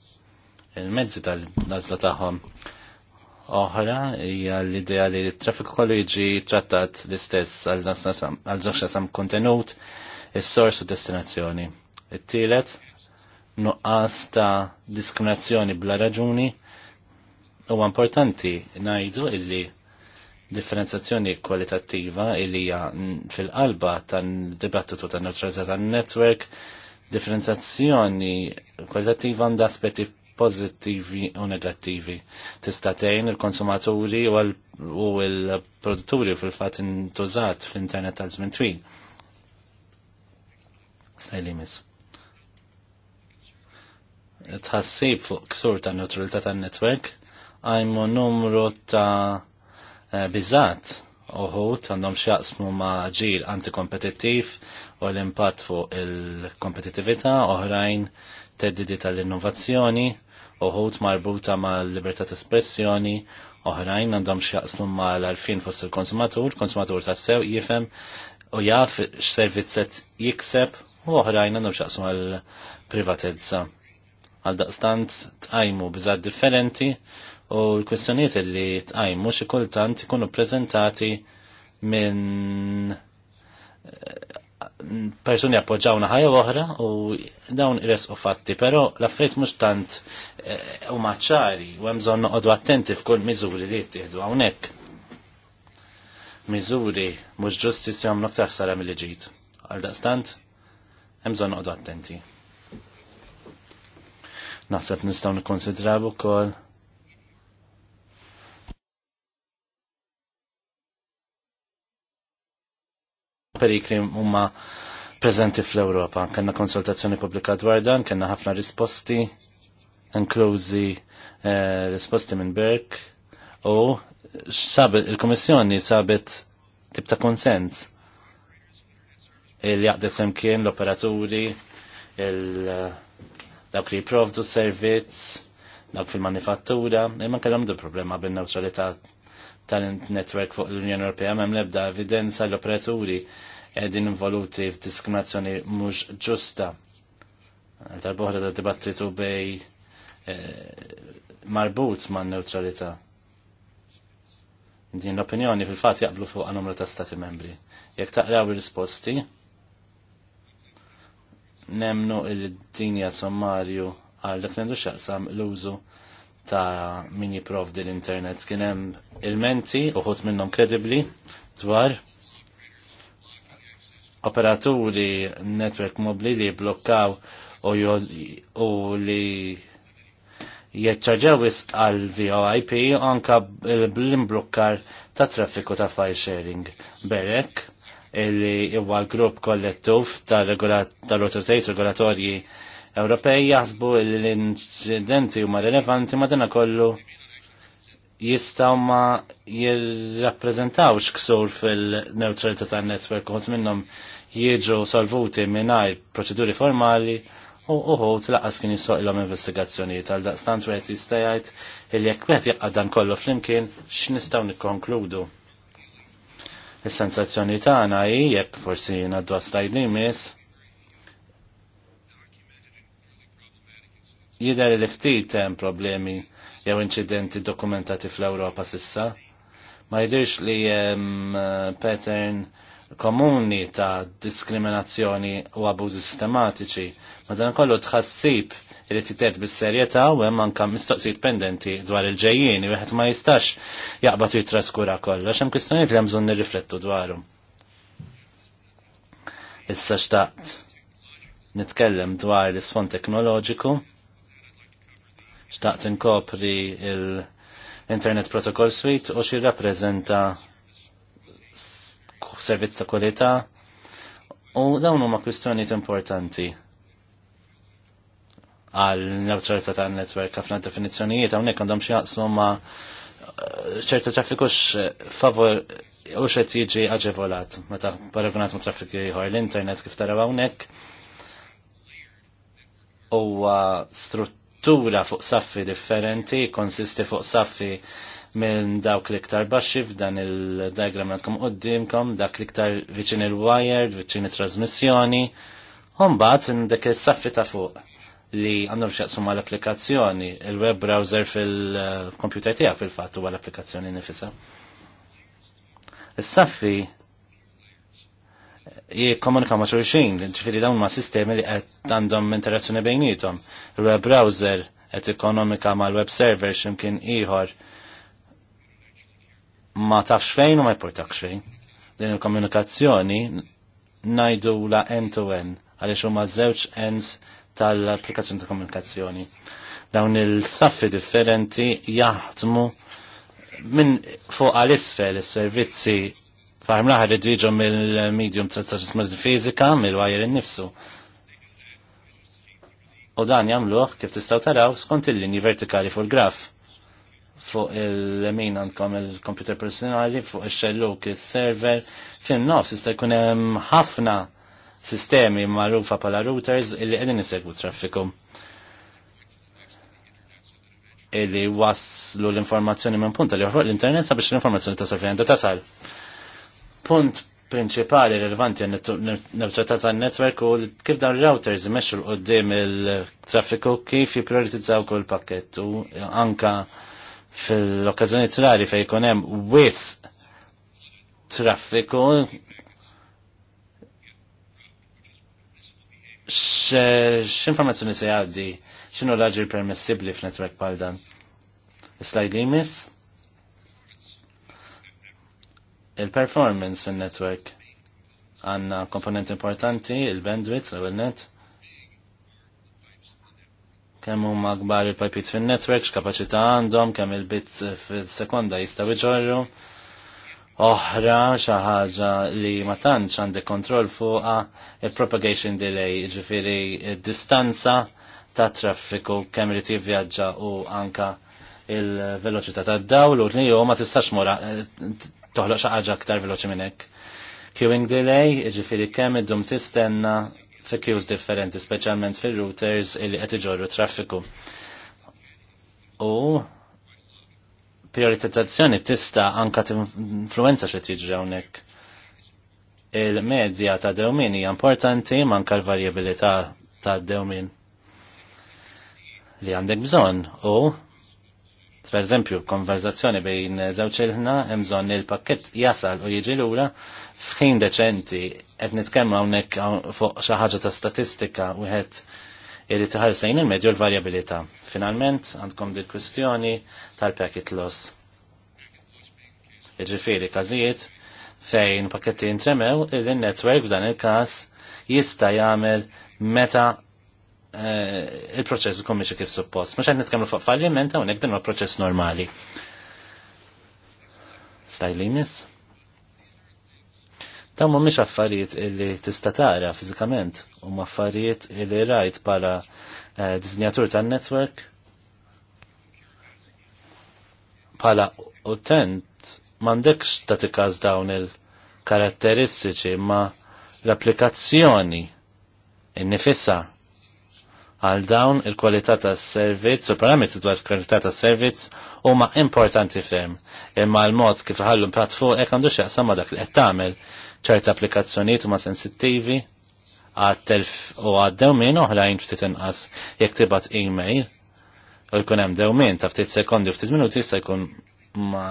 Il-mezzi tal-għażla tagħhom. Oħra hija l-idea li t-traffiku kollu jiġi trattat l-istess għal sam kontenut, is-sors u destinazzjoni. It-tielet nuqqas ta' diskriminazzjoni bla raġuni huwa importanti ngħidu illi differenzazzjoni kwalitattiva illi hija fil-qalba tan-dibattitu tan-neutralità tan-network, differenzazzjoni kwalitattiva għandha aspetti pozittivi u negattivi. Tista' tgħin il-konsumaturi u l-produtturi fil-fatt intużat fl-internet tal żmien twil. Sajlimis. Tħassib fuq ksur ta' neutralità tan-netwerk għajmu numru ta' Eh, bizzat uħut għandhom xaqsmu ma' ġil antikompetittiv u l-impatt fuq il-kompetitività, oħrajn teddidi tal-innovazzjoni, uħut marbuta ma' l ta' espressjoni, oħrajn għandhom xaqsmu ma' l-arfin fost il-konsumatur, konsumatur ta' sew jifem u jaf x-servizzet jikseb u oħrajn għandhom xaqsmu għal privatezza. Għal daqstant tqajmu bizzat differenti u l-kwestjoniet li tqajmu xi kultant ikunu prezentati minn eh, persuni appoġġawna ħajja oħra u dawn res u fatti, pero l-affarijiet mhux tant eh, u maċċari u hemm bżonn noqogħdu attenti f'kull miżuri li jittieħdu hawnhekk. Miżuri mhux ġusti se jagħmlu aktar ħsara mill ġit. Għal daqstant hemm bżonn noqogħdu attenti. Naħseb nistgħu nikkonsidraw ukoll perikli huma preżenti fl-Ewropa. Kenna konsultazzjoni pubblika dwar dan, kenna ħafna risposti, inklużi eh, risposti minn Berk, u sabet, il-Komissjoni sabet tip ta' konsens il-jaqdet flimkien l-operaturi, il-dawk li jiprovdu s-servizz, dawk fil-manifattura, imma kellhom du problema bin-neutralità Talent Network fuq l-Unjoni Ewropea hemm l-ebda evidenza l-operaturi qegħdin involuti f'diskriminazzjoni mhux ġusta. Tal-boħra ta' dibattitu bej eh, marbut ma' neutralità. Din l-opinjoni fil fatt jaqblu fuq numru ta' stati membri. Jekk taqraw ir-risposti, nemnu il-dinja sommarju għal dak l-għandu xaqsam l-użu ta' min jiprov din l-internet kien hemm il-menti uħut minnhom kredibbli dwar operaturi netwerk mobli li blokkaw u, u li jeċċaġew għal VOIP anka l imblukkar ta' traffiku ta' file sharing. Berek, illi huwa grupp kollettuf ta' regolatorji Ewropej jaħsbu li l-inċidenti huma rilevanti ma dina kollu jistaw ma jirrappreżentawx ksur fil-neutralità tan-netwerk uħut minnhom jieġu solvuti minnaj proċeduri formali u uħut laqas kien jisoqilhom investigazzjonijiet għal daqstant wieħed jista' jgħid il jekk wieħed jaqgħad dan kollu flimkien x'nistgħu nikkonkludu. Is-sensazzjoni tagħna hi jekk forsi ngħaddu għaslajn imiss Jidher li ftit hemm problemi jew inċidenti dokumentati fl-Ewropa sissa. Ma jidirx li hemm eh, pattern komuni ta' diskriminazzjoni u abużi sistematiċi. Ma dan kollu tħassib li titet bis-serjetà u hemm anke mistoqsijiet pendenti dwar il-ġejjieni wieħed ma jistax jaqbad jitraskura kollox hemm kwistjonijiet li hemm bżonn nirriflettu dwarhom. Issa xtaqt nitkellem dwar l-isfond teknoloġiku Xtaqt inkopri l-Internet Protocol Suite u xi rappresenta servizz ta' kwalità u dawn huma kwistjonijiet importanti għal neutralità ta' netwerk ħafna definizzjonijiet hawnhekk għandhom xi jaqsmu ma' eh, ċertu traffiku eh, favor u xed jiġi aġevolat meta paragunat ma' traffiku ieħor l-internet kif taraw hawnhekk huwa strutturat struttura fuq saffi differenti, konsisti fuq saffi minn dawk l-iktar baxxi f'dan il-diagram għandkom qoddimkom, dak l-iktar viċin il-wired, viċin il-trasmissjoni, Umbat dak il-saffi ta' fuq li għandhom xaqsum għal applikazzjoni il-web browser fil komputer tiegħek fil-fatt huwa l-applikazzjoni nifisa. Is-saffi jikkomunika ma' xulxin, ġifiri dawn ma' sistemi li qed għandhom interazzjoni bejnietom. Il-web browser qed ekonomika ma' l-web server x'imkien ieħor ma tafx fejn u ma jportax fejn. Din il-komunikazzjoni najdu la end to end għaliex huma żewġ ends tal-applikazzjoni ta' komunikazzjoni. Dawn il-saffi differenti jaħdmu minn fuq għal-isfel is-servizzi Fahim mlaħar id-dviġu mill-medium ta' ġismat fizika mill-wajer innifsu. U dan jamluħ kif tistaw taraw skont il-linji vertikali fuq il-graf. Fuq il-min għandkom il-computer personali, fuq il-xelluk, il-server, fin-nofs jista' jkun hemm ħafna sistemi magħrufa pala routers illi qegħdin isegwu traffiku illi waslu l-informazzjoni minn punta li joħroq l-internet sabiex l-informazzjoni tasal fejn tasal punt prinċipali rilevanti n-neutralità tan-netwerk u kif dan routers imexxu l qoddim il-traffiku kif jiprioritizzaw kull pakket u anka fil t rari fejn kunem hemm wis traffiku x'informazzjoni se jgħaddi x'inhu l-aġir permessibbli f'netwerk bħal dan. Slide mis? miss? Il-performance fin network għanna komponent importanti, il-bandwidth, u il net kemm huma kbar il-pipit fin-network, x'kapaċità għandhom, kemm il-bit fil-sekonda jistgħu iġorru. Oħra xi ħaġa li ma tantx għandek kontroll fuqha il-propagation delay, jiġifieri distanza ta' traffiku kemm irid jivvjaġġa u anka il-veloċità tad-dawl u li ma tistax mora eh, toħloq xi ħaġa aktar veloċi minn hekk. Queuing delay, jiġifieri kemm id-dum tistenna fi queues differenti, speċjalment fil-routers illi qed iġorru traffiku. U prioritizzazzjoni tista' anka tinfluenza xi tiġri hawnhekk. Il-medja ta' dewmin hija importanti manka l-varjabilità ta' dewmin li għandek bżonn u Per eżempju, konverzazzjoni bejn żewġ ilħna hemm bżonn il pakket jasal u jiġi lura f'ħin deċenti qed nitkemmu hawnhekk fuq xi ħaġa ta' statistika wieħed irid iħarsejn il-medju l-varjabilità. Finalment għandkom di kwistjoni tal-packet loss. Jiġifieri każijiet fejn pakketti intremew il-netwerk f'dan il-każ jista' jagħmel meta Eh, il-proċess ikun miex kif suppost. Mhux qed nitkellmu fuq falliment hawnhekk dan ma' proċess normali. Stajlinis? Dawn mhumiex affarijiet illi tista' tara fiżikament, huma affarijiet illi rajt bħala eh, dizinjatur tan-network bħala utent m'għandekx ta' tikkaż dawn il-karatteristiċi ma' l-applikazzjoni in-nifissa, għal dawn il-kwalità tas-servizz u parametri dwar il-kwalità tas-servizz huma importanti ferm. Imma l-mod kif ħallu impatt fuq hekk għandu x'jaqsam dak li qed tagħmel ċerta applikazzjonijiet huma sensittivi għat telf u għaddew minn oħrajn ftit inqas jekk tibgħat email u jkun hemm dewmien ta' ftit sekondi u ftit minuti jista' jkun ma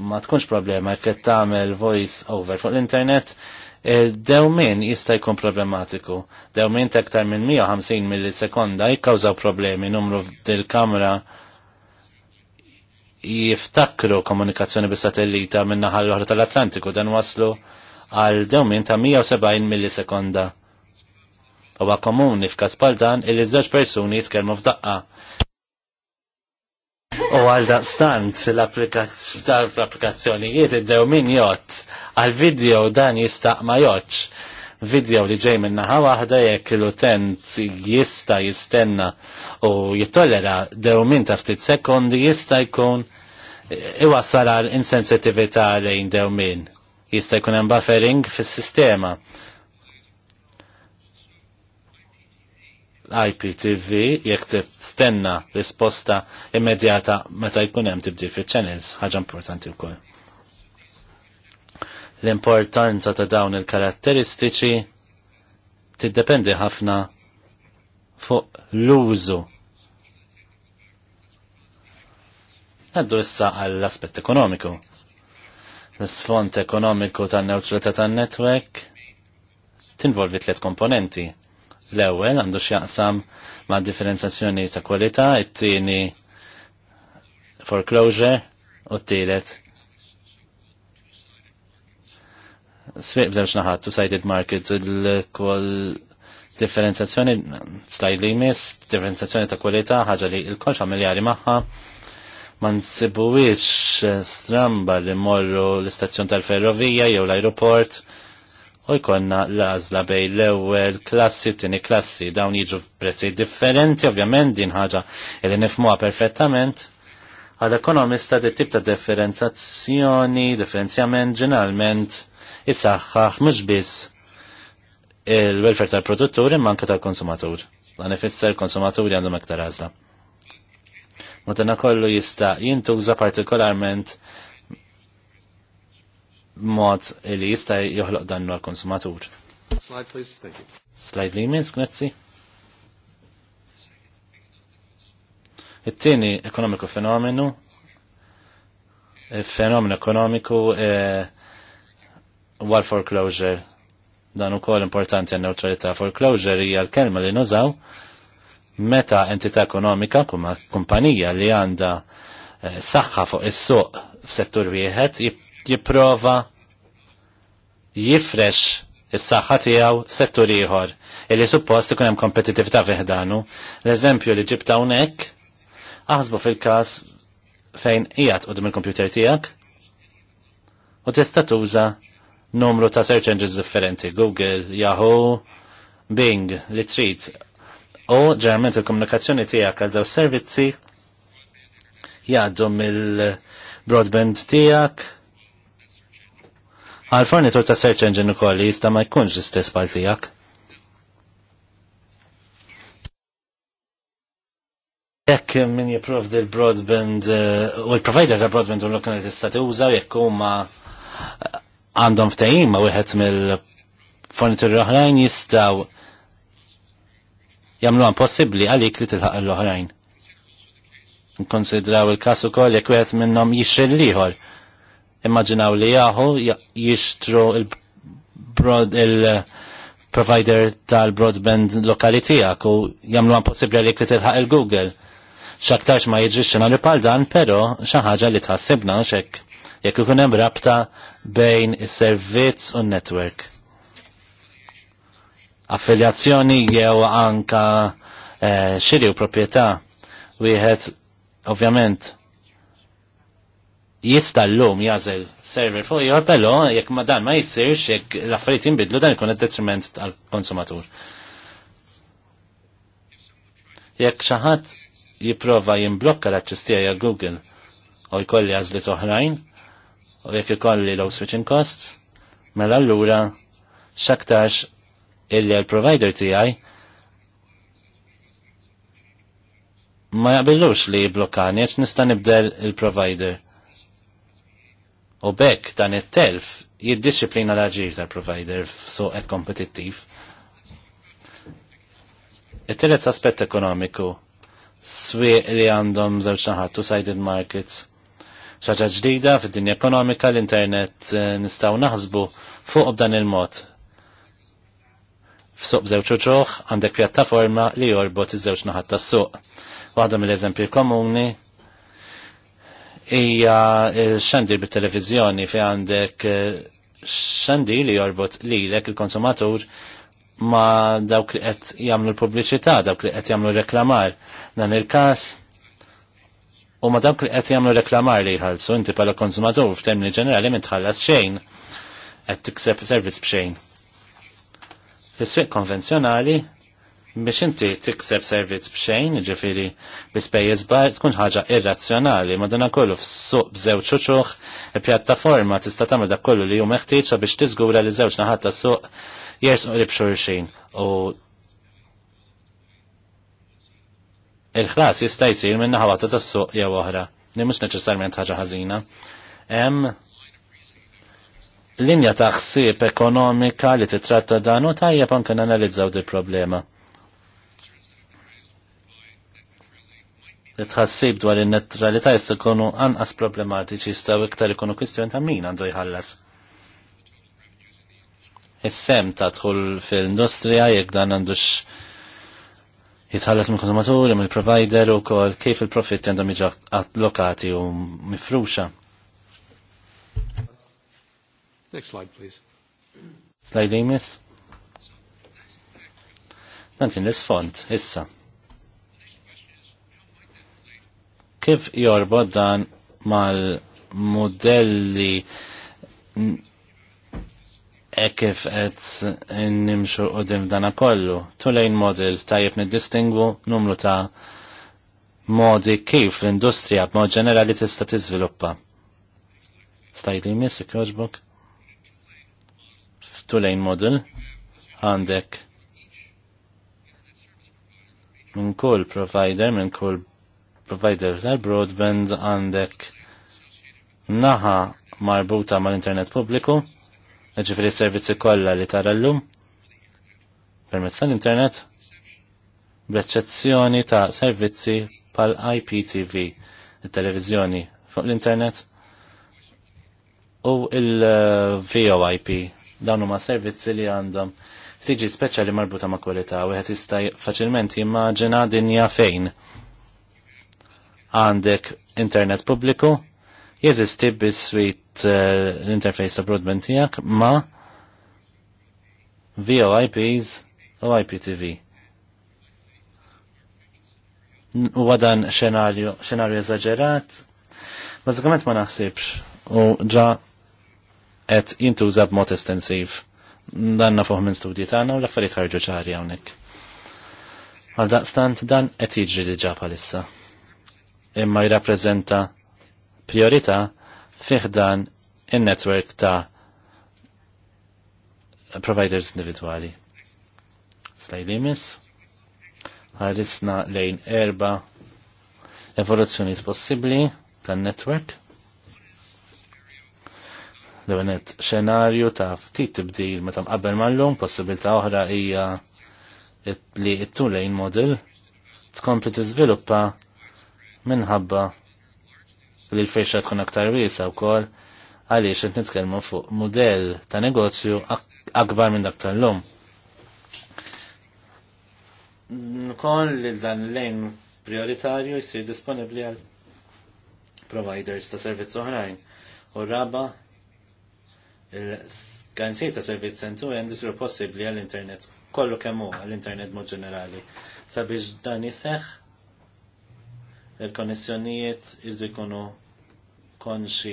ma tkunx problema jekk qed tagħmel voice over fuq l-internet Eh, dewmin jista' jkun problematiku. Dewmin tektar aktar minn 150 millisekonda jikkawżaw problemi numru dil-kamra jiftakru komunikazzjoni bis-satellita minn naħa l-oħra tal-Atlantiku dan waslu għal dewmin ta' 170 millisekonda. Huwa komuni f'każ bħal dan illi żewġ persuni jitkellmu f'daqqa U għal stant l-applikazzjonijiet id-dew min jot għal-video dan jistaq ma jotx. Video li ġej minn naħa waħda jekk l-utent jista jistenna u jittollera dew min ta' ftit sekondi jista jkun e, iwassal għal insensitivita lejn dew min. Jista jkun hemm buffering fis-sistema. IPTV jekk stenna risposta immedjata meta jkun hemm tibdi fiċ-channels, ħaġa importanti wkoll. L-importanza ta' dawn il-karatteristiċi tiddependi ħafna fuq l-użu Għaddu issa għall aspett ekonomiku. L-sfond ekonomiku tan neutralità tan netwerk tinvolvi tliet komponenti. L-ewwel għandu x'jaqsam ma' differenzazzjoni ta' kwalità, it-tieni foreclosure u t-tielet Sfiq bżemx naħat, u sided markets, il-kol differenzazzjoni slightly miss, differenzazzjoni ta' kwalità, ħaġa li il-kol familjari maħħa, ma nsibuwix stramba li morru l-istazzjon tal-ferrovija jew l-aeroport u jkollna l-għażla bej l-ewwel klassi tini klassi dawn jiġu prezzi differenti ovvjament din ħaġa li nifmuha perfettament għal ekonomista di tip ta' differenzazzjoni, differenzjament ġeneralment jisaxħax mhux biss il welfer tal-produttur imma anke tal-konsumatur. Dan ifisser konsumaturi għandhom iktar għażla. Madana kollu jista' jintuża partikolarment mod li jista' joħloq dannu għall konsumatur Slide, please. Thank you. Slide li jmiss, It-tieni ekonomiku fenomenu, fenomenu ekonomiku e, foreclosure. Dan ukoll importanti għan neutralità foreclosure hija l-kelma li nużaw meta entità ekonomika kumma kumpanija li għandha eh, saħħa fuq is-suq f'settur wieħed jipprova jifrex is-saħħa tiegħu settur ieħor illi suppost ikun hemm kompetittività fiħdanu. L-eżempju li ġibta hawnhekk aħsbu fil-każ fejn qiegħed qudiem il-kompjuter tiegħek u tista' tuża numru ta' search engines differenti, Google, Yahoo, Bing, li trid. U ġerment il-komunikazzjoni tiegħek għal daw servizzi jgħaddu mill-broadband tiegħek għal fornitur ta' search engine ukoll jista' ma jkunx l-istess bħal tiegħek. Jekk min jipprovdi l-broadband eh, u l-provider ta' broadband u l li tista' tuża jekk huma eh, għandhom ftehim ma wieħed mill-fornituri oħrajn jistgħu jagħmluha possibbli għalik li tilħaq l-oħrajn. Nkonsidraw il-każ ukoll jekk wieħed minnhom jixxel l-ieħor immaġinaw li jaħu jixtru il-provider eh, tal-broadband lokali tijak u jamlu għan possibli li tilħaq il-Google. Xaktarx ma jġri xena li pal dan, pero xaħġa li tħassibna xek. Jek ikun hemm rabta bejn is-servizz u n-network. Affiljazzjoni jew anka eh, xiri u proprjetà wieħed ovvjament jista l-lum jazel server fuq jor bello, jekk ma dan ma jissirx, jekk l-affarijiet jinbidlu dan ikun detriment tal-konsumatur. Jekk xaħat jiprofa jimblokka l-aċċess tiegħi għal Google u jkolli għażliet oħrajn u jekk ikolli low switching costs, mela allura x'aktarx illi l-provider tiegħi ma jgħabillux li jiblokkani, għax nista' nibdel il-provider U bekk dan it-telf jiddisciplina l-aġir tal-provider f'suq -so kompetittiv. It-telet aspett ekonomiku swieq li għandhom żewġ naħat two-sided markets. Xaġa ġdida fid-dinja ekonomika l-internet eh, nistgħu naħsbu fuq b'dan il-mod. F'suq zewċ uċuħ għandek pjattaforma li jorbot iż-żewġ naħat tas-suq. Waħda mill-eżempji komuni hija eh, xandir bit-televiżjoni fi għandek eh, xandir li jorbot lilek il-konsumatur ma dawk li qed jagħmlu l-pubbliċità, dawk li qed jagħmlu reklamar. Dan il-każ U ma dawk li qed jagħmlu reklamar li jħallsu inti bħala konsumatur f'termini ġenerali minn tħallas xejn qed tikseb servizz b'xejn. Fis-swieq konvenzjonali biex inti tikseb servizz b'xejn, ġifiri bispejjeż bar, tkun ħaġa irrazzjonali, madonna kollu f'suq b'żewġ xuċuħ, e pjattaforma tista' tagħmel dak kollu li hu meħtieġ biex tiżgura li żewġ naħat tas-suq jersu li b'xurxin u il-ħlas jista' jsir minn naħawata tas-suq jew oħra, li mhux neċessarjament ħaġa ħażina. Hemm linja ta' ħsieb ekonomika li titratta dan u tajjeb anke nanalizzaw di problema. li tħassib dwar in-neutralità jista' jkunu anqas problematiċi jistgħu iktar ikunu kwistjoni ta' min għandu jħallas. Is-sem ta' tħul fil-industrija jekk dan għandux jitħallas mill konsumaturi mill provider u kol kif il-profitti għandhom jiġu allokati u mifruxa. Next slide, please. Slide Amis. Dan kien l-isfond, issa. Kif jorbod dan mal-modelli e kif qed nimxu dim dana kollu. Tulejn model tajjeb distingu numru ta' modi kif l-industrija b'mod ġenerali tista' tiżviluppa. Stajli misik joġbok? F'tulejn model għandek minn kull provider, minn kull provider tal-broadband għandek naħa marbuta mal-internet pubbliku, ġifiri servizzi kollha li tara llum permezz tal-internet, bl ta' servizzi pal IPTV, il-televizjoni fuq l-internet u il-VOIP, dawn huma servizzi li għandhom ftiġi speċjali marbuta ma' kwalità u qed jista' faċilment jimmaġina dinja fejn għandek internet pubbliku, jeżisti bis sweet eh, l-interface ta' broadband tiegħek ma' VOIPs u IPTV. U għadan xenarju, xenarju ma' bazzikament ma naħsibx u ġa qed jintuża b'mod estensiv. Dan nafuh minn studji tagħna u l-affarijiet ħarġu ċari hawnhekk. Għal daqstant dan qed jiġri diġà bħalissa imma jirrapprezenta priorità fiħdan in-network ta' providers individuali. Slajlimis, ħarisna lejn erba evoluzzjoni possibbli tan-network. l xenarju ta' ftit tibdil meta mqabbel mallum, lum possibilta oħra hija li it-tulejn model tkompli tiżviluppa minħabba li l fejxa tkun aktar wiesa wkoll għaliex qed nitkellmu fuq mudell ta' negozju akbar minn dak tal-lum. Nkoll li dan l-lejn prioritarju jisir disponibbli għal providers ta' servizz oħrajn. U raba il-garanzija ta' servizz sentu għandisru possibbli għall-internet kollu kemm hu għall-internet mod ġenerali sabiex dan iseħħ il-konnessjonijiet irdu jkunu konxi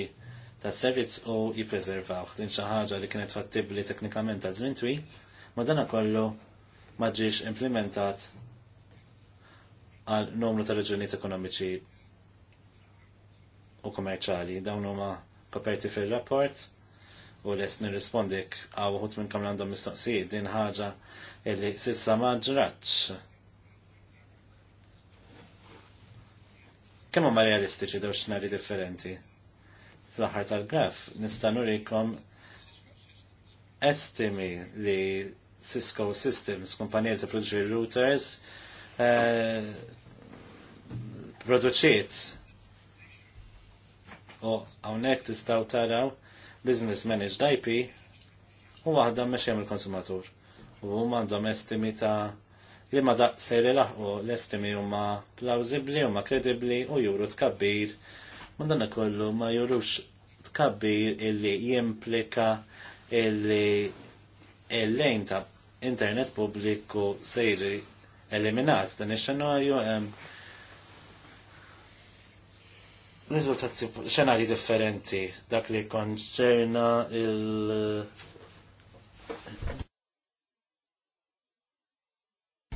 ta' servizz u jipreservaw. Din xi ħaġa li kienet fattibbli teknikament ta' żmien twil, ma dana kollu ma ġiex implementat għal numru ta' reġunijiet ekonomiċi u kommerċali. Dawn huma koperti fil-rapport u les nirrispondik għaw uħut minn kam għandhom mistoqsijiet din ħaġa illi sissa ma ġraċ kemm huma realistiċi dawn xnari differenti. Fl-aħħar tal-graf nista' nurikom estimi li Cisco Systems, kumpanija ta' produċi routers, eh, produċiet u hawnhekk tistgħu taraw business managed IP u waħda mexjem il-konsumatur u għum għandhom estimi ta' li ma se laħqu l-estimi huma plawzibli, huma kredibli u juru tkabbir. Ma danna kollu ma jurux tkabbir illi jimplika illi il-lejn ta' internet pubbliku se jiġi eliminat. Dan il xenarju Rizultati xenari differenti dak li konċerna il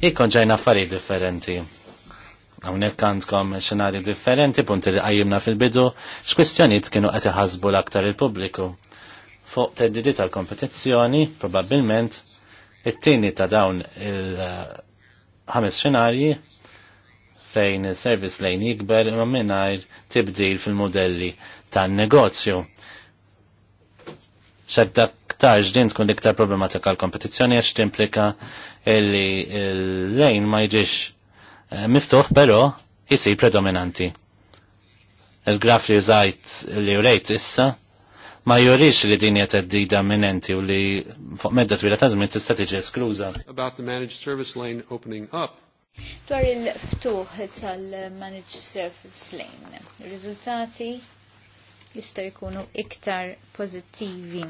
ikon ġajna affarijiet differenti. Hawnhekk għandkom xenarji differenti, punti li qajjimna fil-bidu, x'kwistjonijiet kienu qed iħasbu l-aktar il-pubbliku. Fuq teddidi tal-kompetizzjoni, probabbilment, it-tieni ta' dawn il-ħames xenarji fejn il-service lejn jikber imma minnajr tibdil fil-modelli tan negozju Xedda ktar ġdint tkun iktar problematika l-kompetizjoni għax timplika illi l-lejn ma jġiex eh, miftuħ però jisir predominanti. Il-graf li użajt li urejt issa ma jurix li din hija dominanti u li fuq medda twila ta' tista' tiġi eskluza. About the managed service lane opening up. Dwar il-ftuħ tal-managed service lane, riżultati jistaw jkunu iktar pożittivi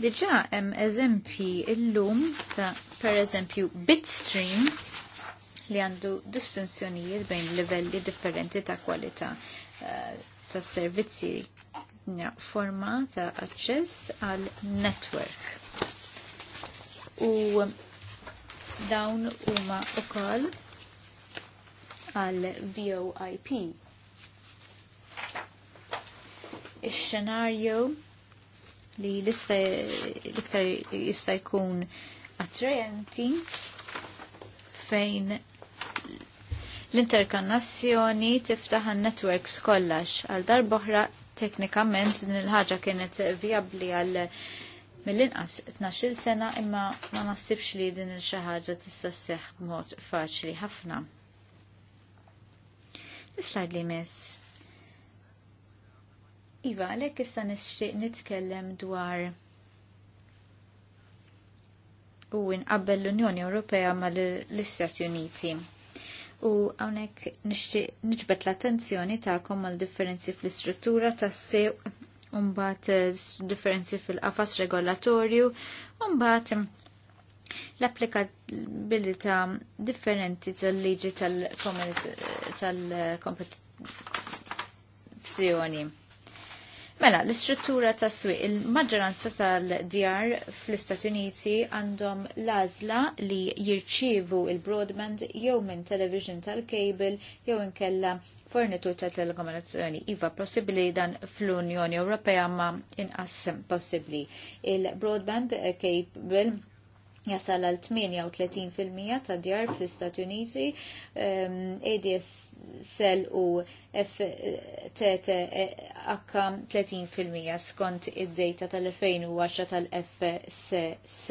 Diġa hemm eżempji illum ta' per eżempju bitstream li għandu distinzjonijiet bejn livelli differenti ta' kwalità eh, ta' servizzi forma ta' aċċess għal network. U dawn huma ukoll għal VOIP. Ix-xenarju li l-iktar jista' jkun attrajenti fejn l-interkannazzjoni tiftaħ networks kollax għal darboħra teknikament din il-ħaġa kienet viabli għal mill-inqas 12 sena imma ma nasibx li din il-xi ħaġa tista' sseħħ b'mod faċli ħafna. slide li miss. Iva, għalhekk issa nixtieq nitkellem dwar u nqabbel l-Unjoni Ewropea mal l-Istati Uniti. U hawnhekk nixtieq niġbed l-attenzjoni tagħkom l differenzi fl-istruttura tas sew Umbat differenzi fil-qafas regolatorju, umbat l-applikabilità differenti tal-liġi tal-kompetizzjoni. Mela, l-istruttura ta' swieq il-maġġoranza tal-djar fl-Istati Uniti għandhom l-għażla li jirċievu il-broadband jew minn television tal-kabel jew inkella fornitur ta' telekomunikazzjoni. Iva possibbli dan fl-Unjoni Ewropea ma inqas possibbli. Il-broadband kabel jasal għal 38% ta' djar fl-Istati Uniti, ehm, sell u FTTH 30% e skont id-data tal-2010 tal-FSS.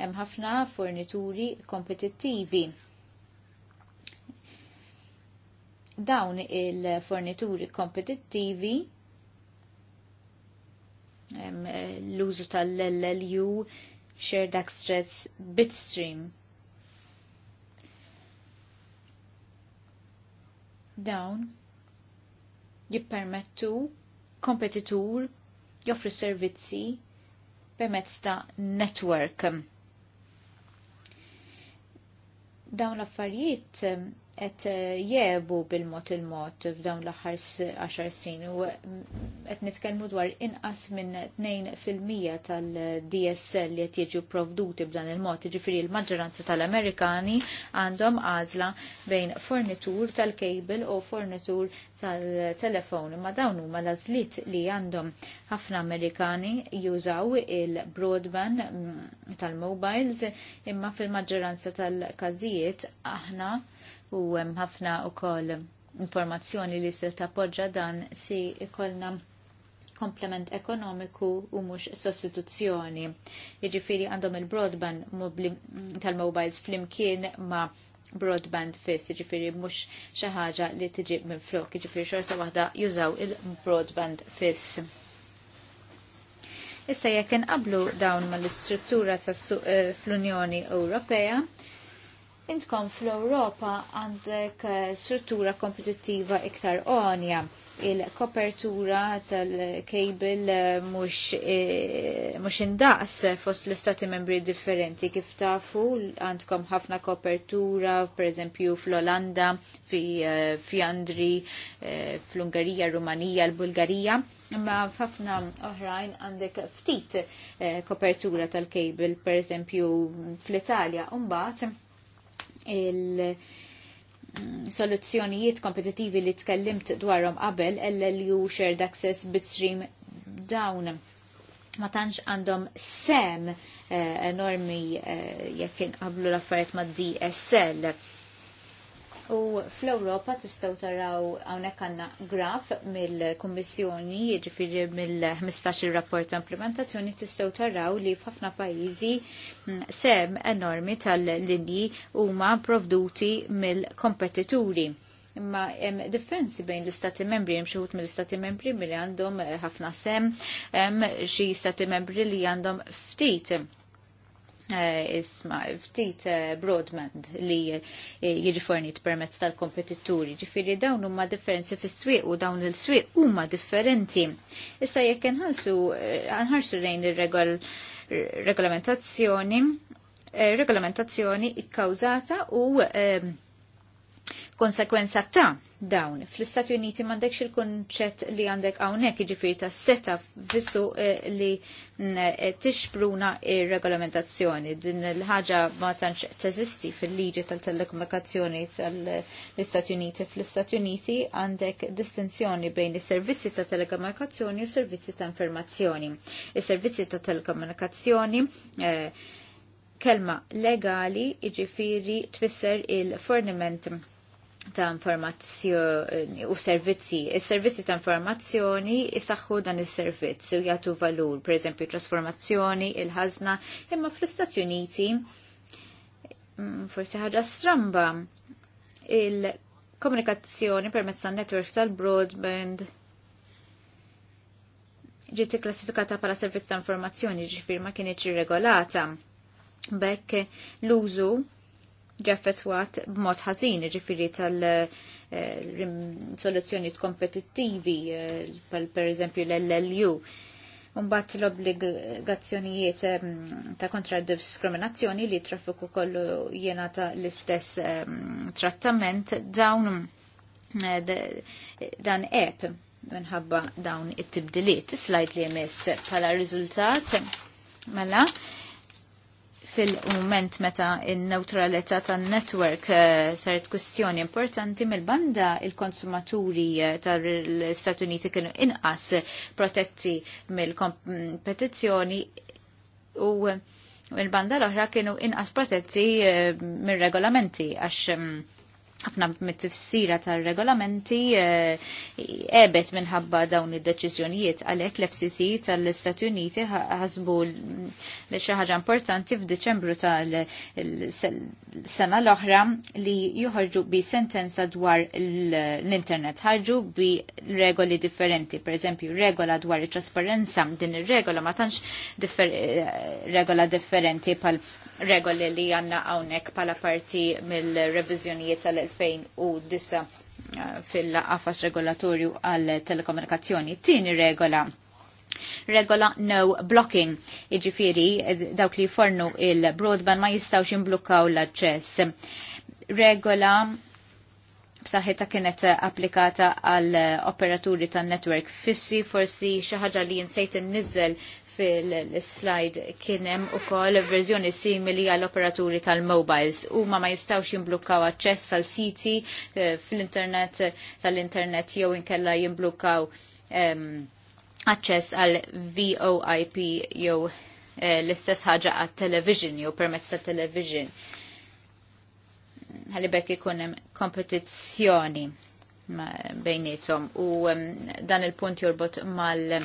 Hemm ħafna fornituri kompetittivi. Dawn il-fornituri kompetittivi ehm, l-użu tal-LLU Shared Access Bitstream. Dawn jippermettu kompetitur joffri servizzi permezz ta' network. Dawn l-affarijiet et eh, jiebu bil-mot il-mot f'dawn l-aħħar 10 sin u qed mm, nitkellmu dwar inqas minn 2% tal-DSL li qed jiġu provduti b'dan il-mod, jiġifieri l-maġġoranza tal-Amerikani għandhom għażla bejn fornitur tal-kejbel u fornitur tal-telefon. Ma dawn huma l li għandhom ħafna Amerikani jużaw il-broadband mm, tal-mobiles imma fil-maġġoranza tal-każijiet aħna u hemm ħafna wkoll informazzjoni li se tappoġġa dan si ikollna komplement ekonomiku u mhux sostituzzjoni. Jiġifieri għandhom il-broadband tal-mobiles flimkien ma' broadband fiss, jiġifieri mhux mux xaħġa li tiġi minn flok, ġifiri xorta wahda jużaw il-broadband fiss. Issa jekk inqablu dawn mal-istruttura tas-suq eh, fl-Unjoni Ewropea, intkom fl-Europa għandek eh, struttura kompetittiva iktar onja il-kopertura tal kabel eh, mux eh, indaqs fost l-istati membri differenti kif tafu għandkom ħafna kopertura per eżempju fl-Olanda, fi Fjandri, fl-Ungarija, Rumanija, l-Bulgarija imma ħafna oħrajn għandek ftit kopertura tal-kejbil per eżempju fl-Italja, un il- soluzzjonijiet kompetitivi li tkellimt dwarhom qabel LLU shared access bitstream dawn ma tantx għandhom sem eh, enormi eh, jekk inqablu l-affarijiet mad DSL U fl-Ewropa tistgħu taraw hawnhekk għandna graf mill-Kummissjoni, jiġifieri mill-15 rapport ta' implementazzjoni tistgħu taraw li f'ħafna pajjiżi mm, sem enormi tal-linji huma provduti mill-kompetituri. Imma hemm differenzi bejn l-istati membri, hemm xi mill-istati membri milli għandhom ħafna sem, hemm xi stati membri li għandhom ftit Eh, isma ftit eh, broadband li eh, jiġi fornit permezz tal-kompetitturi. Ġifiri dawn huma differenzi fis-swieq u dawn il-swieq huma differenti. Issa jekk inħallsu anħarsu lejn ir-regolamentazzjoni, regolamentazzjoni ikkawżata u konsekwenza ta' dawn. Fl-Istati Uniti mandekx il-konċett li għandek għawnek iġifiri ta' seta vissu eh, li mm, eh, tixpruna il regolamentazzjoni Din l-ħagġa ma tantx teżisti fil-liġi tal-telekomunikazzjoni tal-Istati Uniti. Fl-Istati Uniti għandek distinzjoni bejn is-servizzi ta' telekomunikazzjoni u servizzi ta' informazzjoni. Is-servizzi ta' telekomunikazzjoni eh, kelma legali iġifiri tfisser il-forniment ta' informazzjoni u servizzi. Is-servizzi ta' informazzjoni isaħħu dan is servizzi u jagħtu valur, pereżempju trasformazzjoni, il ħazna imma fl-Istati Uniti mm, forsi ħaġa stramba il-komunikazzjoni permezz tan network tal-broadband ġiet klassifikata bħala servizz ta' informazzjoni ġifir ma kienieċ irregolata. Bekk l-użu ġaffetwat b'mod ħażin, ġifiri tal-soluzzjoni eh, kompetittivi, eh, per eżempju l-LLU. Umbat l-obbligazzjonijiet eh, ta' kontra diskriminazzjoni li traffiku kollu jena ta' l-istess trattament dawn dan app minħabba dawn it-tibdiliet. Slajt li jemess pala riżultat mela fil-moment meta il-neutralità tan-network eh, saret kwestjoni importanti mill-banda il-konsumaturi eh, tal-Stati Uniti kienu inqas protetti mill-kompetizzjoni u mill-banda l-oħra kienu inqas protetti eh, mir-regolamenti għax mm, ħafna mit-tifsira tal-regolamenti eh, ebet minħabba dawn id-deċiżjonijiet għalhekk l-FCC tal-Istati Uniti ħasbu li xi ħaġa importanti f'Diċembru tal-sena l-oħra li joħorġu bi sentenza dwar l-internet ħarġu bi regoli differenti, pereżempju regola dwar it-trasparenza din ir-regola ma tantx eh, regola differenti pal regoli li għanna għawnek pala parti mill-revizjonijiet tal-2009 eh, fil għafas regolatorju għal telekomunikazzjoni. Tini regola regola no blocking, iġifiri eh, dawk li fornu il-broadband ma jistawx imblukkaw l-aċċess. Regola b'saħħitha kienet applikata għal operaturi tan netwerk fissi forsi xi ħaġa li jinsejt innizzel fil-slide kienem u koll verżjoni simili għall-operaturi tal-mobiles u ma ma jistawx jimblukkaw aċċess għal siti eh, fil-internet tal-internet jew inkella jimblukkaw ehm, aċċess għal VOIP jew eh, l-istess ħaġa għal television jew permezz tal television ikun ikunem kompetizzjoni bejnietom u ehm, dan il-punt jorbot mal-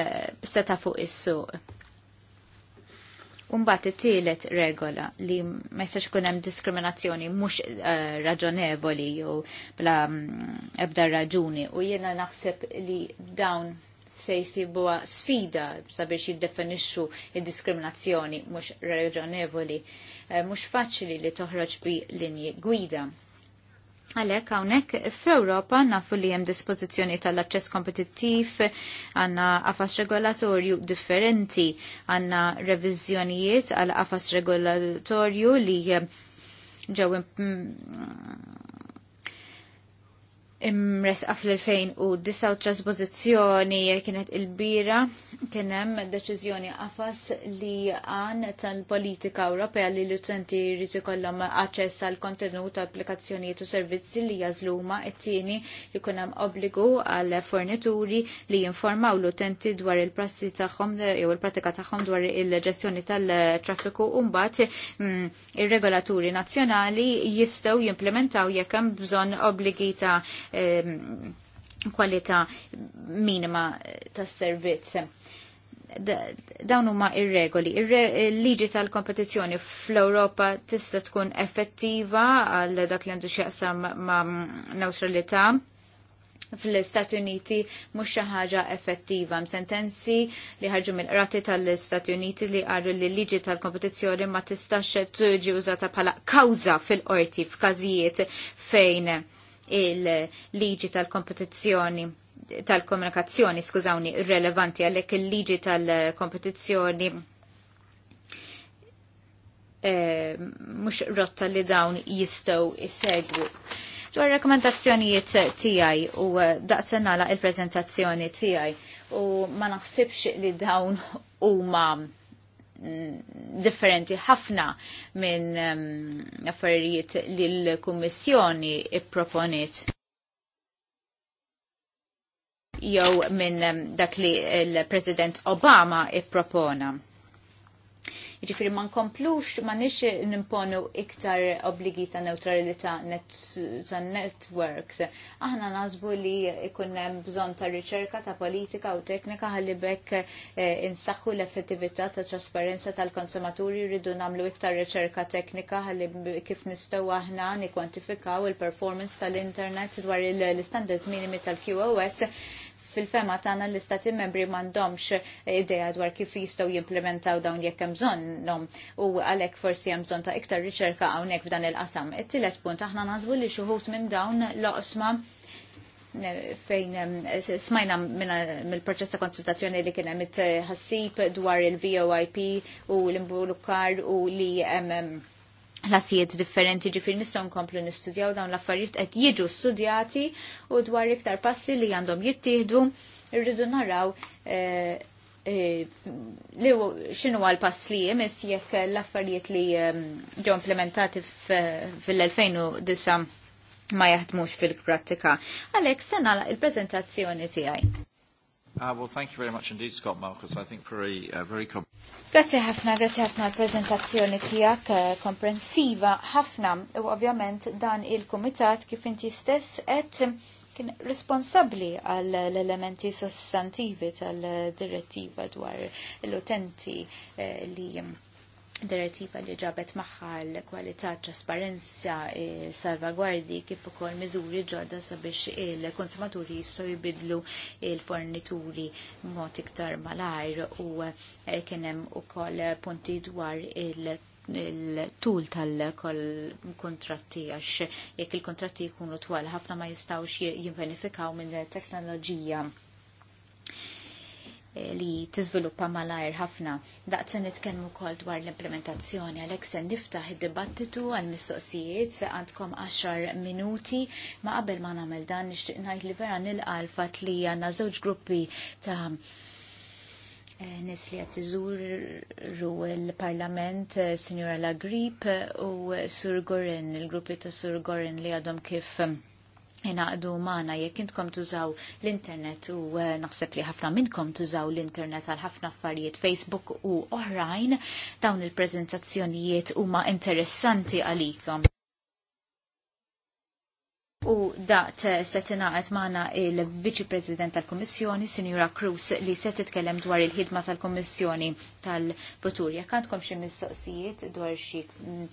Eh, seta' fuq is-suq. Umbat it-tielet regola li ma jistax ikun hemm diskriminazzjoni mhux uh, raġonevoli jew bla mm, ebda raġuni u jiena naħseb li dawn se jsibuha sfida sabiex jiddefinixxu id-diskriminazzjoni mhux raġonevoli. Uh, mhux faċli li toħroġ bi linji gwida. Għalek, għawnek, fl-Europa nafu li jem dispozizjoni tal-acċess kompetittiv, għanna għafas regolatorju differenti, għanna revizjonijiet għal għafas regolatorju li ġew għaf l 2009 u trasposizjoni kienet il-bira kien hemm deċiżjoni li għan tal-politika Ewropea li l-utenti jrid ikollhom aċċess għal kontenut applikazzjonijiet u servizzi li jażluma it-tieni li jkun hemm obbligu għal fornituri li jinformaw l-utenti dwar il-prassi tagħhom jew il-pratika tagħhom dwar il-ġestjoni tal-traffiku u mbagħad mm, ir-regolaturi nazzjonali jistgħu jimplementaw jekk hemm bżonn obbligi ta' kwalità minima tas servizz dawn huma ir-regoli. Il-liġi tal-kompetizzjoni fl-Ewropa tista' tkun effettiva għal dak li għandu x'jaqsam ma' neutralità fl-Istati Uniti mhux xi ħaġa effettiva. M'sentenzi li ħarġu mill-qrati tal-Istati Uniti li qalu li liġi tal-kompetizzjoni ma tistax tiġi użata bħala kawża fil-qorti f'każijiet fejn il-liġi tal-kompetizzjoni tal-komunikazzjoni, skużawni, irrelevanti għalhekk il-liġi tal-kompetizzjoni e, mhux rotta li dawn jistgħu jissegwu. Dwar rekomendazzjonijiet tiegħi u eh, daqsen nagħlaq il prezentazzjoni tiegħi u ma naħsibx li dawn huma differenti ħafna minn um, affarijiet li l-Kummissjoni ipproponit. jew minn um, dak li l-President Obama ippropona. Ġifiri ma nkomplux ma nix nimponu iktar obligi ta' neutralita ta' networks. Aħna nazbu li ikun hemm bżonn ta' riċerka ta' politika u teknika għalli bekk eh, insaħħu l-effettività ta' trasparenza tal-konsumaturi rridu namlu iktar riċerka teknika ħalli kif nistgħu aħna nikwantifikaw il-performance tal-internet dwar l-standard minimi tal-QoS fil-fema tagħna l-istati membri m'għandhomx idea dwar kif jistgħu jimplementaw dawn jekk hemm bżonnhom u għalhekk forsi hemm bżonn ta' iktar riċerka hawnhekk f'dan il-qasam. it tillet punt aħna nażbu li xuħut minn dawn l-oqsma fejn smajna mill-proċess ta' konsultazzjoni li kien hemm it-ħassib dwar il-VOIP u l imbulukar u li hemm lasijiet differenti ġifir nistaw nkomplu nistudjaw dawn l-affarijiet qed jiġu studjati u dwar iktar passi li għandhom jittieħdu irridu naraw eh, eh, li xinu għal pass li jemis jekk l-affarijiet li ehm, ġo implementati fil-2009 ma jaħdmux fil-prattika. Għalek, sena il-prezentazzjoni tijaj. Grazie ħafna, grazie ħafna l-prezentazzjoni tijak eh, komprensiva ħafna u ovvjament dan il-komitat kif inti stess et kien responsabli għal l-elementi sostantivi tal-direttiva dwar l-utenti eh, li li direttiva li ġabet magħha l-kwalità trasparenza e salvaguardi kif ukoll miżuri ġodda sabiex il-konsumaturi jistgħu jbidlu il-fornituri mod iktar malajr u e, kien hemm ukoll punti dwar il- il-tul tal-kontratti għax jekk il-kontratti jkunu twal ħafna ma jistawx jimbenifikaw minn teknoloġija Eh, li tiżviluppa malajr ħafna. Daqt se nitkellmu wkoll dwar l-implementazzjoni għalhekk se niftaħ id-dibattitu għal mistoqsijiet se għandkom 10 minuti ma qabel ma nagħmel dan nixtieq ngħid li vera nilqa' l-fatt li għandna żewġ gruppi ta' eh, nis li għat iżuru l-parlament eh, Signora Lagrip u Sur Gorin, il-gruppi ta' Sur Gorin li għadhom kif Inaqdu maħna jekk intkom tużaw l-internet u eh, naħseb li ħafna minnkom tużaw l-internet għal ħafna affarijiet Facebook u oħrajn dawn il-prezentazzjonijiet huma interessanti għalikom. U daqt eh, se tingħaqad maħna il-Viċi President tal-Kummissjoni, Sinjura Cruz, li se titkellem dwar il-ħidma tal-Kummissjoni tal-Futur. Jekk għandkom xi mistoqsijiet dwar xi mm,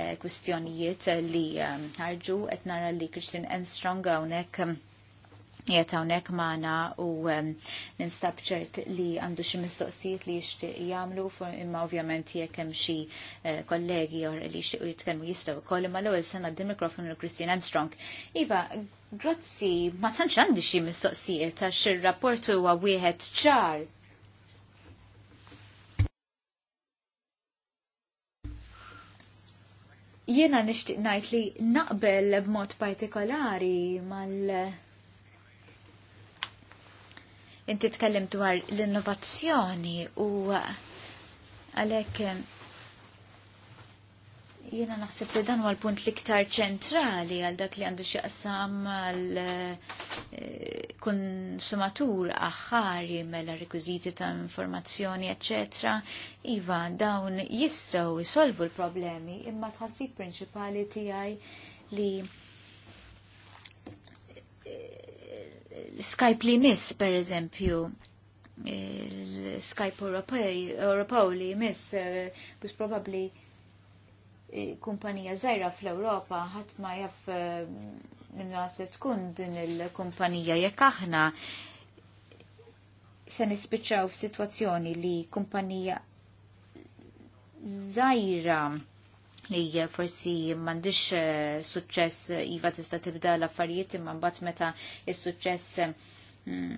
Eh, kwistjonijiet li ehm, ħarġu qed nara li Christian Enstrong hawnhekk ehm, jiet hawnhekk magħna u ehm, ninstab ċert li għandu xi mistoqsijiet li jixtieq jagħmlu imma ovvjament jekk hemm xi eh, kollegi li jixtiequ jitkellmu jistgħu wkoll imma l-ewwel sena din mikrofon l Christian Armstrong. Iva, grazzi, ma tantx għandi xi mistoqsijiet għax ir-rapport huwa wieħed ċar Jiena nixtieq najt li naqbel b'mod partikolari mal inti tkellim dwar l-innovazzjoni u għalek Jiena naħseb li dan huwa l-punt l-iktar ċentrali għal dak li għandu xieqsam għal eh, konsumatur aħħari mela rekwiżiti ta' informazzjoni, eccetera. Iva, dawn jistgħu jisolvu l-problemi, imma tħassib prinċipali tiegħi li eh, Skype li miss, per eżempju, eh, Skype Europej, Europew li jmiss, probably probabli kumpanija żgħira fl-Ewropa ħadd ma jaf eh, nimna se tkun din il-kumpanija jekk aħna se nispiċċaw f'sitwazzjoni li kumpanija żgħira li forsi m'għandix eh, suċċess iva tista' tibda l-affarijiet imma mbagħad meta il suċċess mm,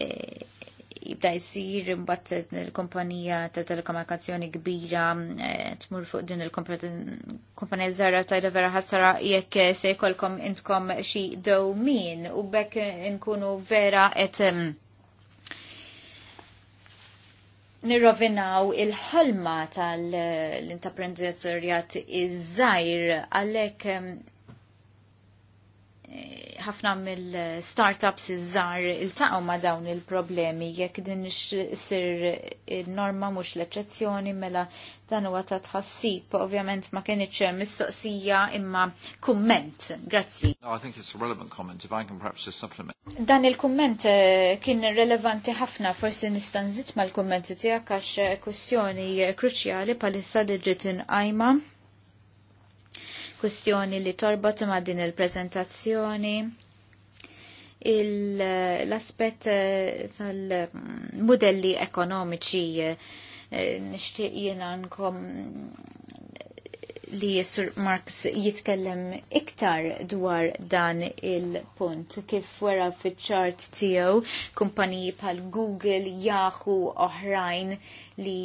eh, jibda jisir mbatt il-kompanija ta' telekomunikazzjoni kbira eh, tmur fuq din il-kompanija zara tajda vera ħassara jekk se jkollkom intkom xi dowmin u bekk nkunu vera et nirrovinaw il-ħolma tal-intraprenditorjat iż-żajr għalek ħafna mill-startups iż-żar iltaqgħu ma' dawn il-problemi jekk din sir norma mhux l-eċċezzjoni mela dan huwa ta' tħassib. Ovvjament ma kienitx mistoqsija imma kumment. Grazzi. No, I think it's a relevant comment if I can perhaps just supplement. Dan il-kumment eh, kien relevanti ħafna forsi nista' nżid mal-kummenti tiegħek għax eh, kwestjoni eh, kruċjali palissa li ġiet inqajma kwestjoni li torbot ma' din il-prezentazzjoni l-aspet il prezentazzjoni l aspet tal mm, modelli ekonomiċi eh, nishtiq jiena nkom li Sir Marx jitkellem iktar dwar dan il-punt. Kif wara fit ċart tiegħu kumpaniji bħal Google, Yahoo, oħrajn li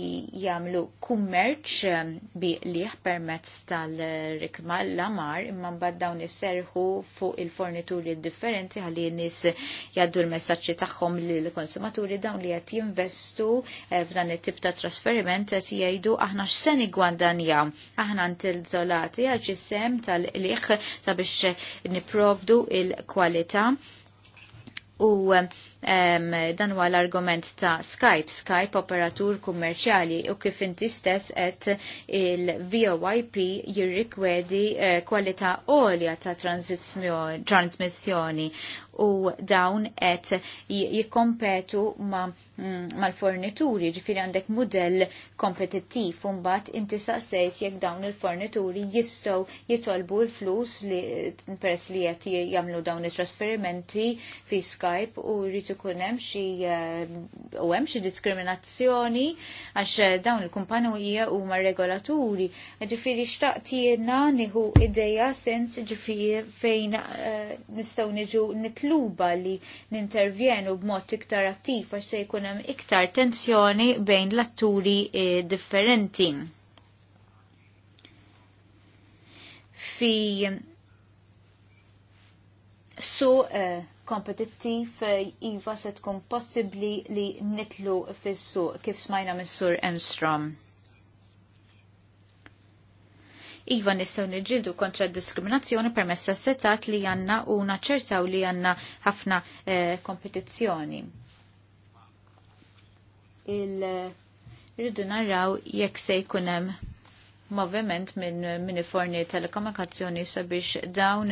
jagħmlu kummerċ um, bi liħ permezz tal-rikma l-amar imma mbagħad dawn isserħu fuq il-fornituri differenti ħalli n-nies jgħaddu l-messaġġi tagħhom lill-konsumaturi dawn li qed jinvestu eh, f'dan it-tip ta' trasferiment qed jgħidu aħna x'sen igwandanjaw aħna ntil iżolati għal ġisem tal-liħ sabiex niprovdu il-kwalità u dan huwa l-argument ta' Skype, Skype operatur kummerċjali u kif inti stess qed il-VOIP jirrikwedi eh, kwalità għolja ta' transmissjoni u dawn qed jikkompetu mm, mal-fornituri, ġifiri għandek mudell kompetittiv u mbagħad inti saqsejt jekk dawn il-fornituri jistgħu jitolbu l-flus li peress li qed jagħmlu dawn it-trasferimenti fi Skype u rritu ikun hemm xi eh, u hemm xi diskriminazzjoni għax eh, dawn il-kumpanija huma regolaturi. Ġifieri xtaqtiedna nieħu idea sens ġifieri fejn eh, nistgħu niġu nitluba li nintervjenu b'mod iktar attiv għax se jkun hemm iktar tensjoni bejn l-atturi differenti. Fi su so, uh, kompetittiv eh, iva se tkun possibbli li nitlu fis-suq kif smajna missur Sur Emstrom. Iva nistaw nġildu kontra diskriminazzjoni permessa setat li janna u naċċertaw li janna ħafna eh, kompetizzjoni. Il-ridu naraw jekk se jkunem moviment minn miniforni telekomunikazzjoni sabiex dawn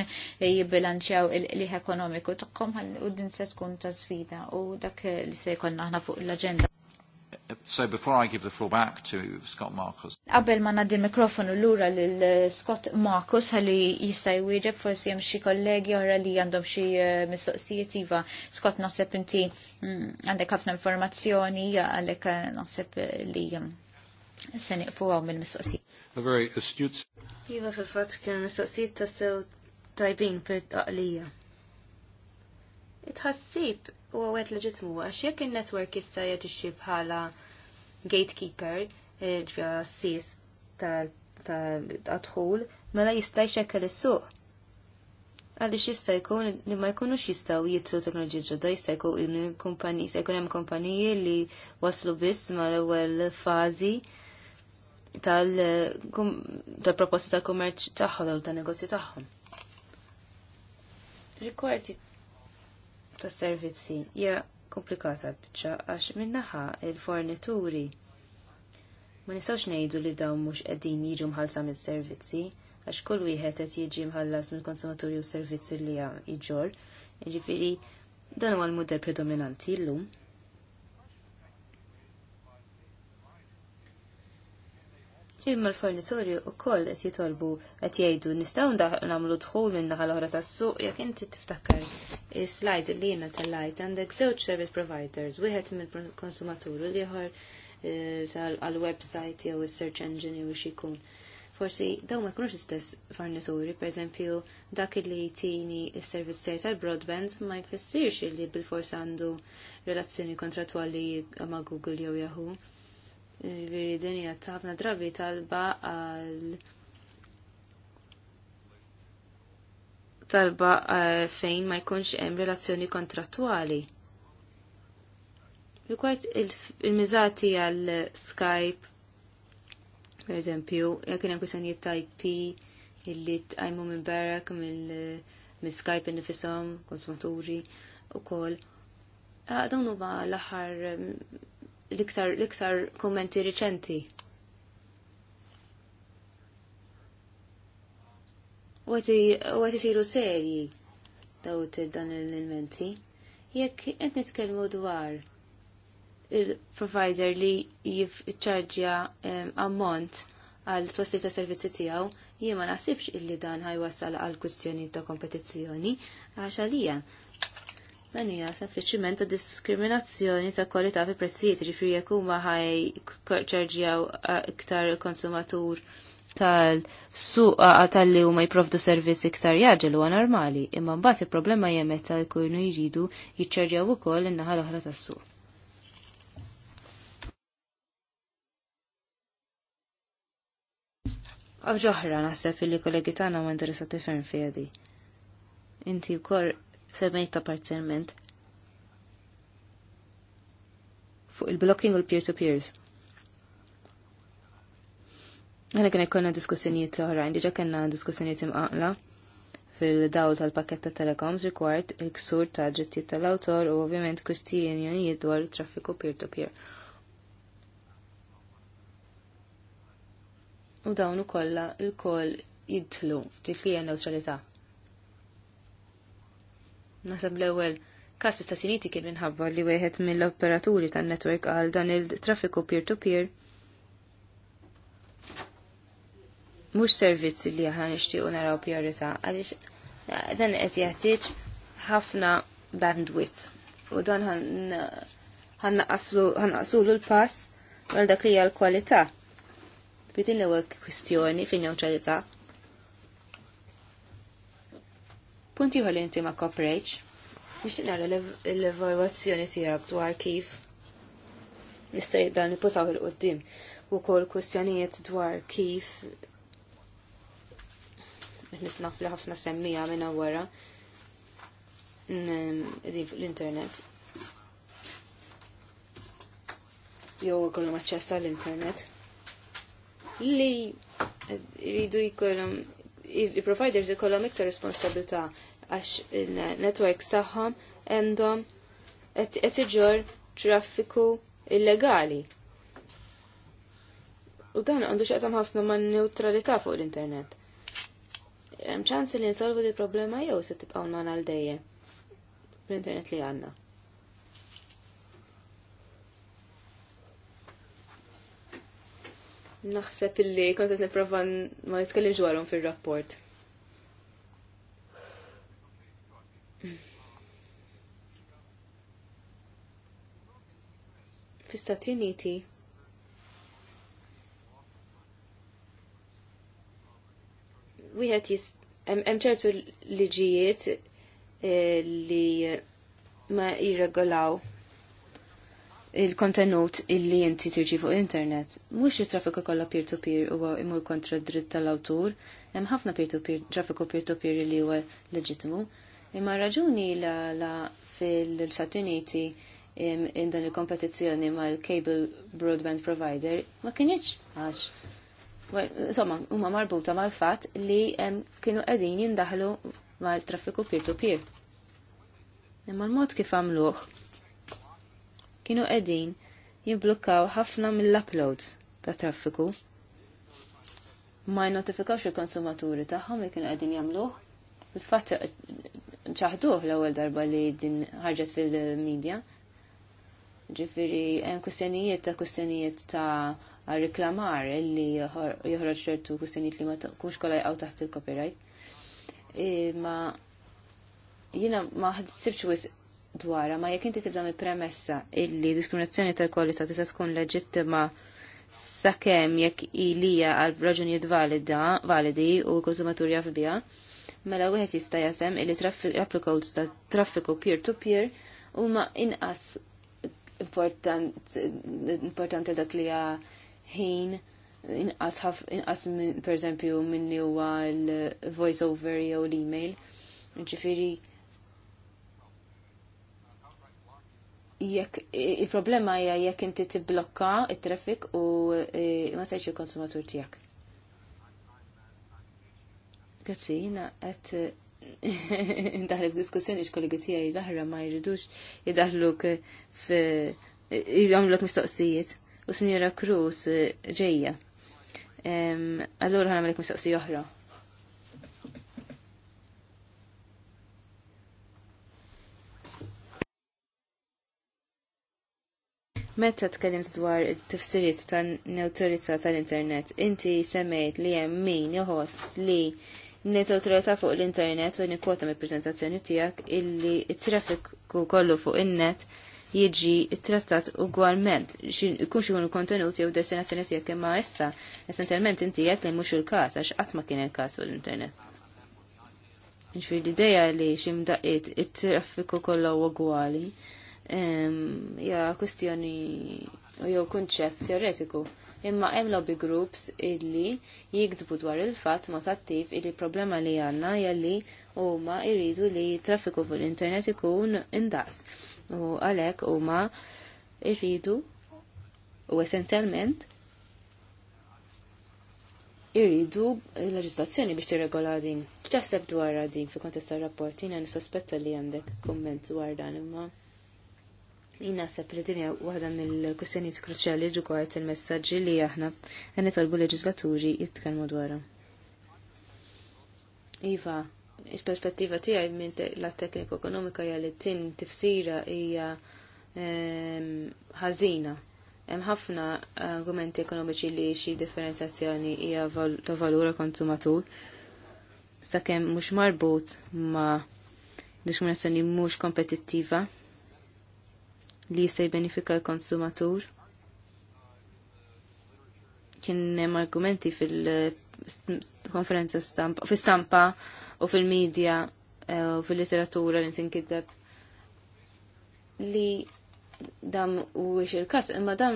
jibbilanċjaw il-liħ ekonomiku taqom u din se tkun ta' sfida u dak li se jkollna aħna fuq l-agenda. So before I give the floor back to Scott Marcus. Qabel ma nadi mikrofonu lura lil Scott Marcus ħalli jista' jwieġeb forsi hemm xi kollegi oħra li għandhom xi eh, mistoqsijiet iva. Scott naħseb inti mm, għandek ħafna informazzjoni għalhekk eh, naħseb li mm, Se niqfu għaw mill A very astute. Iva fil-fat kien mistoqsijiet ta' sew tajbin per taqlija. Itħassib u għawet leġitmu għax jek il-network jista' jgħet bħala gatekeeper ġvja s-sis tal-adħul, mela jista' jxekkel is-suq. Għalix jista' jkun li ma jkunux jistgħu jitsu teknoloġi ġodda, jista' jkun kumpaniji, jkun hemm kumpaniji li waslu biss mal-ewwel fażi tal-proposti tal-kummerċ tagħhom u tan-negozju tagħhom. Rikordi tas servizzi hija komplikata bċa għax minnaħa il-fornituri ma nistgħux ngħidu li dawn mhux qegħdin jiġu mħallsa mis-servizzi għax kull wieħed qed jiġi mħallas mill-konsumaturi u servizzi li jiġor. Jiġifieri dan huwa l-mudell predominanti llum. imma l-fornituri u koll qed jitolbu qed jgħidu nistgħu nagħmlu dħul minn naħa l-oħra tas-suq jek inti tiftakar is-slides li jiena tal-lajt għandek żewġ service providers, wieħed mill-konsumatur u l-ieħor eh, għal-website jew is-search engine jew xi jkun. Forsi daw ma jkunux istess fornituri, pereżempju dak li jtini il-service tiegħi tal-broadband ma jfissirx li bil-fors għandu relazzjoni kontratwali ma' Google jew Yahoo Veri dinja ta' ħafna drabi talba għal talba eh, fejn ma jkunx hemm relazzjoni kontrattwali. Rigward il-miżati għal Skype, per eżempju, jekk hemm kwistjonijiet ta' IP illi tqajmu minn barak mill eh, Skype innifisom, konsumaturi u koll. Ah, dawn huma l-aħħar l-iktar l-iktar kommenti riċenti. U siru jisiru serji dawt dan l-elementi. Jekk qed nitkellmu dwar il-provider li jifċarġja ammont għal twassil ta' servizzi tiegħu, jien ma naħsibx illi dan ħajwassal għal kwistjoni ta' kompetizzjoni għax għalija Dan hija sempliċiment ta' diskriminazzjoni ta' kwalità fi prezzijiet, ġifieri jekk huma ħaj ċarġjaw uh, iktar konsumatur tal-suq uh, tal-li huma jipprovdu servizz iktar jaġel huwa normali, imma mbagħad il-problema hija meta jkunu jridu jiċċarġjaw ukoll in-naħa l-oħra tas-suq. Għafġoħra naħseb li kollegi tagħna ma interessati ferm fiha di. Inti wkoll semmejta parzialment fuq il-blocking u l-peer-to-peers. Għana kena konna diskussjonijiet oħrajn, diġa kena diskussjonijiet imqaqla fil-dawl tal-pakket ta' telekoms rikward il-ksur ta' drittijiet tal-autor u ovvjament kristi jonijiet dwar traffiku peer-to-peer. U dawn u kolla il-koll jidtlu f'dik li Nasab l-ewwel każ fi istati Uniti kien minħabba li wieħed mill-operaturi tan-netwerk għal dan il-traffiku peer-to-peer mhux servizz li aħna nixtiequ naraw priorità għaliex eh, dan qed jeħtieġ ħafna bandwidth. U dan ħannaqaslu l-pass għal dak li hija l-kwalità. Bidin l-ewwel kwistjoni fin neutralità Punti ħol inti ma koprejċ, biex nara l-evaluazzjoni tijak dwar kif nistaj dan niputaw il-qoddim u kol kustjonijiet dwar kif nisnaf li ħafna semmija minna wara l-internet. Jow kollu maċċessa l-internet. Li jridu jkollhom il-providers ikollhom iktar responsabilità għax il-networks tagħhom endom qed iġor traffiku illegali. U dan għandu xaqsam ħafna ma' neutralità fuq l-internet. Hemm ċans li nsolvu di problema jew se tibqgħu ma għal dejjem l-internet li għandna. Naħseb illi kont qed nipprova ma nitkellem dwarhom fir-rapport. fl-Istati Uniti. Wieħed hemm ċertu liġijiet eh, li ma jirregolaw il-kontenut illi inti tirġi fuq internet. Mux il-traffiku kollha peer-to-peer huwa imur kontra dritt tal-awtur, hemm ħafna peer-to-peer traffiku peer-to-peer li huwa leġitmu. Imma raġuni la, la fil-Stati Uniti in dan il-kompetizzjoni mal-cable broadband provider ma kienieċ għax. Insomma, huma marbuta mal-fatt li kienu qegħdin jindaħlu mal-traffiku peer-to-peer. Imma l-mod kif għamluh kienu qegħdin jimblukkaw ħafna mill-uploads ta' traffiku. Ma jnotifikawx il-konsumaturi tagħhom li kienu qegħdin jagħmluh. Il-fatt eh, ċaħduh l-ewwel darba li din ħarġet fil-medja Ġifiri, hemm kustenijiet ta' kustenijiet ta' riklamar illi joħroġ ċertu kustenijiet li ma kunx kolla jgħaw taħt il-copyright. Ma jina ma ħadsibx wis dwara, ma jekk inti tibda mi premessa illi diskriminazzjoni tal-kwalità tista' tkun leġittima sakemm jekk ilija għal raġunijiet validi u konsumatur jaf biha, mela wieħed jista' jasem illi traffic codes ta' traffiku peer to peer huma inqas importanti dak li ħin inqas inqas per eżempju li huwa l-voice over jew l-email. Ġifieri jekk il-problema hija jekk inti tibblokka it-traffic u e, ma tgħidx il-konsumatur tiegħek. Grazzi, jina qed daħlek diskussjoni x-kollegi tijaj daħra ma jridux jidaħluk f jgħamluk mistoqsijiet u Sinjora Cruz eh, ġeja. Allura ħana melek mistoqsija oħra. Meta tkellimt dwar it-tifsiriet tan neutralità tal-internet, inti semmejt li hemm min joħoss li trota fuq l-internet u nikwota me prezentazzjoni tijak illi il-traffiku kollu fuq il-net jieġi trattat ugwalment, ikux ikun kontenuti u destinazzjoni tijak imma issa, essenzialment inti jek li mux il-kas, għax għatma kien il-kas fuq l-internet. Nxfir l-ideja li ximdaqiet il-traffiku kollu ugwali, ja kustjoni u jew kunċett teoretiku imma hemm lobby groups illi jikdbu dwar il-fatt ma tattiv illi problema li għandna jalli huma jridu li traffiku fuq l-internet ikun indaqs. U għalhekk huma jridu u essenzjalment irridu l-leġislazzjoni biex tirregola din. X'taħseb dwar din fi kontest tar-rapport? Jiena nissospetta li għandek kumment dwar dan imma. Nasab li dinja waħda mill-kustjonijiet kruċjali rigward il-messaġġi li aħna qed nitolbu leġislaturi jitkellmu dwarha. Iva, il-perspettiva tiegħi minn la tekniko ekonomika hija li tin tifsira hija ehm, ħażina. Hemm ħafna argumenti ekonomiċi li xi differenzjazzjoni hija ta' valur konsumatur sakemm mhux marbut ma' diskriminazzjoni mhux kompetittiva li jista' jbenefika l-konsumatur. Kien hemm argumenti fil-konferenza stampa, fil-stampa u fil-medja eh, u fil-literatura li tinkiddeb li dam u il-kas, imma dam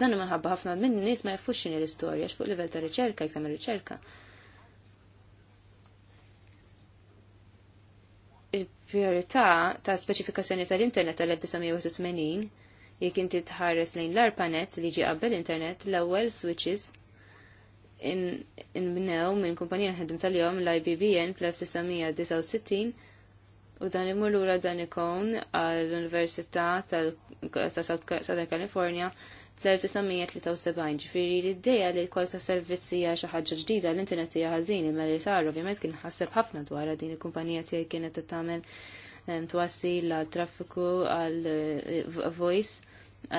dan imma ħabba ħafna minn nies ma jaffux x'inhi l-istorja x'fuq livell ta' riċerka, jekk tagħmel riċerka. riċerka priorità ta' speċifikazzjoni tal-internet tal-1980 li inti tħares lejn l-ARPANET li ġi qabel internet l-ewwel switches inbnew minn kumpanija ħeddim tal-jom l-IBBN fl-1969 u dan imur lura dan ikon għall-Università ta' South California 1973 ġifiri li d-deja li l-kol ta' servizzija xaħġa ġdida l-internet hija ħażin ma li sar ovvjament kien ħasseb ħafna dwar din il-kumpanija tiegħi kienet tagħmel twassil l traffiku għal eh, voice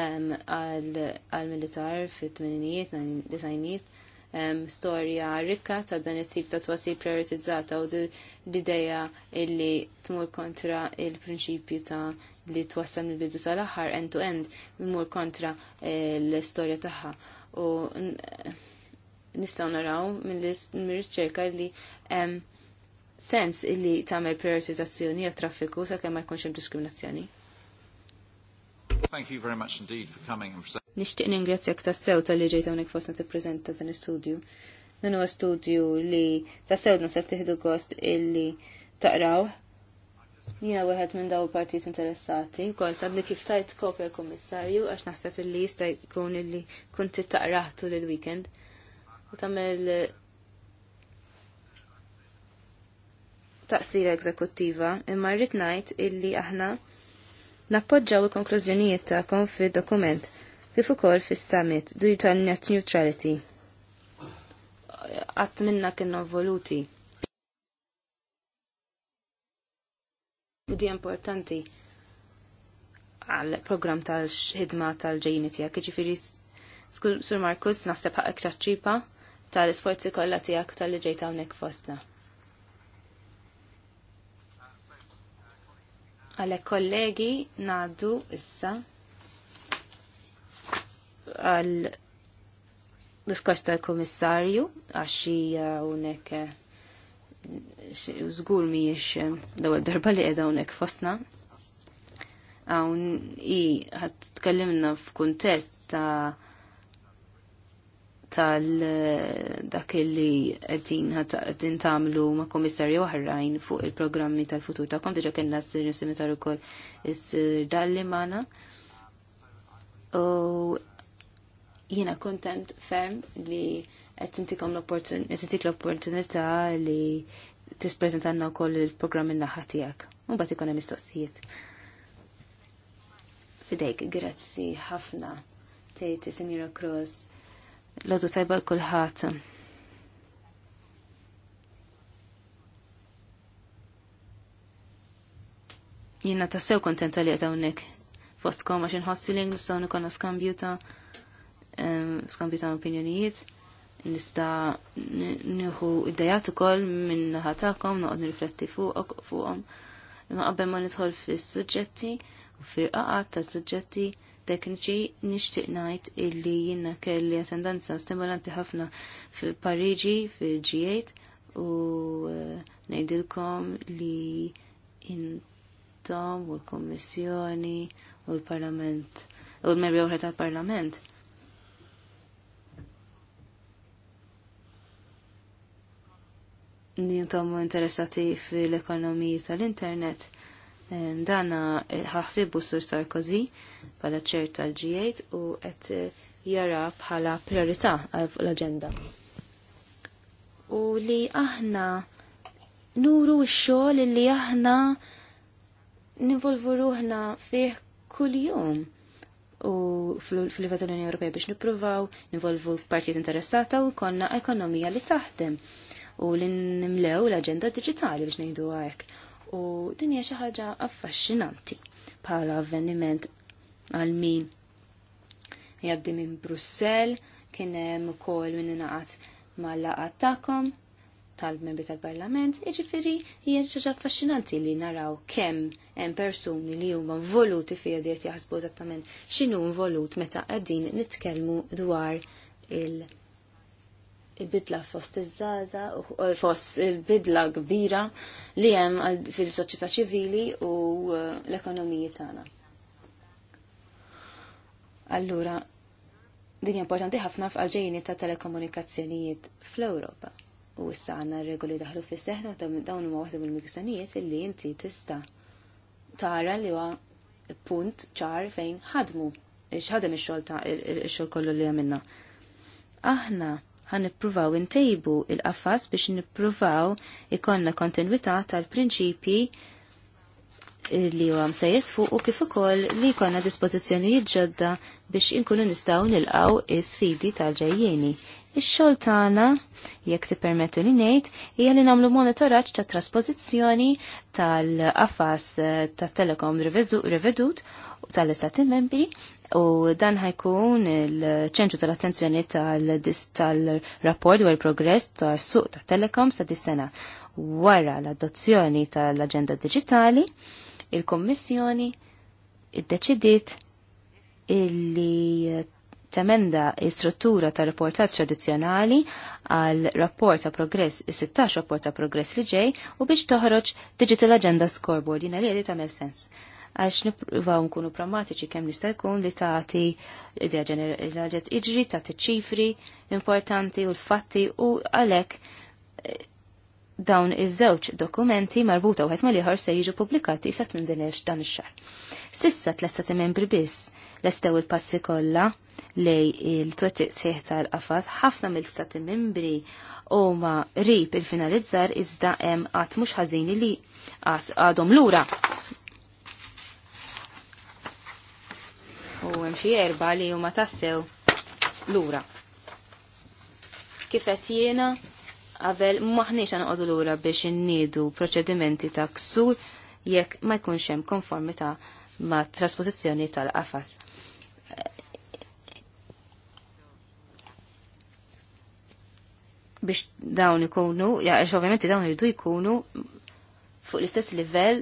għal militar fit-tmeninijiet, disajnijiet storja rikka ta' dan it-tip ta' twasi prioritizzata u l-ideja illi tmur kontra il-prinċipju ta' li twassal mill-bidu tal-aħħar end-to-end mur kontra eh, l-istorja tagħha. U nistgħu naraw mill-riċerka li sens illi tagħmel prioritizzazzjoni għat-traffiku sakemm ma jkunx hemm diskriminazzjoni. Thank you very much indeed for coming and Nixtieq ningrazzjak tassew tal-li ġejt hawnhekk fostna tippreżenta dan istudju. Dan huwa studju li tassew nasab tieħdu gost illi taqraw. Jiena wieħed minn daw partijiet interessati, wkoll tabni kif tajt kopja l-kummissarju għax naħseb illi jista' jkun illi kunti taqraħtu lil weekend u tagħmel taqsira eżekuttiva, imma rrid ngħid illi aħna nappoġġaw il-konklużjonijiet tagħkom fid-dokument kif ukoll fis-summit dwar tan net neutrality. Qatt minna kienu voluti. U di importanti għal program tal-ħidma tal-ġejni tijak. Ġifiri, Sur Markus, nasib ħaq iktar tal-isforzi kollha tijak tal-li ġejta hawnhekk fostna. Għalek kollegi, naddu issa għal diskors tal-komissarju għaxi uh, unek uh, zgur jiex uh, dawa darba li edha unek fosna għawn i għat tkellimna f'kuntest ta' tal dak li għedin għedin tamlu ma komissarju oħrajn fuq il-programmi tal-futur ta' konti ġakenna s-sirju simitar u koll s-dalli maħna. Jiena kontent ferm li qed l-opportunità li tispreżentanna wkoll il-programm in-naħa tiegħek. Mbagħad ikun hemm mistoqsijiet. Fidejk, grazzi ħafna tgħid Sinjura Cruz. Lodu tajba kulħadd. Jiena tassew kontenta li qed hawnhekk fostkom għax inħossi li nistgħu nikonna skambju ta' skambi ta' opinjonijiet nista nieħu id-dajat ukoll minn ħatakom noqgħod nirifletti fuqhom. Imma qabel ma nidħol fis-suġġetti u fil-qaqat ta' suġġetti tekniċi nixtieq ngħid illi jiena kelli attendanza stimolanti ħafna fil-Pariġi fil-G8 u ngħidilkom li intom u l-Kommissjoni u l-Parlament u l-Membri tal-Parlament nintom interessati fil-ekonomiji tal-internet, eh, dana eh, ħaxsibu sur Sarkozy bħala ċert tal-G8 u qed eh, jara bħala priorità l-agenda. U li aħna nuru x-xogħol li aħna nivolvu ruħna fih kuljum u fil-Livet tal-Unjoni Ewropea biex nippruvaw nivolvu f'partijiet interessata u konna ekonomija li taħdem u li nimlew l-agenda digitali biex nejdu għajk. U din hija xi ħaġa affaxxinanti bħala avveniment għal min jaddi minn Brussell, kien hemm ukoll min ingħaqad mal-laqgħat tagħkom tal-membri tal-Parlament, jiġifieri hija xi ħaġa affaxxinanti li naraw kemm hemm persuni li huma involuti fija dejjet jaħsbu eżattament x'inhu involut meta qegħdin nitkellmu dwar il- il-bidla fost iż-żaza, eh, fost il-bidla kbira li hemm fil-soċjetà ċivili u eh, l-ekonomiji tagħna. Allura, din importanti ħafna f'għalġejni ta' telekomunikazzjonijiet fl-Ewropa. U issa għanna regoli daħlu fis seħna ta' dawn huma waħda mill illi inti tista' tara li huwa punt ċar fejn ħadmu x'ħadem ix-xogħol ta' ix-xogħol kollu li għamilna. Aħna ħan nippruvaw intejbu il qaffas biex nippruvaw ikonna kontinuità tal-prinċipji li huwa msejjes fuq u kif ukoll li jkollna dispożizzjonijiet ġodda biex inkunu nistgħu nilqgħu is-sfidi tal-ġejjieni. Ix-xogħol tagħna, jekk tippermettu li ngħid, hija li nagħmlu monitoraġġ ta' traspożizzjoni tal-qafas tat-Telekom rivedut tal-Istati Membri u dan ħajkun il-ċentru tal-attenzjoni tal-rapport u il-progress tal-suq ta' telekom sa' dis-sena. Wara l-adozzjoni tal-agenda digitali, il-Kommissjoni id-deċidiet illi temenda struttura ta' rapportat tradizjonali għal rapport ta' progress, il-16 rapport ta' progress li ġej u biex toħroġ Digital Agenda Scoreboard, jina li għedi ta' sens għax nipruvaw nkunu pragmatiċi kemm nista' jkun li tagħti idea ġeneralitet iġri, tagħti ċifri importanti u l-fatti u għalhekk eh, dawn iż-żewġ dokumenti marbuta wieħed ma liħor se jiġu pubblikati sa minn din dan ix-xahar. Sissa tlesta membri biss lestew il-passi kollha li l twettiq sieħ tal-qafas ħafna mill-stati membri u ma rib il-finalizzar iżda hemm qatt mhux ħażini li għadhom lura. u hemm xi erba' li huma tassew lura. Kif qed jiena qabel maħniex għanqodu lura biex innidu proċedimenti ta' ksur jekk ma jkunx hemm konformità ma' trasposizzjoni tal-qafas. biex dawn ikunu, ja, ovvjament dawn irridu jkunu fuq l-istess livell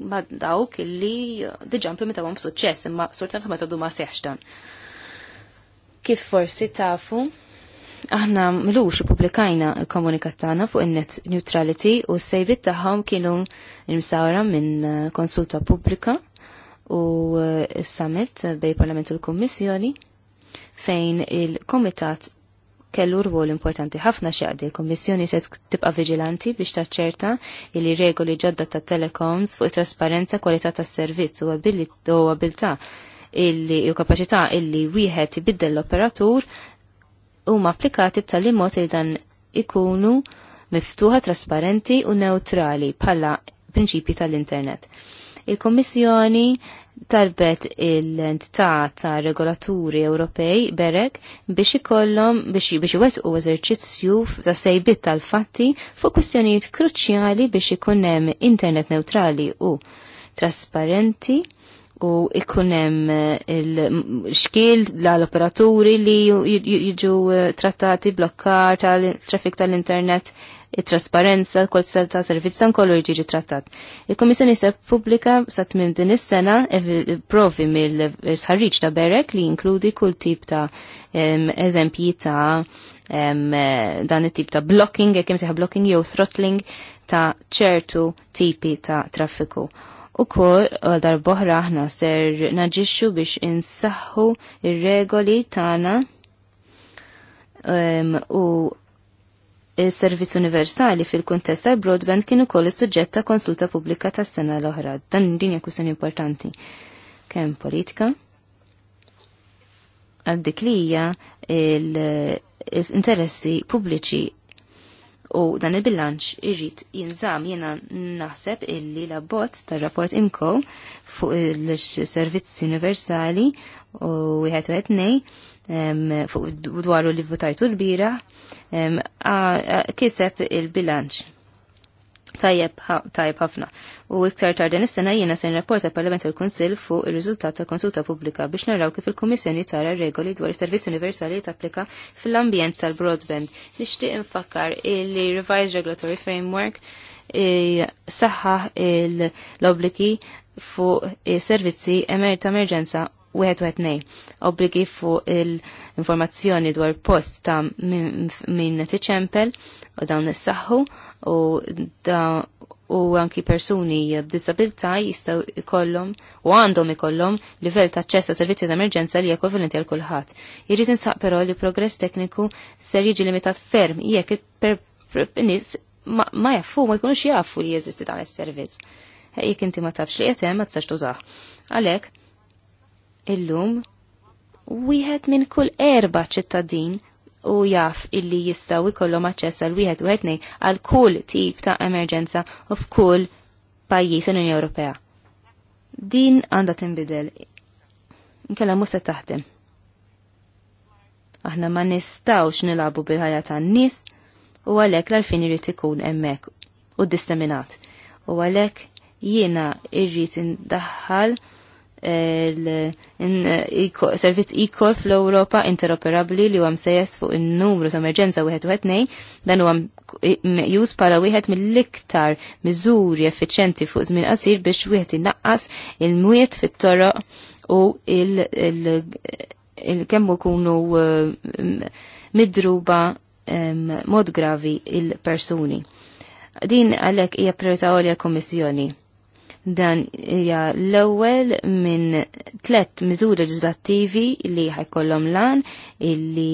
ma' dawk illi diġa implementawhom b'suċċess imma sortant ma tadu ma seħxdan. Kif forsi tafu, aħna mlux u publikajna l-komunikat tagħna fuq in-net neutrality u s-sejbit tagħhom kienu msawra minn uh, konsulta pubblika u uh, s-summit bej Parlament u l-Kummissjoni fejn il-Komitat kellu rwol importanti ħafna xaqdi. Il-Kommissjoni se tibqa vigilanti biex taċċerta li regoli ġodda ta' telecoms fuq trasparenza kwalità tas servizz u abilità illi u kapacità illi wieħed ibiddel l-operatur huma applikati b'tali mod li dan ikunu miftuħa, trasparenti u neutrali bħala prinċipji tal-internet. Il-Kommissjoni talbet l-entità ta' regolaturi Ewropej berek biex ikollhom biex biex iwettqu eżerċizzju ta' sejbit tal-fatti fuq kwistjonijiet kruċjali biex ikun hemm internet neutrali u trasparenti u ikunem eh, il-xkil l-operaturi li jiġu eh, trattati blokkar tal traffik tal-internet il-trasparenza, kol ta' servizz tan kollu jġiġi trattat. Il-Komissjoni se pubblika sa' tmim din is-sena provi mill-sħarriġ ta' berek li jinkludi kull tip ta' eżempji ta' eh, dan it-tip ta' blocking, jekk seħa blocking jew throttling ta' ċertu tipi ta' traffiku. U kol għaldar boħra aħna ser naġiċu biex insaħħu il-regoli tana um, u il-servizz universali fil-kontest tal broadband kienu kol is-suġġett ta' konsulta pubblika tas sena l-oħra. Dan din hija importanti. Kemm politika? Għal dik li hija l-interessi pubbliċi u dan il-bilanċ irrit jinżam jena naħseb illi la bot tar rapport imko fuq il-servizzi universali u wieħed u jħetnej fuq dwaru li votajtu l-bira kiseb il-bilanċ tajjeb ħafna. U iktar tard din is-sena jiena se nirrapporta parlament il-Kunsill fuq ir-riżultat ta' konsulta pubblika biex naraw kif il-Kummissjoni tara regoli dwar is-servizz universali li tapplika fl-ambjent tal-broadband. Nixtieq infakkar li revised regulatory framework e, saħħa l-obbligi fuq is e, servizzi ta' emerġenza wieħed u 2 obbligi fuq il- informazzjoni dwar post ta' minn Ċempel u dawn is-saħħu u u anki persuni b'disabilità jistgħu ikollhom u għandhom ikollhom livell ta' ċess ta' servizzi ta' emerġenza li ekwivalenti għal kulħadd. Irrid insaq però li progress tekniku ser jiġi limitat ferm jekk nies ma jaffu ma jkunux jafu li jeżisti dan is-servizz Jekk inti ma tafx li hemm ma tistax tużaħ. Għalhekk illum wieħed minn kull erba ċittadin u jaf illi jistaw ikollhom aċċess għal wieħed u għetni għal kull tip ta' emerġenza u f'kull pajjiż Unjoni Ewropea. Din għandha tinbidel. Nkella mhux se taħdem. Aħna ma nistawx nilabu bil-ħajja tan-nies u għalhekk l-għalfin irid ikun hemmhekk u disseminat. U għalhekk jiena irrid indaħħal servizz e-call fl-Europa interoperabli li għam sejes fuq il-numru ta' emerġenza 112 dan huwa meqjus pala wieħed mill-iktar miżuri effiċenti fuq żmien qasir biex wieħed inaqqas il-mwiet fit-toroq u il-kemm ikunu eh, midruba mod gravi il-persuni. Din għalhekk hija priorità għolja Kommissjoni Dan hija l-ewwel minn tlet miżuri leġislattivi li ħajkollhom lan illi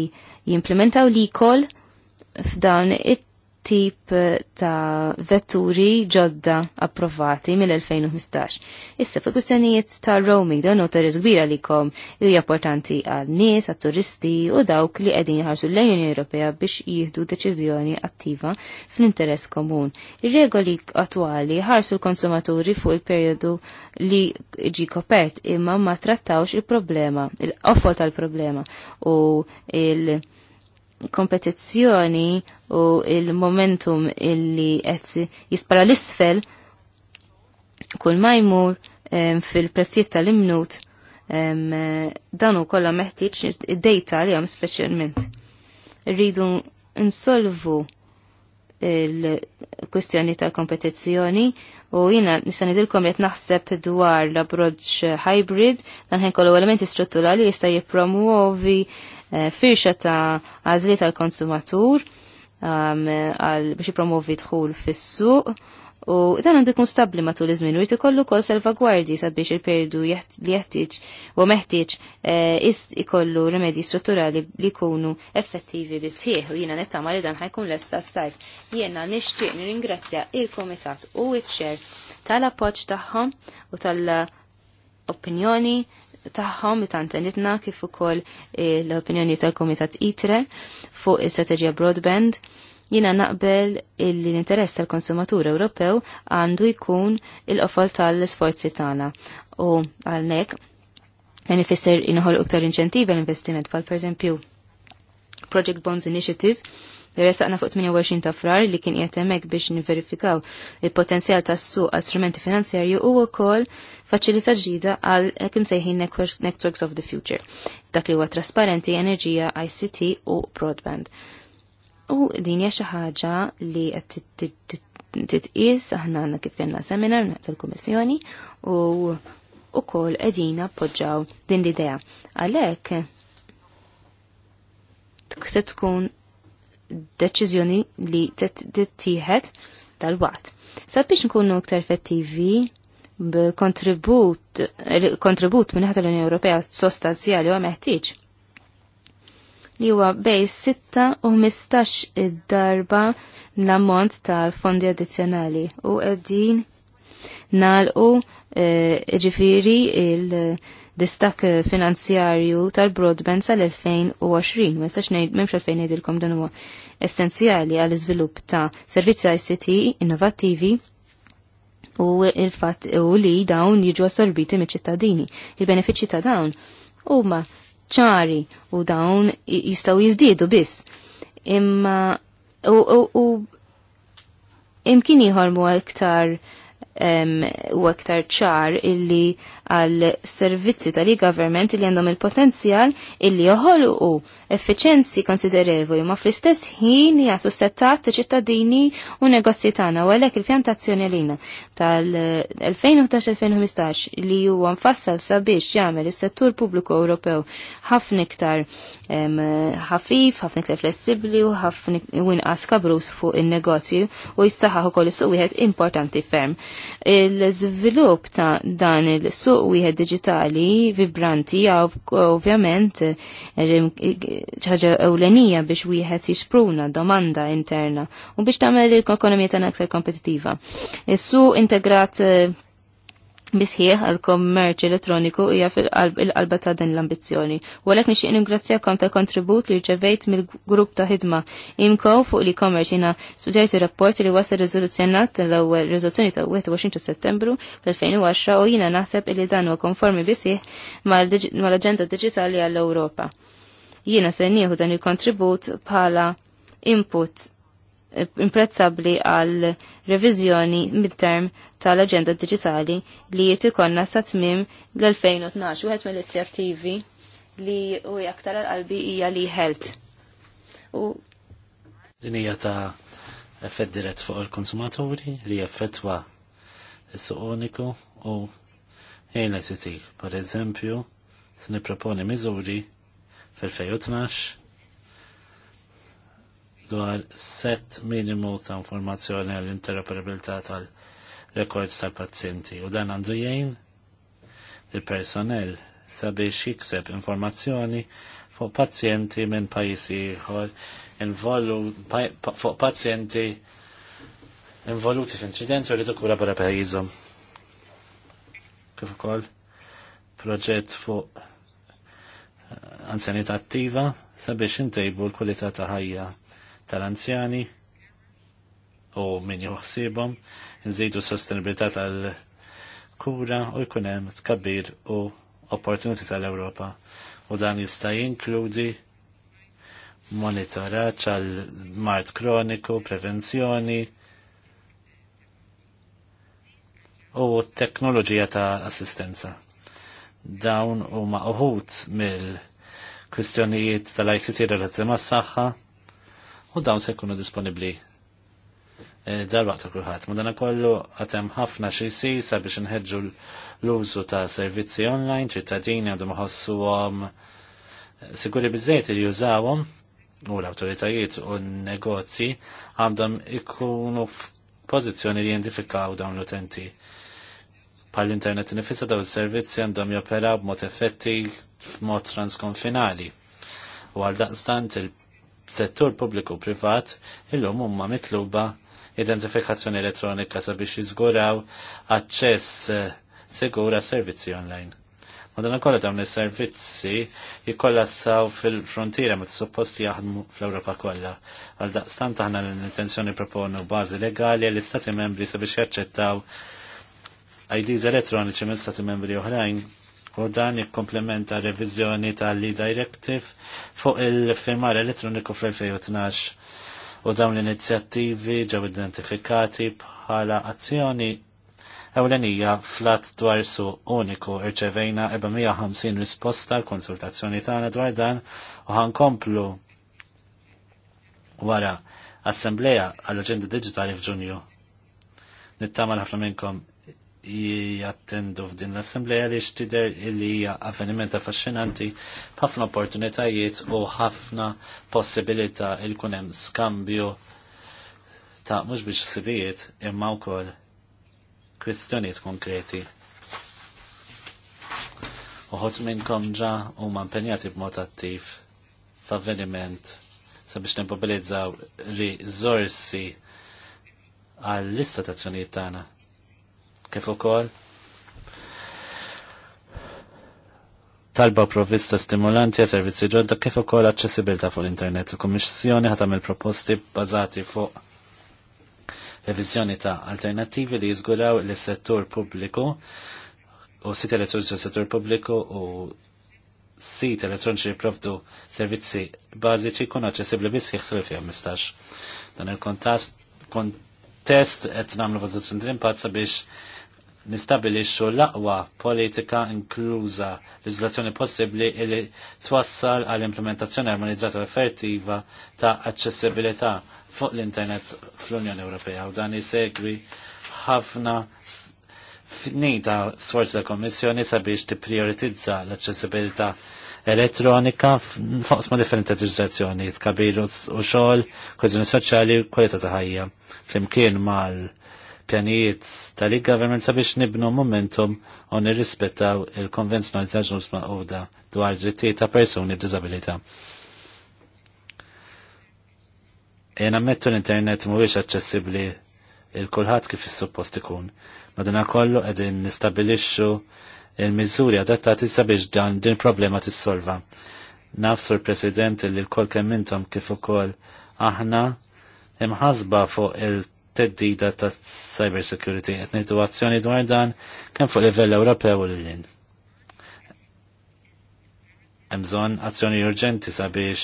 jimplementaw li ikol f'dawn it tip eh, ta' vetturi ġodda approvati mill-2015. Issa fi kustenijiet ta' roaming da' nota kbira li kom li importanti għal nies, għal turisti u dawk li qegħdin jħarġu l-Unjoni Ewropea biex jieħdu deċiżjoni attiva fl-interess komun. Ir-regoli attwali ħarsu l-konsumaturi fuq il-perjodu li ġi kopert imma ma trattawx il-problema, il offol tal-problema u il-kompetizzjoni u il-momentum illi qed jispara l-isfel kull ma jmur fil-prezzijiet tal-imnut dan u meħtieġ id-dejta li hemm speċjalment. Rridu nsolvu il-kwestjoni tal-kompetizzjoni u jina nisan idilkom jett naħseb dwar l-approach hybrid dan ħen kollu elementi strutturali jista' jippromuovi eh, firxa ta' għażli tal-konsumatur Um, għal biex jipromovi dħul fis-suq u dan għandu jkun stabbli matul iż-żmien u jrid ikollu wkoll salvagwardji sabiex il perdu li jeħtieġ u meħtieġ eh, is ikollu rimedji strutturali li jkunu effettivi bisħieħ u jiena nittama li dan ħajkun lesta s-sajf. Jiena nixtieq nirringrazzja il-Kumitat u iċ-ċer tal-appoġġ tagħhom u tal- opinjoni tagħhom ta' antenitna kif ukoll eh, l-opinjoni tal-Kumitat ITRE fuq is-strateġija broadband jina naqbel l-interess tal-konsumatur Ewropew għandu jkun il-qofol tal-sforzi tagħna u għalhekk dan ifisser inħol iktar inċentivi għall investiment bħal pereżempju Project Bonds Initiative li fuq 28 ta' frar li kien qiegħed hemmhekk biex niverifikaw il-potenzjal tas-suq għal strumenti finanzjarji u wkoll faċilità ġdida għal kim sejħin Networks of the Future. Dak li huwa trasparenti, enerġija, ICT u broadband. U din hija xi ħaġa li qed titqis aħna għandna kif kellna seminar naqt il-Kummissjoni u u qegħdin edina din l-idea. Għalhekk se tkun deċiżjoni li tittieħed tal-waqt. Sabiex nkunu iktar effettivi b'kontribut kontribut minn ħadd l-Unjoni Ewropea sostanzjali huwa meħtieġ li huwa bej 6 u 15 darba l-ammont tal fondi addizzjonali u qegħdin nagħlqu eh, ġifiri il- distak eh, finanzjarju tal-broadband sal-2020, ma jistax ngħid m'hemmx għalfejn ngħidilkom dan huwa essenzjali għall iżvilupp ta' servizzi ICT innovattivi u il-fatt u li dawn jiġu assorbiti miċ-ċittadini. Il-benefiċċji ta' dawn huma ċari u dawn jistgħu jiżdiedu biss. Imma u, u, imkien ieħor aktar u aktar ċar illi għal servizzi tal government li għandhom il-potenzjal illi joħolqu u effiċenzi konsiderevoli ma fl-istess ħin jgħatu settat ċittadini u negozji tagħna u għalhekk il-pjantazzjoni lina tal-2011-2015 li huwa mfassal sabiex jagħmel is-settur pubbliku Ewropew ħafna iktar ħafif, ħafna iktar flessibbli u ħafna inqas kabrus fuq in-negozju u jissaħħaħ ukoll is-suq wieħed importanti ferm. Il-żvilupp ta' dan il-suq wieħed digitali vibranti ovvjament ċaġa ewlenija biex wieħed jixpruna domanda interna u biex tagħmel l-ekonomija tagħna aktar kompetittiva. Is-suq integrat eh, bisħieħ għal-kommerċ elettroniku hija fil-qalba ta' din l-ambizzjoni. U għalhekk nixtieq ningrazzjakom ta' kontribut li rċevejt mill-grupp ta' ħidma imkow fuq li kommerċ jiena studjajtu rapport li wasal riżoluzzjonat tal-ewwel riżoluzzjoni ta' 21 ta' Settembru fl-2010 u jiena naħseb li dan huwa konformi bisħieħ mal-Aġenda Diġitali għall-Ewropa. Jiena se nieħu dan il-kontribut bħala input imprezzabbli għal reviżjoni mid-term tal-Aġenda Digitali li jiet ikonna sa tmim l-2012. Wieħed mill-inizjattivi li u aktar għal-qalbi hija li health. U din hija ta' effett dirett fuq il-konsumaturi li effettwa il suqoniku u u s sitik. Per eżempju, se niproponi miżuri fil-2012 dwar set minimu ta' informazzjoni għall interoperabilità tal-rekords tal-pazzjenti u dan għandu jgħin il-personell sabiex jikseb informazzjoni fuq pazjenti minn pajjiżi ieħor involu pa, pa, fuq pazjenti involuti f'inċidenti u li kura barra pajjiżhom. Kif ukoll proġett fuq eh, anzjanità attiva sabiex intejbu l-kwalità ta' ħajja tal-anzjani u min juħsibom, nżidu s-sostenibilità tal-kura u jkun hemm tkabbir u opportunità tal-Ewropa. U dan jista' jinkludi monitoraġġ għal mart kroniku, prevenzjoni u teknoloġija ta' assistenza. Dawn huma uħut mill-kwistjonijiet tal-ICT relazzi mas-saħħa, u dawn se jkunu disponibbli eh, dal-waqt ta' kulħadd. Madana kollu għatem ħafna xi jsir sabiex inħeġġu l-użu ta' servizzi online, ċittadini għandhom iħossuhom eh, siguri biżejt li jużawhom u l-awtoritajiet u n-negozji għandhom ikunu f'pożizzjoni li jindifikaw dawn l-utenti. Pal-internet nifissa daw is-servizzi għandhom joperaw b'mod effetti f'mod transkonfinali. U għal daqstant il settur pubbliku privat illum huma mitluba identifikazzjoni elettronika sabiex jiżguraw aċċess eh, sigura servizzi online. Madonna dawn is-servizzi jikkollassaw fil-frontiera meta supposti jaħdmu fl-Ewropa kollha. Għal daqstant aħna l-intenzjoni proponu bażi legali għall istati membri sabiex jaċċettaw IDs elettroniċi minn stati membri oħrajn u dan jikkomplementa reviżjoni tal-Li Directive fuq il-firmar elettroniku fl-2012 u dawn l-inizjattivi ġew identifikati bħala azzjoni ewlenija flat dwar su uniku irċevejna 450 risposta l-konsultazzjoni tagħna dwar dan u ħankomplu wara assembleja għall-Aġenda Digitali f'Ġunju. Nittama ħafna minnkom jattendu f'din l-assembleja li xtider illi hija avveniment affaxxinanti b'ħafna opportunitajiet u ħafna possibilità il kun hemm skambju ta' mhux biex sibijiet imma wkoll kwistjonijiet konkreti. Uħod minnkom ġa huma impenjati b'mod attiv f'avveniment sabiex nipobilizzaw riżorsi għall-lista tagħna kif ukoll talba provvista stimulanti għal servizzi ġodda kif ukoll aċċessibilità fuq l-internet. Il-Kummissjoni ħatam il proposti bbażati fuq reviżjoni ta' alternattivi li jiżguraw li settur pubbliku u sit elettroniċi settur pubbliku u siti elettroniċi jipprovdu servizzi bażiċi jkunu aċċessibbli biss jieħ sal-2015. Dan il-kontest qed nagħmlu valutazzjoni tal impazza biex nistabilixxu l-aqwa politika inkluża l-iżolazzjoni possibbli li twassal għall implementazzjoni armonizzata u effettiva ta' aċċessibilità fuq l-internet fl-Unjoni Ewropea u dan isegwi ħafna fnita sforzi ta' Kommissjoni sabiex tipprioritizza l-aċċessibilità elettronika ma' differenti leġislazzjoni, tkabilu u xogħol, koeżjoni soċjali u kwalità ta' ħajja. Flimkien mal pjanijiet tal-government sabiex nibnu momentum u nirrispettaw il-konvenzjoni ta' ġnus ma'quda dwar drittijiet ta' persuni b'disabilità. Jien ammettu l-internet mhuwiex aċċessibbli il kulħadd kif is-suppost ikun. Madina kollu qegħdin nistabilixxu il-miżuri adattati sabiex dan din problema tissolva. Nafsu l-President li l-kol kemm intom kif ukoll aħna imħasba fuq il- teddida ta' cyber security qed ngħidu azzjoni dwar dan kemm fuq livell Ewropew u lilin. Hemm bżonn azzjoni urġenti sabiex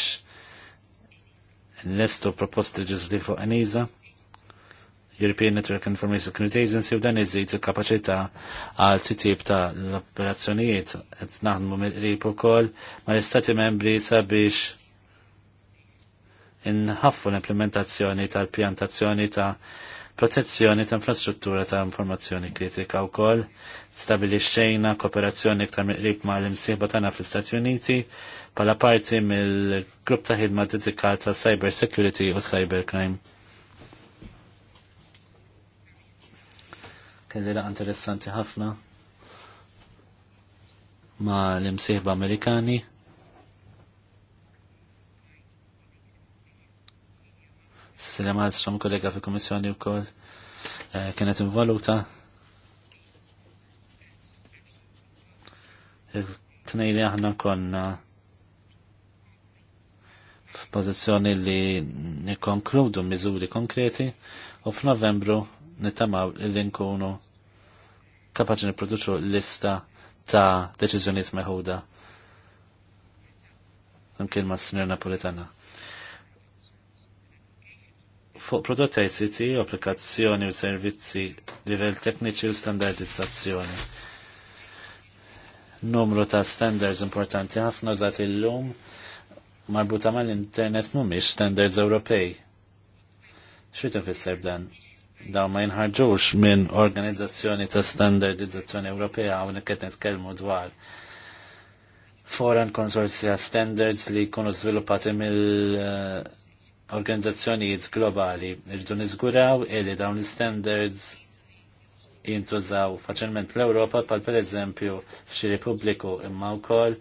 nlestu proposti ġiżli fuq Eniza. European Network Information Security Agency u dan iżid il-kapacità għal titjib ta' l-operazzjonijiet qed naħdmu mill-qrib ukoll mal istati membri sabiex inħaffu l-implementazzjoni tal-pjantazzjoni ta' protezzjoni ta' infrastruttura ta' informazzjoni kritika u kol, stabilixxejna kooperazzjoni iktar miqrib ma' l imsieħba tagħna fl-Istati Uniti bħala parti mill-grupp ta' ħidma dedikata cyber security u cyber crime. Kelli la' interessanti ħafna ma' l-imsieba Amerikani Cecilia Malstrom, kollega fil komissjoni u koll, eh, kienet involuta. Tnejli aħna konna f'pożizzjoni li nikkonkludu miżuri konkreti u f'Novembru nittamaw li nkunu kapaċi niproduċu lista ta' deċiżjonijiet meħuda. Imkien ma' s-Sinjor Napolitana fuq prodotti ICT, applikazzjoni u servizzi, livell tekniċi u standardizzazzjoni. Numru ta' standards importanti ħafna użat illum marbuta mal-internet mhumiex standards Ewropej. Xi tifisser dan? Dawn ma jinħarġux minn organizzazzjoni ta' standardizzazzjoni Ewropea u qed nitkellmu dwar foreign konsorzja standards li jkunu żviluppati mill uh, organizzazzjonijiet globali irridu niżguraw illi dawn l-standards jintużaw faċilment l-Ewropa pal per eżempju f'xi Repubbliku imma wkoll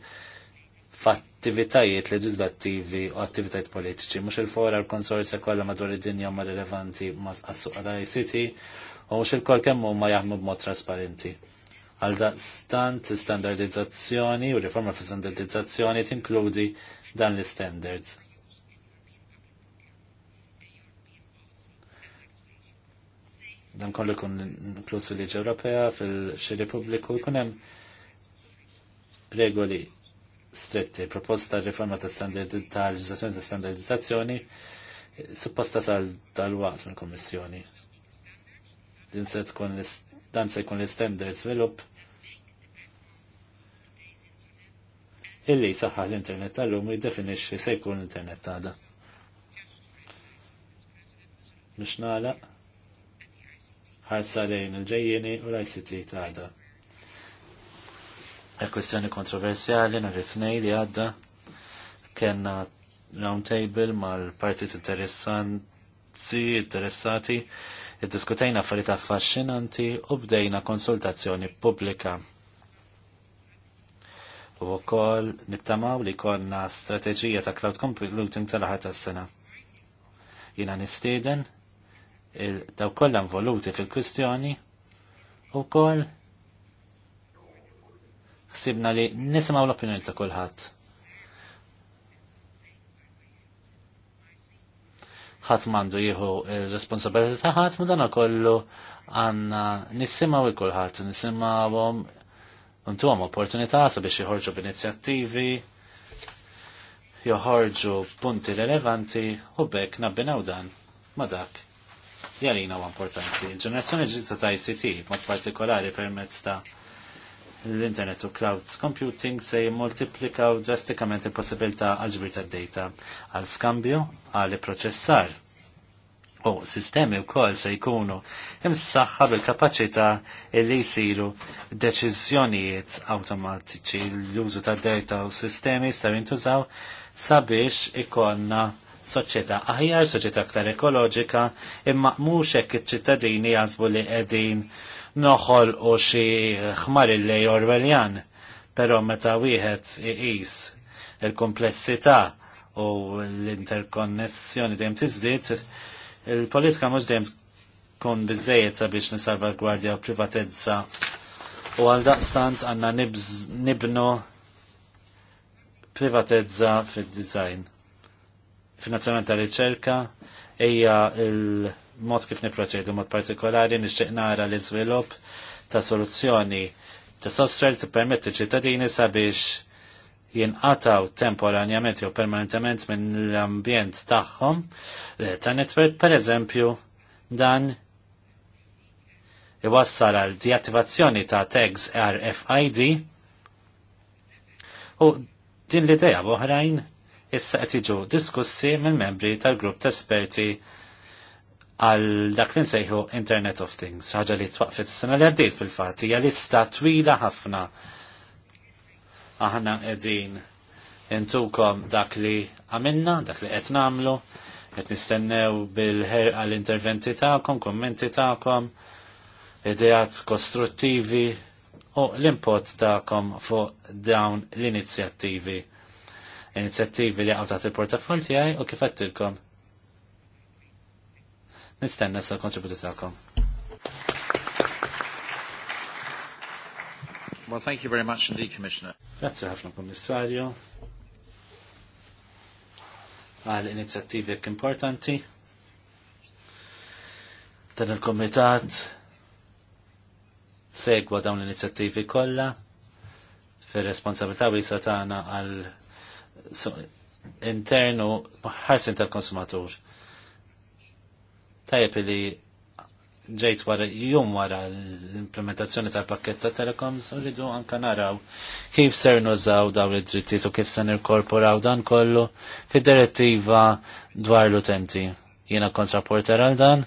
f'attivitajiet leġislattivi u attivitajiet politiċi. Mhux il-fora l-konsorzja kollha madwar id-dinja huma rilevanti għas-suq tal-ICT u mhux il-kol kemm huma jaħdmu b'mod trasparenti. Għal daqstant standardizzazzjoni u riforma fi standardizzazzjoni tinkludi dan l-standards. dan kollu kun plus fil-Liġi Ewropea, fil xi Repubbliku jkun hemm regoli stretti, proposta riforma ta' standard ta' leġizzazzjoni ta' standardizzazzjoni, supposta sal dal-waqt mill kommissjoni Din se tkun dan se jkun l-standard svilupp illi saħħa l-internet tal-lum jiddefinixxi se jkun l-internet għada. Mux nagħlaq ħarsalejn il-ġejjeni u l-ICT ta' għada. Il-kwestjoni kontroversjali nhar it li għadda kena roundtable mal-partit interessanti, interessati, id diskutajna affarijiet affaxxinanti u bdejna konsultazzjoni pubblika u wkoll nittamaw li konna strateġija ta' cloud computing tal-ħar tas-sena. Jiena nistieden daw kollha involuti fil-kwistjoni u koll ħsibna li nisimgħu l-opinjoni ta' kulħadd. ħadd m'għandu jieħu r-responsabilità ta' ħadd ma dan kollu għandna nisimgħu il kulħadd, nisimgħuhom intuhom opportunità sabiex jħorġu b'inizjattivi, joħorġu punti rilevanti u bekk nabbinaw dan ma dak li għalina huwa importanti. Il-ġenerazzjoni ġdida ta' ICT, mod partikolari permezz ta' l-internet u cloud computing se jimmultiplikaw drastikament il-possibilità għalġbir ta' data għal skambju għal processar u sistemi u kol se jkunu imsaxħa bil-kapacita li jisiru deċizjonijiet automatiċi l-użu ta' data u sistemi staw jintużaw sabiex ikonna soċjetà aħjar, soċjetà aktar ekoloġika, imma mux hekk iċ-ċittadini jażbu li qegħdin noħol u xi ħmar il-lej Orwelljan. Però meta wieħed iqis il-komplessità u l-interkonnessjoni dejjem tiżdied, il-politika mhux dejjem tkun biżejjed sabiex gwardja u privatezza u għal daqstant għanna nibnu privatezza fil-design finanzjament ta' riċerka hija il-mod kif niproċedu mod partikolari nixtieq nara l-iżvilupp ta' soluzzjoni ta' ti permetti ċittadini sabiex jinqataw temporanjament jew permanentement minn l-ambjent tagħhom eh, ta' netwerk per eżempju dan iwassal għal deattivazzjoni ta' tags RFID u din l-idea oħrajn issa qed jiġu diskussi minn membri tal-grupp ta' esperti għal dak li nsejħu Internet of Things, ħaġa li twaqfet is-sena li għaddiet fil-fatt hija lista twila ħafna. Aħna qegħdin intukom dak li għamilna, dak li qed nagħmlu, qed nistennew bil-ħerqa l-interventi tagħkom, kummenti tagħkom, ideat kostruttivi u l-import tagħkom fuq dawn l-inizjattivi inizjattivi li għaw taħt il-portafol tiegħi u kif għattilkom. Nistenna sa' kontributi tagħkom. Well, thank you very much indeed, Commissioner. Grazie ħafna, Kommissarju. Għal inizjattivi importanti. Dan il-Komitat segwa dawn l-inizjattivi kollha fir responsabilità wisa tagħna għal so, internu ħarsin tal-konsumatur. Tajjeb li ġejt wara jum wara l-implementazzjoni tal-pakket ta' telekoms rridu anka naraw kif ser nużaw daw id-drittijiet u kif se nirkorporaw dan kollu fid-direttiva dwar l-utenti. Jiena kontraporter għal dan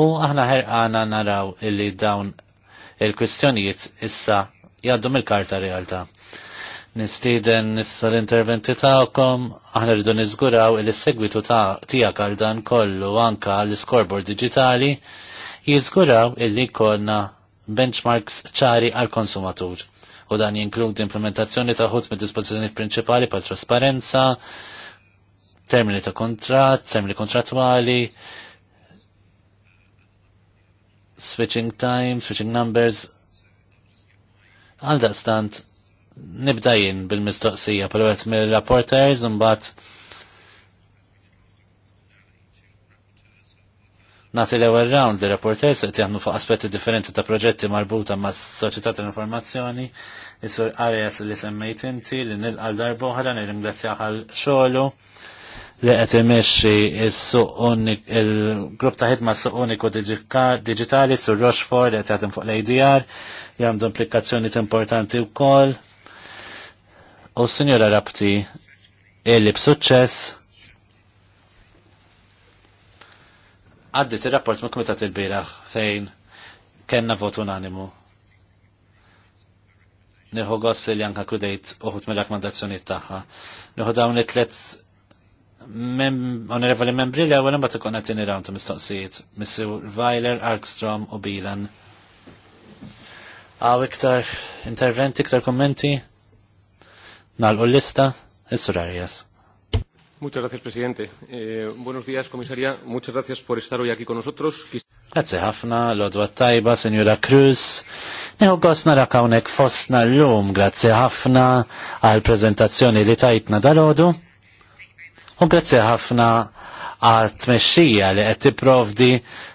u aħna ħerqana naraw illi dawn il-kwistjonijiet issa jgħaddu mill-karta realtà. Nistieden issa l-interventi tagħkom, aħna rridu niżguraw il segwitu tiegħek għal dan kollu anka l-scoreboard digitali jiżguraw illi jkollna benchmarks ċari għal konsumatur. U dan jinkludi implementazzjoni ta' ħut mid dispożizzjoni prinċipali pal trasparenza, termini ta' kontrat, termini kontratwali, switching time, switching numbers, għal daqstant nibda jien bil-mistoqsija, pero għet mill-rapporters mbat nagħti l-ewwel round li rapporters qed jaħdmu fuq aspetti differenti ta' proġetti marbuta ma' soċjetà tal-informazzjoni, is-sur Arias li semmejt inti li nil-għal darb'oħra nil-ingrazzja għal xogħlu li qed imexxi suq il-grupp ta' ħidma s-suq uniku digitali, sur Rochefort li qed jgħatim fuq l-ADR li għandu implikazzjoni importanti wkoll u s-Sinjora Rabti illi b'suċċess għaddit il-rapport ma' komitat il-biraħ fejn kena vot unanimu. Nieħu gost li anka kudejt uħut mill-rakkomandazzjoniet tagħha. Nieħu dawn it-tlet onorevoli membri li għawel mbagħad ikun qed rawn ta' mistoqsijiet. Missur Weiler, Arkstrom u Bilan. Għaw iktar interventi, iktar kommenti? Nalqu l-lista, Isur Arias. Muchas gracias, Presidente. Eh, buenos días, Comisaria. Muchas gracias por estar hoy aquí con nosotros. Grazie ħafna, l-odwa tajba, Senjura Cruz. Neħu għosna rakawnek fostna l-lum, grazie ħafna għal prezentazzjoni li tajtna dal-odu. U grazie ħafna għal tmexxija li qed tipprovdi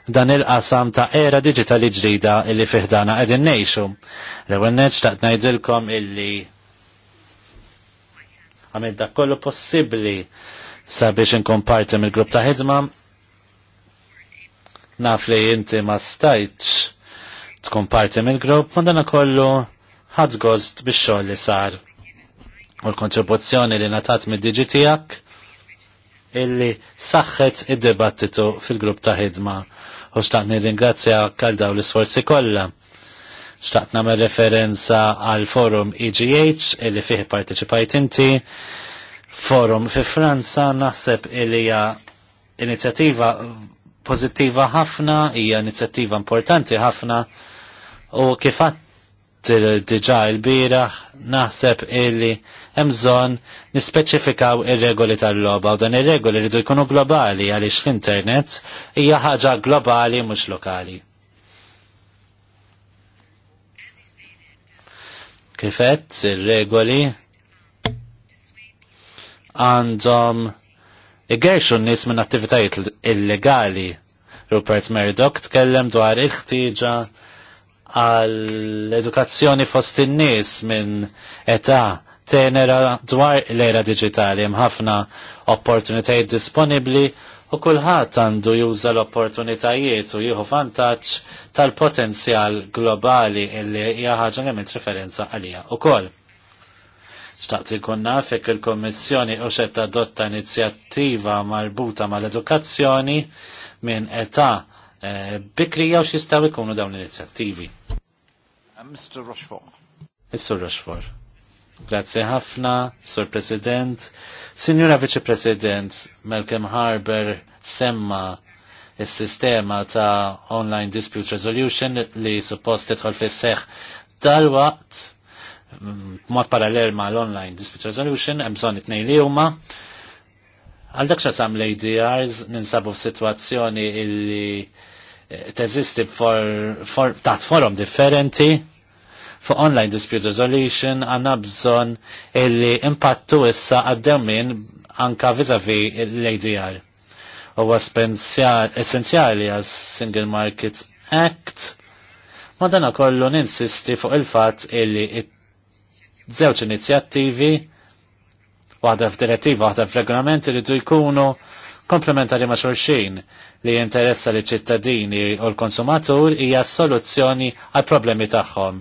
dan il-qasam ta' era digitali ġrida illi fiħdana qegħdin ngħixu. L-ewwel neġ ngħidilkom illi għamil dak kollu possibli sabiex inkomparti mill grupp ta' ħidma. Naf li inti ma stajċ tkomparti mill grupp ma dana kollu ħadżgost gost biex xoll li sar. U l-kontribuzzjoni li natat mid-diġi tiegħek illi saħħet id-dibattitu fil-grupp ta' ħidma u xtaqni ringrazzja għal daw l-isforzi kollha. Xtaqt nagħmel referenza għal forum EGH illi fih parteċipajt inti. Forum fi Franza naħseb illi hija inizjattiva pożittiva ħafna, hija inizjattiva importanti ħafna u kifat diġa il-biraħ naħseb illi bżonn nispeċifikaw ir-regoli tal-loba u dan ir-regoli rridu jkunu globali għaliex l-internet hija ħaġa globali mhux lokali. Kifet ir-regoli għandhom igerxu n-nies minn attivitajiet illegali. Rupert Murdoch tkellem dwar il-ħtieġa għall-edukazzjoni fost in-nies minn età tenera dwar l-era digitali hemm ħafna opportunitajiet disponibbli u kulħadd għandu juża l-opportunitajiet u jieħu vantaġġ tal-potenzjal globali illi hija ħaġa li mint referenza għalija ukoll. Xtaqt ikun naf il-Kommissjoni u xed adotta inizjattiva marbuta mal-edukazzjoni minn età e, eh, bikrija u x'jistgħu jkunu dawn l-inizjattivi. Uh, Mr. Rochefort. Mr. Rochefort. Grazzi ħafna, Sur President. Signora Vice President, Malcolm Harber semma il-sistema ta' online dispute resolution li suppost titħol fis dal-waqt mm, mod parallel ma' l-online dispute resolution, hemm bżonn it-tnejn li huma. Għal dak xasam l-ADRs ninsabu f'sitwazzjoni illi eh, teżisti taħt forum differenti fuq online dispute resolution għanna bżon illi impattu issa għaddemmin anka vizavi l-ADR. U essenzjali għas Single Market Act ma dana kollu ninsisti fuq il-fat illi zewċ inizjattivi waħda f'direttiva, waħda f'regolamenti li du jkunu komplementari ma' xulxin li jinteressa li ċittadini u l-konsumatur hija soluzzjoni għal problemi tagħhom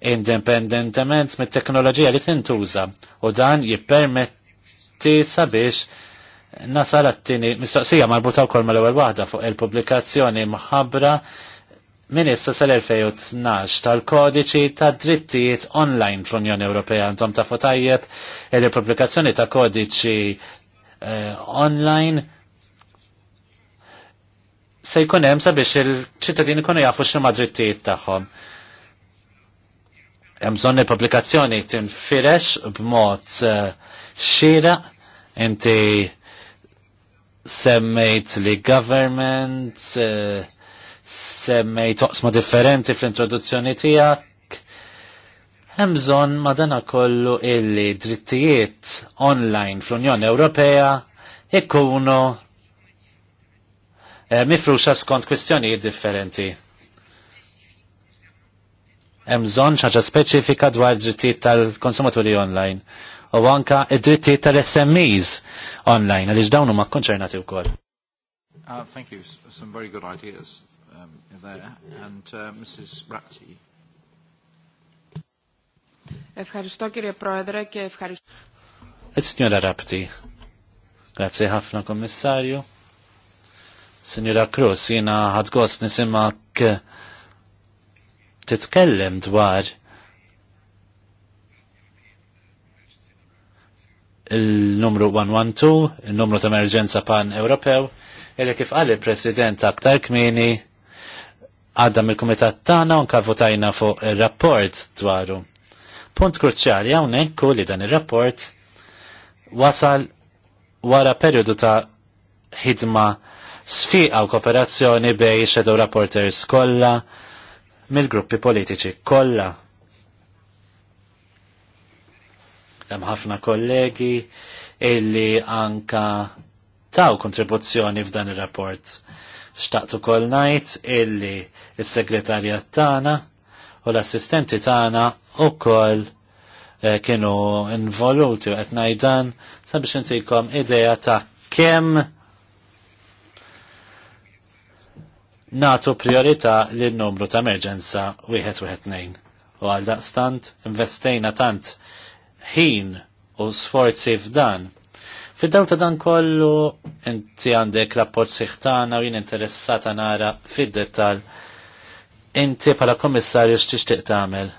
independentement mit-teknoloġija li tintuża u dan jippermetti sabiex nasal għattini mistoqsija marbuta wkoll mal-ewwel waħda fuq il-pubblikazzjoni mħabbra minn issa sal-2012 tal-kodiċi ta' drittijiet online fl-Unjoni Ewropea għandhom ta' fotajjeb il-pubblikazzjoni ta' kodiċi eh, online se jkun hemm sabiex il-ċittadini jkunu jafu x'huma drittijiet tagħhom. Hemm bżonn il-pubblikazzjoni tinfirex b'mod eh, xira inti semmejt li government eh, semmejt oqsma differenti fl-introduzzjoni tiegħek Hemm madana kollu illi drittijiet online fl-Unjoni Ewropea ikkunu eh, mifruxa skont kwistjonijiet differenti hemm bżonn ħaġa speċifika dwar drittijiet tal-konsumaturi online u anka id-drittijiet tal-SMEs online għaliex dawn huma konċernati wkoll. Uh, thank you. Some very good ideas um, there. And uh, Mrs. Rapti. Ευχαριστώ κύριε Πρόεδρε και ευχαριστώ. Signora Rapti, grazie ħafna commissario. Signora Cruz, jina ħadgost nisimak uh, titkellem dwar il-numru 112, il-numru ta' emerġenza pan-Ewropew, illi kif għalli president aktar kmini għadda mill-komitat tagħna unka votajna fuq ir-rapport dwaru. Punt kruċjali hawnhekk li dan ir-rapport wasal wara perjodu ta' ħidma sfiqa u kooperazzjoni bej shadow rapporters kollha mill-gruppi politiċi kollha. Hemm ħafna kollegi illi anka taw kontribuzzjoni f'dan ir-rapport. Xtaqt ukoll ngħid illi s-segretarjat tagħna u l-assistenti tagħna ukoll eh, kienu involuti u qed ngħidan sabiex intikom idea ta' kemm natu priorità lin numru ta' emerġenza wieħed U għal daqstant investejna tant ħin u sforzi f'dan. Fid-daw ta' dan kollu inti għandek rapport siħtana u jien interessata nara fid detal inti pala komissarju x'tixtieq tagħmel.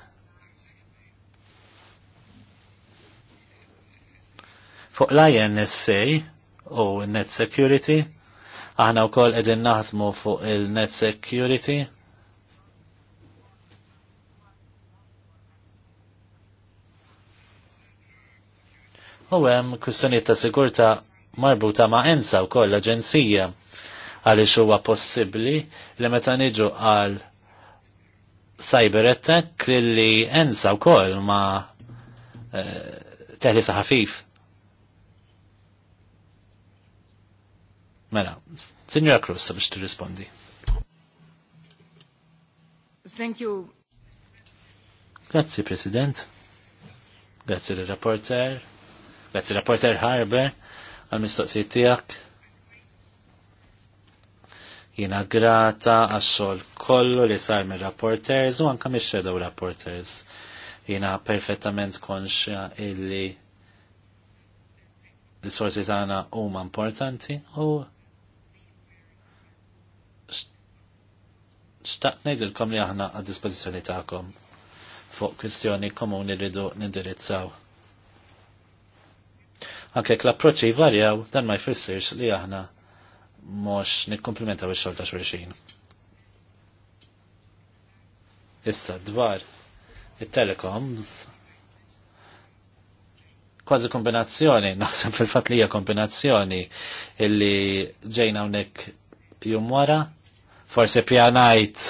Fuq l-INSA u Net Security, Aħna wkoll qegħdin naħdmu fuq il-net security. U hemm kwistjonijiet ta' sigurta marbuta ma' ensa wkoll l-aġenzija għaliex huwa possibbli li meta niġu għal cyber attack li ensa wkoll ma' eh, teħli saħafif. Mela, Signora Cruz, biex tirrispondi. Thank you. Grazzi, President. Grazzi l-rapporter. Grazzi rapporter Harber għal-mistoqsijiet tiegħek. Jiena grata għax-xogħol kollu li sar me rapporters u anke miex xedaw rapporters. Jiena perfettament konxja illi l-sorsi tagħna huma importanti u xtaqt ngħidilkom li aħna għad dispożizzjoni tagħkom fuq kwistjoni komuni li rridu nindirizzaw. Anke l-approċċi jvarjaw dan ma jfissirx li aħna mhux nikkomplimentaw ix-xogħol ta' xulxin. Issa dwar it-telecoms kważi kombinazzjoni, naħseb fil-fat li hija kombinazzjoni illi ġejna hawnhekk jum wara Forse pjanajt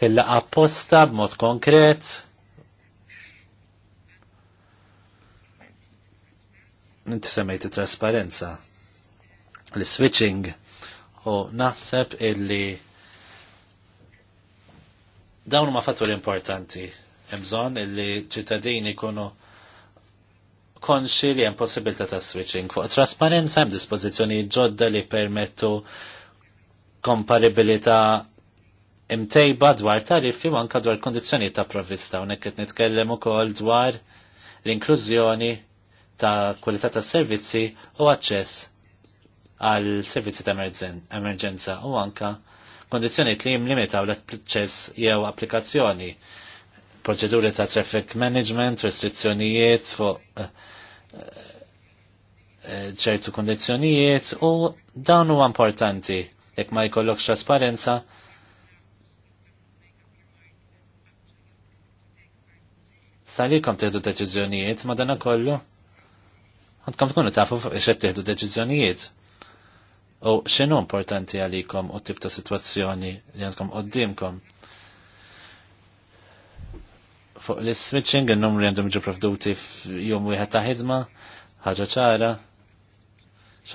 il apposta b'mod konkret. Inti semmejt trasparenza l-switching u naħseb illi dawn huma fattur importanti. Hemm bżonn illi ċittadini jkunu konxi li hemm possibilità ta' switching. Fuq trasparenza hemm dispozizjoni ġodda li permettu komparabilità imtejba dwar tariffi u anka dwar kondizjoni ta' provvista unek qed nitkellem ukoll dwar l-inklużjoni ta' kwalità ta' servizzi u aċċess għal servizzi ta' emerġenza u anka kondizjoni li jimlimitaw l-aċċess jew applikazzjoni, proċeduri ta' traffic management, restrizzjonijiet fuq eh, eh, ċertu kondizjonijiet u dawn u importanti jekk ma jkollokx trasparenza, salikom teħdu deċizjonijiet, ma dana kollu, għandkom tkunu tafu xed teħdu deċizjonijiet. U xinu importanti għalikom u tip ta' situazzjoni li għandkom għoddimkom. Fuq li switching il numri li għandhom ġu provduti f'jum wieħed ta' ħidma, ħaġa ċara,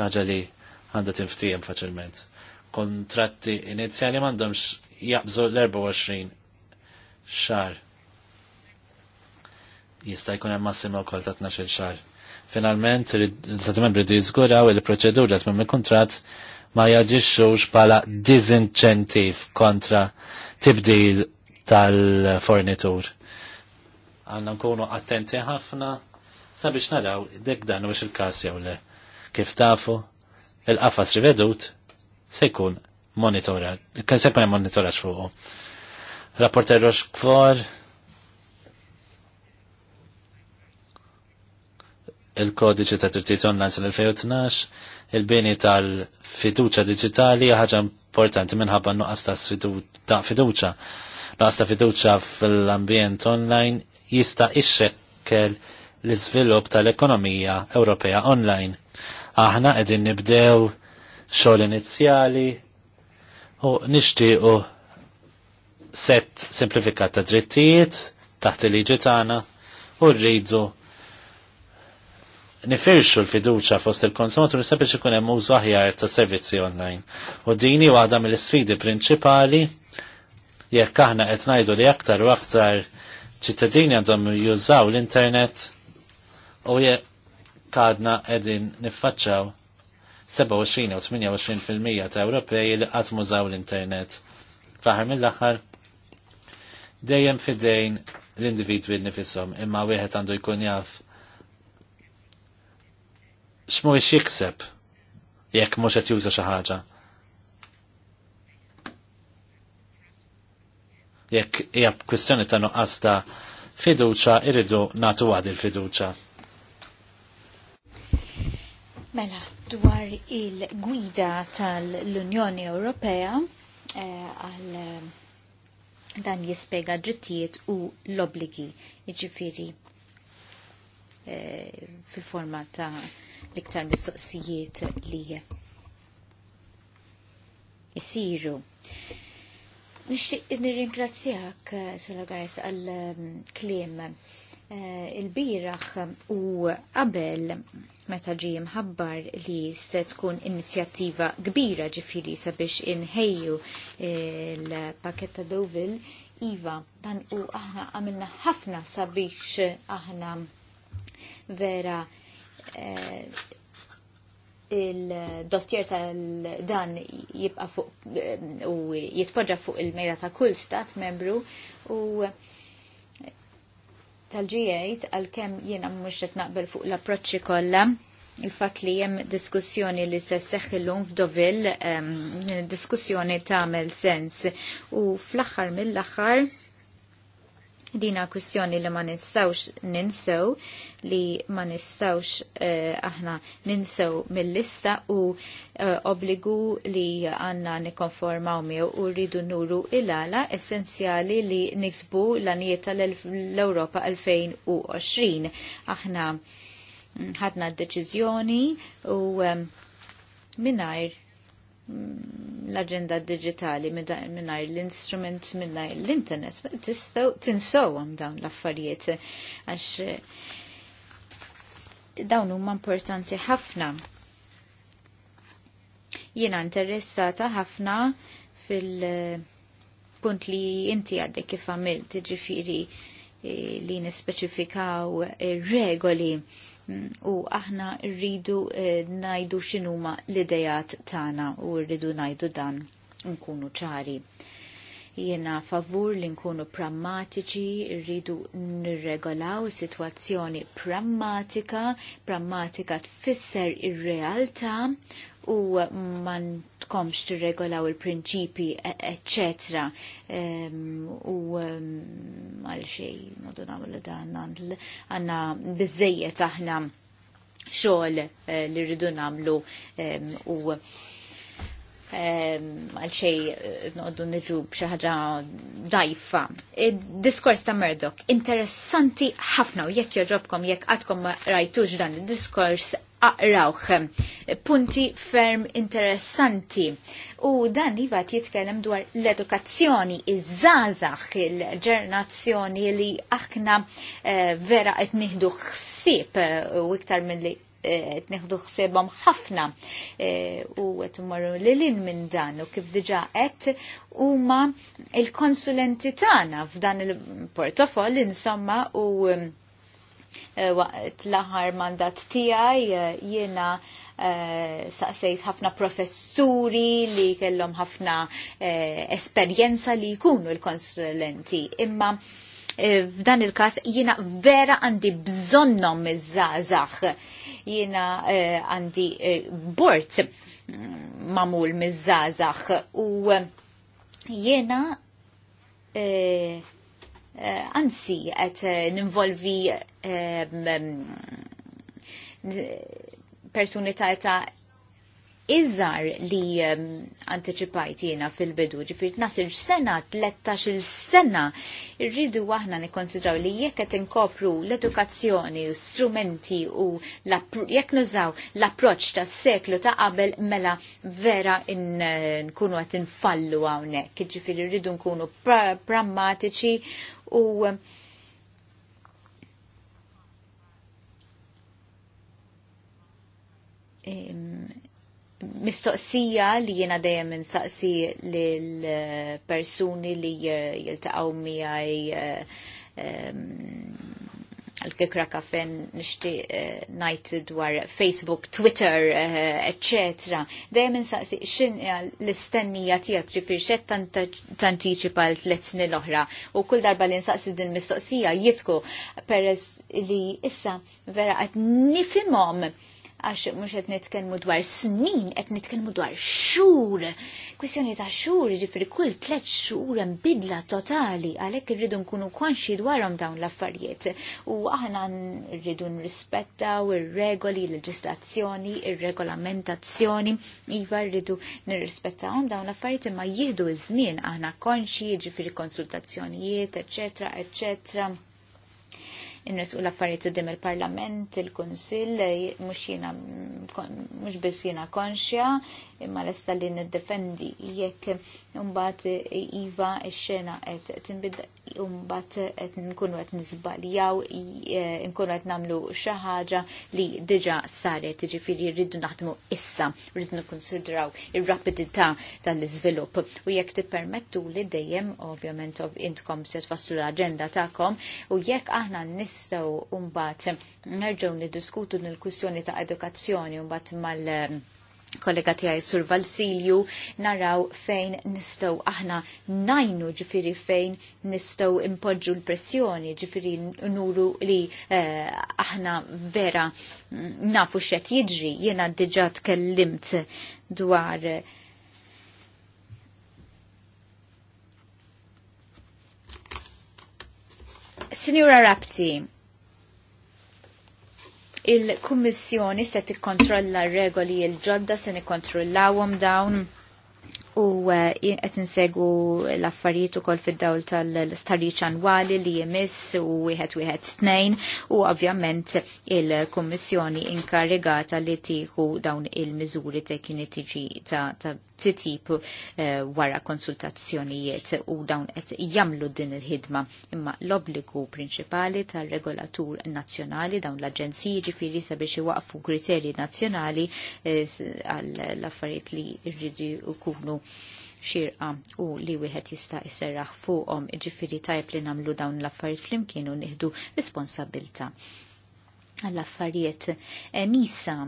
xaġa li għandha tinftijem faċilment kontratti inizjali m'għandhomx jaqbżu l-24 xar. Jista' jkun hemm massimo wkoll ta' 12 xar. Finalment, l-Stati Membri di jiżguraw il-proċedura tmiem il-kuntratt ma jaġixxux bħala dizinċentiv kontra tibdil tal-fornitur. Għanna nkunu attenti ħafna sabiex naraw dek dan biex il-kas jew le. Kif tafu, il-qafas rivedut se jkun monitora, se jkun monitorat fuqu. Rapporter Roxkfor, il-kodiċi ta' trittijiet online sal-2012, il-bini tal-fiduċa digitali ħaġa importanti minħabba nuqqas ta' fiduċa. Nuqqas ta' fiduċa fil-ambjent online jista' ixxekkel l-iżvilupp tal-ekonomija Ewropea online. Aħna qegħdin nibdew xogħol inizjali u nixtiequ set simplifikat ta' drittijiet taħt il-liġi tagħna u rridu nifirxu l-fiduċa fost il-konsumatur sabiex ikun hemm użu aħjar ta' servizzi online. U dini waħda mill-isfidi prinċipali jekk aħna qed ngħidu li aktar u aktar ċittadini għandhom jużaw l-internet u jekk għadna qegħdin niffaċċaw 27 u 28% ta' Ewropej li qatt mużaw l-internet. Faħar mill-aħħar dejjem fidejn l-individwi nifisom imma wieħed għandu jkun jaf x'mu jikseb jekk mhux qed juża xi ħaġa. Jekk hija kwistjoni ta' nuqqas ta' fiduċa iridu nagħtu għad il-fiduċa. Mela, dwar il-gwida tal-Unjoni Ewropea eh, għal eh, dan jispega drittijiet u l-obligi, iġifiri eh, fil fi forma ta' l-iktar mistoqsijiet li jisiru. Nixtieq nirringrazzjak, Solo Gajs, għal-klim Eh, il-biraħ u qabel meta ġi mħabbar li se tkun inizjattiva kbira ġifiri sabiex inħejju il-pakket eh, ta' Deauville, Iva, dan u aħna għamilna ħafna sabiex aħna vera eh, il dostjer tal-dan jibqa fuq u jitpoġġa fuq il-mejda ta' kull stat membru u tal-G8 għal-kem jiena mux naqbel fuq l-approċċi kollha il-fat li jem diskussjoni li se seħħillum f'Dovil, um, diskussjoni tamel sens. U fl-axar mill-axar, Dina kwistjoni li ma nistawx ninsew li ma nistawx eh, aħna ninsew mill-lista u eh, obligu li għanna nikonformaw miegħu u rridu nuru il-għala essenzjali li niksbu l-anijiet tal-Europa 2020. Aħna mm, ħadna d-deċizjoni u eh, minnajr l-agenda digitali minnar l-instrument minnar l-internet, tistaw għam dawn l-affarijiet għax eh, dawn huma importanti ħafna. Jiena interessata ħafna fil-punt li inti għaddek kif għamilt ġifiri eh, li nispeċifikaw eh, regoli u aħna rridu eh, najdu x'inhuma l-idejat tagħna u rridu najdu dan nkunu ċari. Jiena favur li nkunu prammatiċi, rridu nirregolaw situazzjoni prammatika, prammatika tfisser ir-realtà u man tkomx tirregolaw il-prinċipi, e- etc. Ehm, u ehm, għal xej, modu namlu dan għanna bizzejiet aħna xogħol eh, li rridu namlu ehm, u għal xej eh, noqdu nġu bxaħġa dajfa. Diskors ta' Murdoch, interessanti ħafna u jekk joġobkom, jekk għadkom ma rajtux dan il-diskors, aqrawħ. Punti ferm interessanti. U dan li iva jitkellem dwar l-edukazzjoni, iż-żazax il-ġernazzjoni li aħna eh, vera qed nieħdu ħsieb eh, u iktar minn li eh, nieħdu ħsiebhom ħafna eh, u qed marru lilin minn dan u kif diġà qed huma l il-konsulenti tagħna f'dan il-portofoll insomma u Eh, waqt l-aħħar mandat tiegħi eh, jiena eh, saqsejt ħafna professuri li kellhom ħafna esperjenza li jkunu l-konsulenti. Imma f'dan il-każ jiena vera għandi bżonnhom iż-żgħażagħ. Jiena għandi bort mm, mamul miż-żgħażagħ u jiena Eh, anzi qed eh, ninvolvi eh, persuni ta' ta' izzar li anticipajt jiena fil-bidu ġifir nasir sena, 13 sena, irridu aħna nikonsidraw li jekk qed inkopru l-edukazzjoni, strumenti u jekk nużaw l-approċ tas seklu ta' qabel mela vera nkunu qed infallu hawnhekk, ġifir irridu nkunu prammatiċi u mistoqsija li jiena dejjem insaqsi lil persuni li jiltaqgħu miegħi eh, l kikra kafen nishti uh, najt dwar Facebook, Twitter, uh, eh, etc. Dajem nsaqsi xin l-istennija tijak ġifir xed tantiċi pal t snin l-oħra u kull darba li nsaqsi din mistoqsija jitku peres li issa vera għat nifimom għax mux għet nitkelmu dwar snin, għet nitkelmu dwar xur. Kwissjoni ta' xur, ġifri kull tlet xur bidla totali, għalek rridu nkunu konxi dwarom dawn l-affarijiet. U aħna rridu nrispettaw ir-regoli, l-leġislazzjoni, ir-regolamentazzjoni, iva rridu għom dawn l-affarijiet imma jihdu iż-żmien aħna konxi, ġifri konsultazzjonijiet, eccetera, eccetera inres u l-affarijiet u il-Parlament, il-Kunsill, mux jina, mux biss jina konxja, imma l-esta li niddefendi jekk mbagħad iva x-xena qed tinbidel umbat nkunu et nizbaljaw, e, nkunu et namlu xaħġa li diġa saret, ġifiri rridu naħdmu issa, rridu nkonsidraw il-rapidità tal-izvilup. U jekk tippermettu li dejjem, ovvjament, intkom se tfasslu l-agenda ta'kom, u jekk aħna nistaw umbat nerġaw nidiskutu nil-kussjoni ta' edukazzjoni umbat mal- kollega tiegħi Sur Valsilju naraw fejn nistgħu aħna najnu ġifiri fejn nistgħu impoġġu l-pressjoni ġifiri nuru li eh, aħna vera mm, nafu x'qed jiġri jiena diġà tkellimt dwar eh, Signora Rapti, Il-Kummissjoni se tikkontrolla regoli il-ġodda se nikkontrollawhom dawn u eh, qed insegu l-affarijiet ukoll fid-dawl tal-istariċ annwali li jemiss u wieħed wieħed snejn u ovvjament il-Kummissjoni inkarigata li tieħu dawn il-miżuri tiġi ta' t-tip eh, wara konsultazzjonijiet u dawn qed jagħmlu din il-ħidma imma l-obbligu prinċipali tal-regolatur nazzjonali dawn l-aġenziji ġifieri sabiex iwaqfu kriterji nazzjonali eh, għall-affarijiet li rridu jkunu xirqa u li wieħed jista' jserraħ fuqhom ġifiri tajb li nagħmlu dawn l-affarijiet flimkien u nieħdu responsabilta għall-affarijiet eh, nisa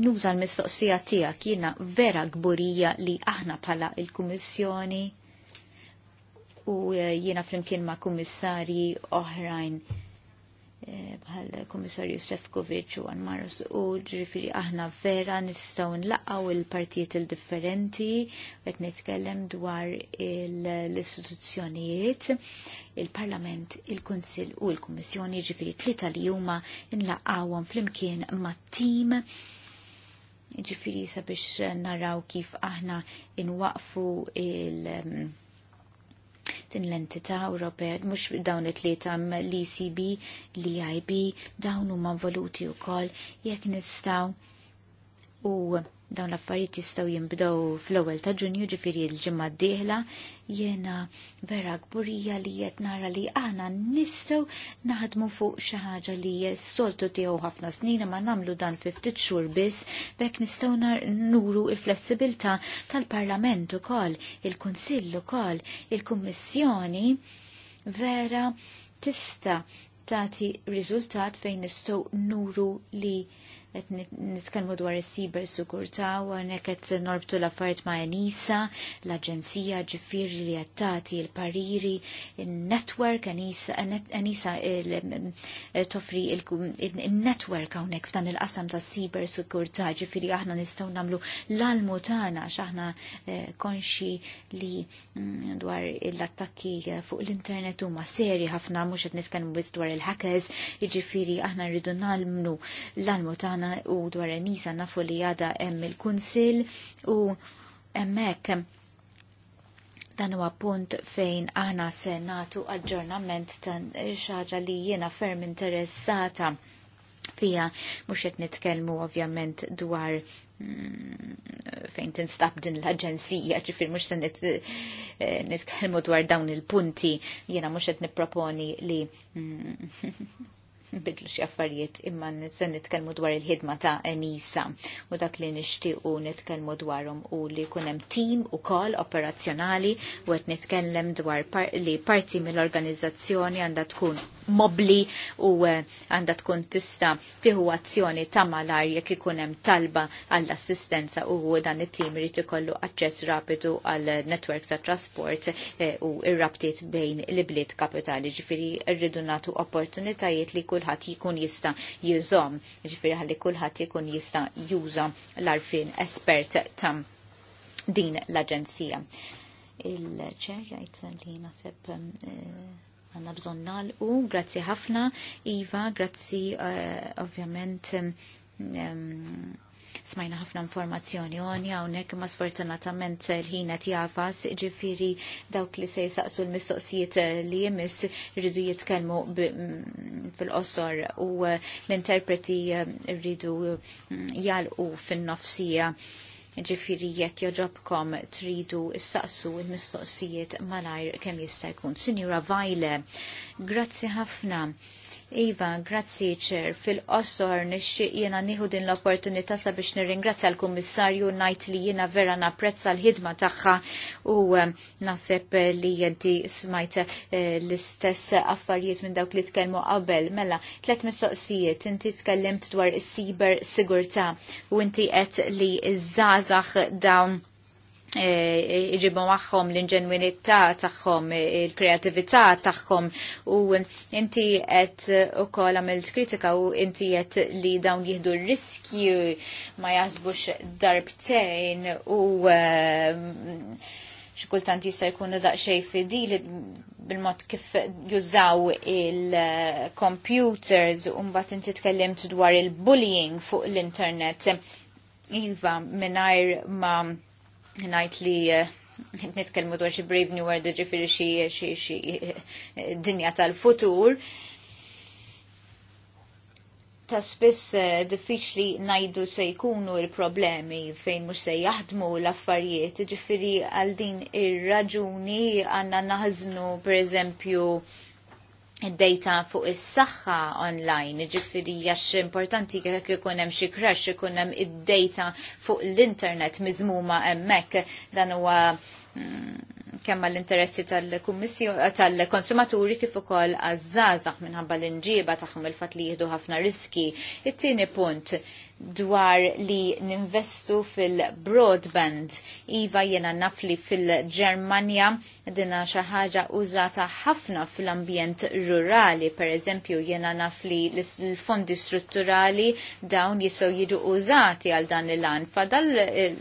nuża l-mistoqsija tiegħek jiena vera gburija li aħna bħala il-Kummissjoni u eh, jiena flimkien ma' kummissarji oħrajn eh, bħal kummissarju Sefkovic u Maros u ġifiri aħna vera nistgħu nlaqaw il-partijiet il-differenti qed nitkellem dwar l-istituzzjonijiet il-Parlament, il-Kunsill u l-Kummissjoni ġifiri tlieta li huma nlaqawom flimkien mat-tim ġifiri sabiex eh, naraw kif aħna inwaqfu il- din l-entità Ewropea, mhux dawn it-tlieta l-ECB, l-EIB, dawn huma voluti wkoll jekk nistgħu u dawn l-affarijiet jistgħu jinbdew fl-ewwel ta' Ġunju ġifieri l-ġimgħa d-dieħla jiena vera gburija li qed nara li aħna nistgħu naħdmu fuq xi ħaġa li s-soltu tiegħu ħafna snin ma nagħmlu dan fi ftit xhur biss bekk nistgħu nuru l-flessibilità tal-Parlament ukoll, il-Kunsill ukoll, il-Kummissjoni vera tista' tagħti riżultat fejn nistgħu nuru li et nitkellmu dwar is-siber sigurtà u għanek qed norbtu l-affarijiet ma' Enisa, l-Aġenzija ġifieri li qed tagħti l-pariri, in-network Enisa eh, toffri in network hawnhekk f'dan il-qasam tas-siber sigurtà ġifieri aħna nistgħu nagħmlu l-almu tagħna x'aħna eh, konxi li mm, dwar l-attakki fuq l-internet huma seri ħafna mhux qed nitkellmu biss dwar il-hackers, jiġifieri aħna rridu nagħmlu l-almu tagħna tagħna u dwar Enisa nafu li għada hemm il kunsill u hemmhekk dan huwa punt fejn aħna se nagħtu aġġornament ta' xaġa li jiena ferm interessata fija mhux qed nitkellmu ovvjament dwar mm, fejn tinstab din l-aġenzija, ġifir mux se eh, nitkellmu dwar dawn il-punti, jiena mhux qed nipproponi li mm, bidlu xi affarijiet imma se nitkellmu dwar il-ħidma ta' Enisa u dak li nixtiequ nitkellmu dwarhom u li jkun hemm tim ukoll operazzjonali u għet nitkellem dwar par li parti mill-organizzazzjoni għandha tkun mobli u eh, għanda tkun tista tiħu azzjoni ta' malar jekk ikun hemm talba għall-assistenza u dan it-tim irid ikollu aċċess rapidu għall netwerk ta' trasport eh, u ir-rabtiet bejn l-bliet kapitali. ġifiri rridu nagħtu opportunitajiet li kulħadd jikun jista' jizom ġifiri għalli kulħadd jikun jista' juża l-arfin espert ta' din l-aġenzija. Il-ċerja jitzan li nasib uh eh, għanna bżon nalqu, grazzi ħafna, Iva, grazzi uh, ovvjament um, smajna ħafna informazzjoni għoni unek ma sfortunatament l-ħina tjafas ġifiri dawk li se jisaqsu l-mistoqsijiet li jemis rridu jitkelmu mm, fil-qosor u eh, l-interpreti eh, rridu mm, jalqu fil-nofsija ġifiri jekk joġobkom tridu s-saqsu il-mistoqsijiet malajr kem jista' jkun. Sinjura Vajle, grazzi ħafna. Iva, grazzi ċer. Fil-qossor nixxieq jiena nieħu din l-opportunità sabiex nirringrazzja l-Kummissarju ngħid li jiena vera napprezza l-ħidma tagħha u ehm, naħseb li jenti smajt eh, l-istess affarijiet minn dawk li tkellmu qabel. Mela, tliet mistoqsijiet, inti tkellimt dwar is-siber sigurtà u inti qed li iż-żgħażagħ dawn Eh, iġibu maħħom l-inġenwinità taħħom, il-kreativita taħħom u inti għet u kol għamilt kritika u inti għet li dawn jihdu riskju ma jazbux darbtejn u eh, xikultant jista jkun daqxej fidi li bil-mod kif jużaw il-computers un bat inti tkellimt dwar il-bullying fuq l-internet. Iva, minnajr ma' najt li eh, nitkelmu dwar xi Brave New World ġifiri xi eh, dinja tal-futur. Ta' spiss eh, diffiċli najdu se jkunu il-problemi fejn mhux se jaħdmu l-affarijiet, ġifiri għal din ir-raġuni għandna naħżnu pereżempju eżempju id-data fuq is-saħħa online, ġifiri jax importanti kif ikun hemm xi crash, ikun hemm id-data fuq l-internet miżmuma hemmhekk dan huwa mm, kemm l-interessi tal-konsumaturi kif ukoll għaż-żgħażagħ minħabba l-inġieba tagħhom il-fatt li jieħdu ħafna riski. It-tieni punt dwar li ninvestu fil-broadband. Iva jena nafli fil-Germania dina xaħġa użata ħafna fil-ambjent rurali. Per eżempju jena nafli l-fondi strutturali dawn jisow jidu użati għal dan il lan Fadal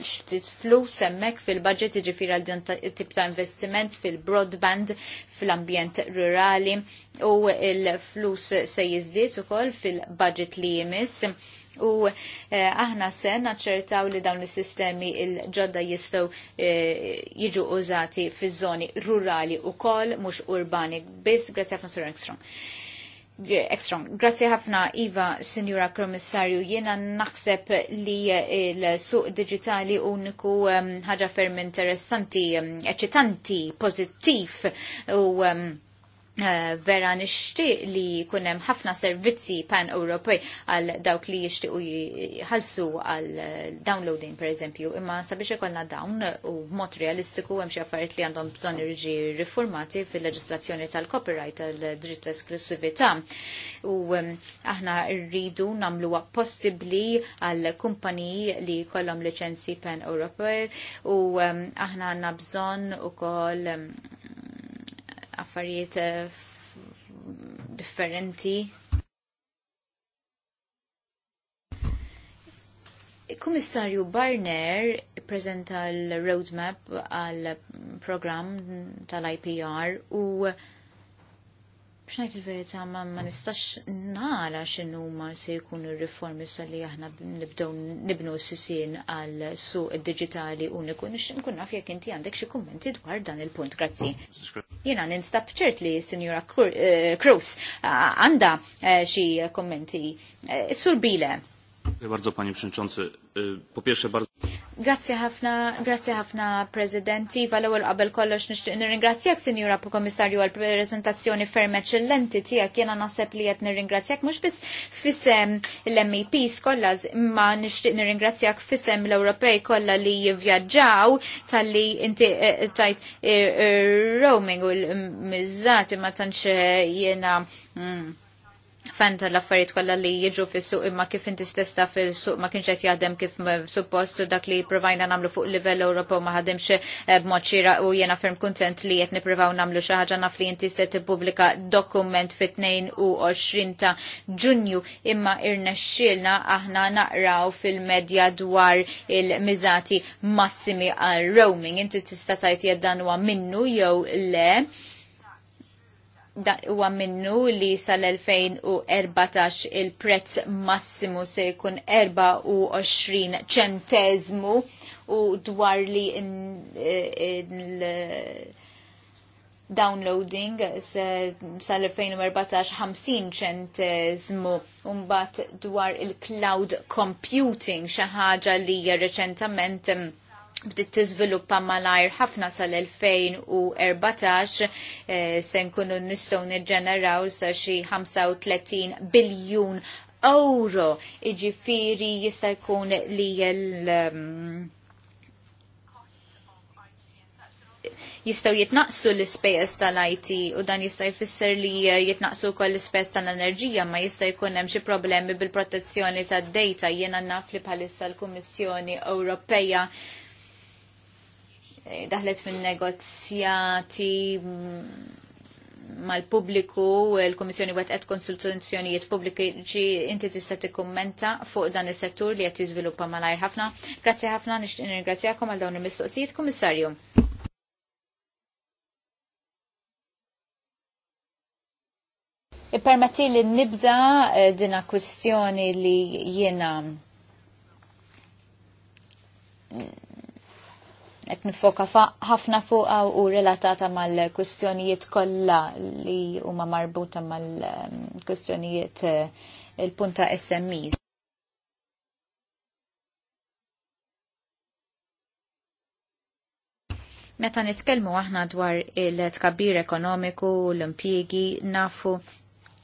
flus semmek fil-budget iġifir għal dan tip ta' investiment fil-broadband fil-ambjent rurali u il-flus se jizdiet ukoll fil-budget li jimis. U eh, aħna sen naċċertaw li dawn is-sistemi il-ġodda jistgħu eh, jiġu użati fi zoni rurali wkoll mhux urbani biss grazie ħafna Sur Ekstrom. Ekstrom, grazzi ħafna Iva, Sinjura Kommissarju, jiena naħseb li eh, l-suq digitali uniku ħaġa ferm interessanti, eċitanti, pozittif u Eh, vera nixtieq li kunem ħafna servizzi pan-Ewropej għal dawk li jixtiequ jħallsu għal eh, downloading per eżempju, imma sabiex ikollna dawn u b'mod realistiku hemm xi affarijiet li għandhom bżonn irġi riformati fil-leġislazzjoni tal-copyright tal-dritt esklusività. U eh, aħna rridu nagħmluha possibbli għal kumpaniji li kollhom licenzi pan europej u aħna għandna bżonn ukoll affarijiet eh, differenti. Il-Kummissarju Barner prezenta l-roadmap għal program tal-IPR u B'xnajt il-verità ma, ma nistax nara x'inhu ma se jkunu il-reformi li aħna nibdew nibnu s-sisin għal suq digitali uniku nikun nkun naf jekk inti għandek xi kummenti dwar dan il-punt. Grazzi. Jiena ninstab ċert li Sinjura Cruz eh, eh, għandha eh, xi kommenti. Sur Bile. Bardzo Panie Przewodniczący, po pierwsze bardzo... Grazzi ħafna, grazzi ħafna President Iva l-ewwel qabel kollox nixtieq nirringrazzjak Sinjura Komissarju għal prezentazzjoni ferm eċċellenti tiegħek jiena naħseb li qed nirringrazzjak mhux biss fisem l-MEPs kollha imma nixtieq nirringrazzjak fisem l-Ewropej kollha li jivvjaġġaw talli inti eh, eh, tajt eh, roaming u l mizzati ma tantx jiena mm, Fent tal-affarijiet kollha li jiġu fis-suq imma kif inti stessa fil-suq ma kienx qed jaħdem kif suppost dak li provajna nagħmlu fuq livell Ewropew ma ħademx eh, b'mod xira u jiena ferm kuntent li qed nippruvaw nagħmlu xi ħaġa naf li inti se tippubblika dokument fit-22 ta' Ġunju imma irnexxielna aħna naqraw fil-medja dwar il-miżati massimi għal roaming. Inti tista' tajt jeddan huwa minnu jew le huwa minnu li sal-2014 il-prezz massimu se jkun 24 ċentezmu u dwar li downloading sal-2014 50 ċentezmu un dwar il-cloud computing xaħġa li reċentament bdiet tiżviluppa malajr ħafna sal-2014 eh, se nkunu nistgħu niġġeneraw sa xi 35 biljun euro. Iġifieri jista' jkun li l ehm, jistaw jitnaqsu l-ispejjeż tal-IT u dan jista' jfisser li jitnaqsu wkoll l-ispejjeż tal-enerġija ma jista' jkun hemm xi problemi bil-protezzjoni tad-data jiena naf li bħalissa l-Kummissjoni Ewropea daħlet fin negozjati mm, mal-pubbliku, l-Komissjoni wetqet konsultazzjonijiet pubbliċi, inti tista' tikkummenta fuq dan is-settur li qed jiżviluppa malajr ħafna. Grazzi ħafna nixtieq nirringrazzjakom għal dawn il-mistoqsijiet, Kummissarju. Ippermetti li nibda eh, dina kwistjoni li jiena qed nifoka ħafna fuqha u relatata mal-kwistjonijiet kollha li huma marbuta mal-kwistjonijiet eh, il-punta SMI. Meta nitkellmu aħna dwar il-tkabbir ekonomiku, l-impjiegi, nafu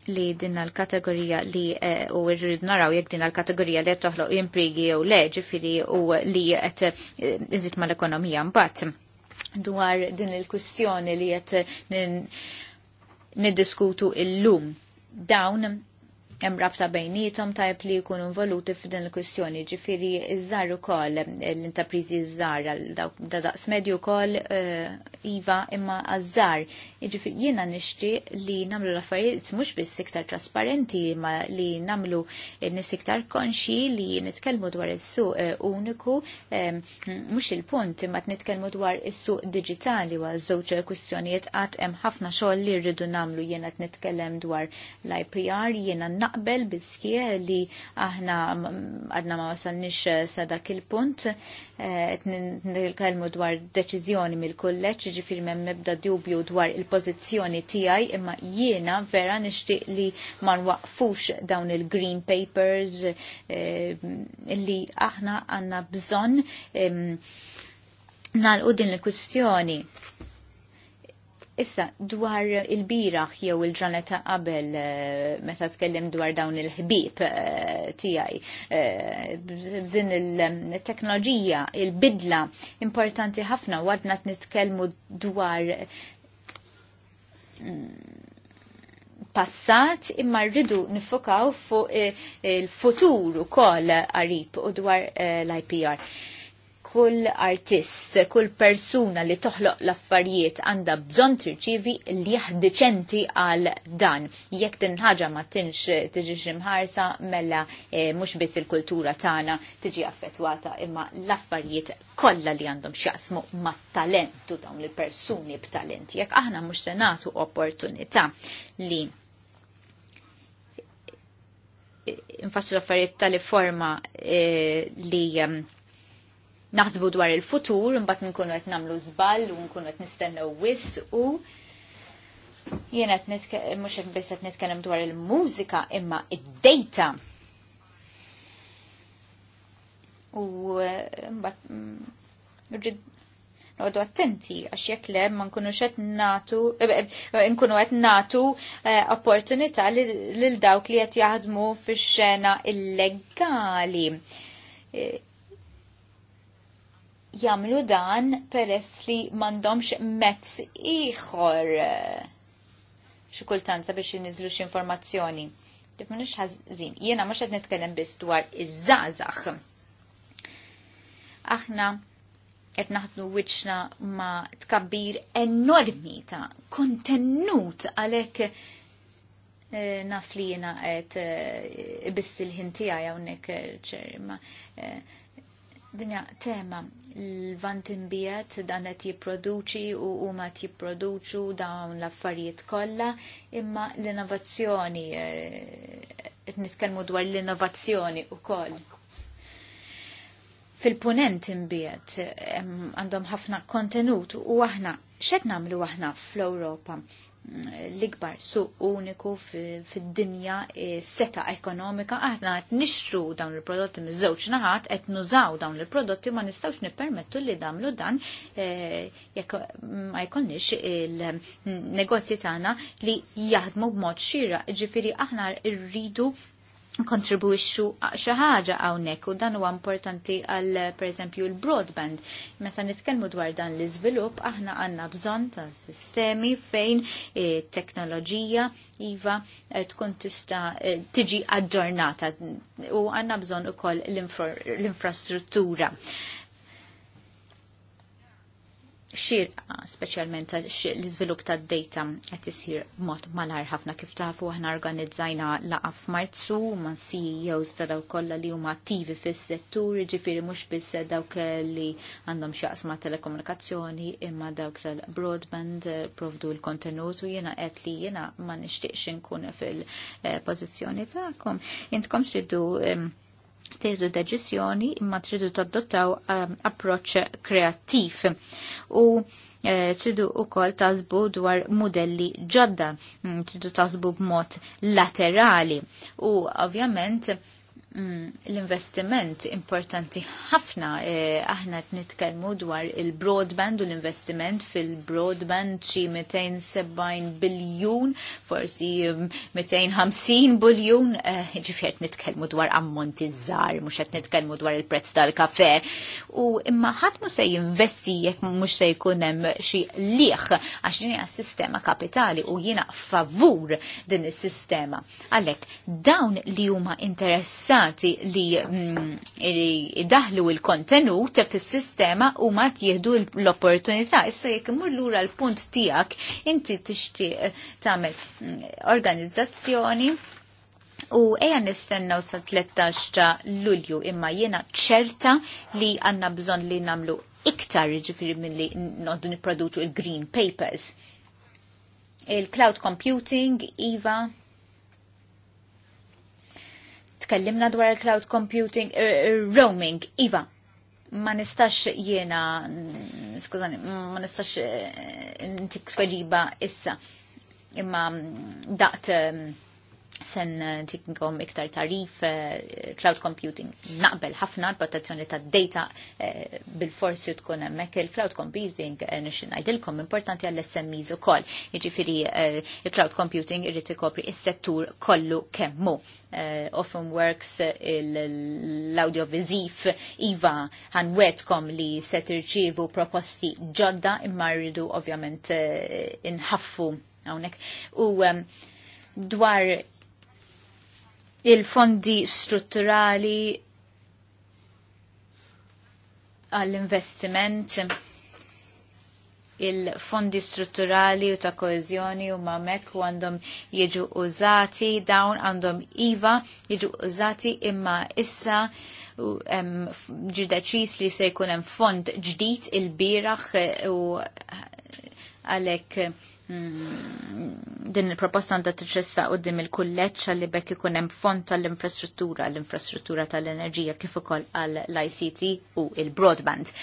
li din l-kategorija li eh, u rrid naraw jekk din l-kategorija li qed toħloq impjegi jew le ġifieri u li qed eh, iżid mal-ekonomija mbagħad dwar din il-kwistjoni li qed niddiskutu illum dawn hemm rabta bejnietom tajb li jkunu involuti f'din il-kwistjoni. Ġifieri iż-żar ukoll l-intapriżi żgħar da daqs medju wkoll eh, iva imma għaż-żgħar. Jiġifieri jiena nixtieq li nagħmlu l-affarijiet mhux biss iktar trasparenti ma li nagħmlu nis iktar konxi li nitkellmu dwar is-suq eh, uniku eh, mhux il-punt imma nitkellmu dwar is-suq diġitali wa żewġ kwistjonijiet qatt hemm ħafna xogħol li rridu nagħmlu jiena nitkellem dwar l-IPR jiena naqbel biskie li aħna għadna ma wasalnix sa dak il-punt nitkelmu dwar deċiżjoni mill-kulleġġ ġifir m'hemm nibda dubju dwar il-pożizzjoni tiegħi imma jiena vera nixtieq li ma nwaqfux dawn il-green papers li aħna għandna bżonn nalqu din il-kwistjoni Issa, dwar il-biraħ jew il ġaneta qabel eh, meta tkellem dwar dawn il-ħbib eh, tiegħi. Eh, din il-teknoloġija, il-bidla importanti ħafna u nitkellmu dwar mm, passat imma rridu nifokaw fuq il-futur ukoll qarib u dwar l-IPR kull artist, kull persuna li toħloq l-affarijiet għandha bżonn tirċivi li jaħdiċenti għal dan. Jekk din ħaġa ma tinx tiġi mħarsa mela e, mhux biss il-kultura tagħna tiġi affettwata imma l-affarijiet kollha li għandhom x'jaqsmu mat-talentu dawn il-persuni b'talent. Jekk aħna mhux se nagħtu opportunità li infassu l-affarijiet tal-forma e, li naħsbu dwar il-futur, mbagħad nkunu qed nagħmlu żball u nkunu qed nistennew wis u jiena qed mhux qed biss qed nitkellem dwar il-mużika imma id-data. U eh, mbagħad mm, noqdu attenti għax jekk le ma nkunux qed natu eh, eh, nkunu qed natu opportunità lil dawk li qed jaħdmu fix-xena illegali jamlu dan peress li mandomx mezz iħor eh, xi kultant sabiex jinniżlu informazzjoni. Dik mhux ħażin. Jiena mhux qed nitkellem biss dwar iż żazax Aħna qed naħdmu wiċċna ma' tkabbir enormi ta' kontenut għalhekk eh, naf li jena għet eh, biss il-ħin tijaj għonek ċerma. Dinja tema l-vant imbiet dan qed jipproduċi u huma qed jipproduċu dawn l-affarijiet kollha, imma l-innovazzjoni eh, qed nitkellmu dwar l-innovazzjoni ukoll. Fil-punent imbiet għandhom ħafna kontenut u aħna xed nagħmlu aħna fl-Ewropa l-ikbar suq uniku fid-dinja e, seta ekonomika aħna qed nixtru dawn il-prodotti miż-żewġ naħat qed nużaw dawn il-prodotti ma nistgħux nippermettu li damlu dan e, jekk ma jkollniex il-negozji tagħna li jaħdmu b'mod xira. Ġifieri aħna rridu kontribuixxu xi ħaġa hawnhekk u dan huwa importanti għal pereżempju l-broadband. Meta nitkellmu dwar dan l-iżvilupp aħna għandna bżonn ta' sistemi fejn eh, teknoloġija iva eh, tkun tista' eh, tiġi aġġornata u għandna bżonn ukoll l-infrastruttura xirqa, ah, specialment l-izvilup ta' data qed jisir mod malar ħafna kif tafu aħna organizzajna laqaf f'Marzu ma' CEOs ta' dawk kollha li huma attivi fis-settur, ġifieri mhux biss dawk li għandhom x'jaqsma telekomunikazzjoni imma dawk tal-broadband eh, provdu l-kontenut u jiena li jiena ma nixtieqx inkun fil-pożizzjoni eh, tagħkom. Intkom xiddu um, teħdu deċiżjoni imma tridu tadottaw um, ehm, approċ kreattiv u eh, tridu u kol tazbu dwar modelli ġodda, mm, tridu tazbu b'mod laterali u ovvjament Mm, l-investiment importanti ħafna eh, aħna qed nitkellmu dwar il-broadband u l-investiment fil-broadband xi 270 biljun forsi 250 mm, biljun ġifjet eh, ġifier nitkellmu dwar ammonti żgħar mhux qed nitkellmu dwar il-prezz tal-kafè u imma ħadd mu se jinvesti jekk mhux se jkun hemm xi lieħ għax din hija sistema kapitali u jina favur din is-sistema. Għalhekk dawn li huma interessanti stati mm, li daħlu il-kontenut fis-sistema u ma jieħdu l-opportunità. Issa jekk imur lura l-punt tiegħek inti tixtieq tagħmel mm, organizzazzjoni U eja nistennaw sa 13 ta' lulju imma jiena ċerta li għanna bżon li namlu iktar ġifiri minn li noddu niproduċu il-green papers. Il-cloud computing, IVA, tkellimna dwar il-cloud computing, uh, roaming, iva. Ma nistax jiena, skużani, ma nistax intik tweġiba issa, imma daqt sen eh, tikkom iktar tarif eh, cloud computing naqbel ħafna protezzjoni ta' data eh, bil-forsi tkun hemmhekk il-cloud computing nixin ngħidilkom importanti għall smis ukoll. Jiġifieri il-cloud computing irid ikopri s-settur kollu kemm hu. Often works l-audiovisiv iva ħanwetkom li se tirċievu proposti ġodda imma rridu ovvjament inħaffu hawnhekk. U ehm, dwar il-fondi strutturali għall-investiment il-fondi strutturali u ta' koezjoni u ma' mek u għandhom jieġu użati, dawn għandhom IVA jieġu użati imma issa ġidaċis li se jkun hemm fond ġdid il-biraħ u għalek Mm, din il-proposta għandha ċessa u dim il-kulleċ li bekk ikun hemm font tal-infrastruttura, l-infrastruttura tal-enerġija kif ukoll għall-ICT u il-broadband.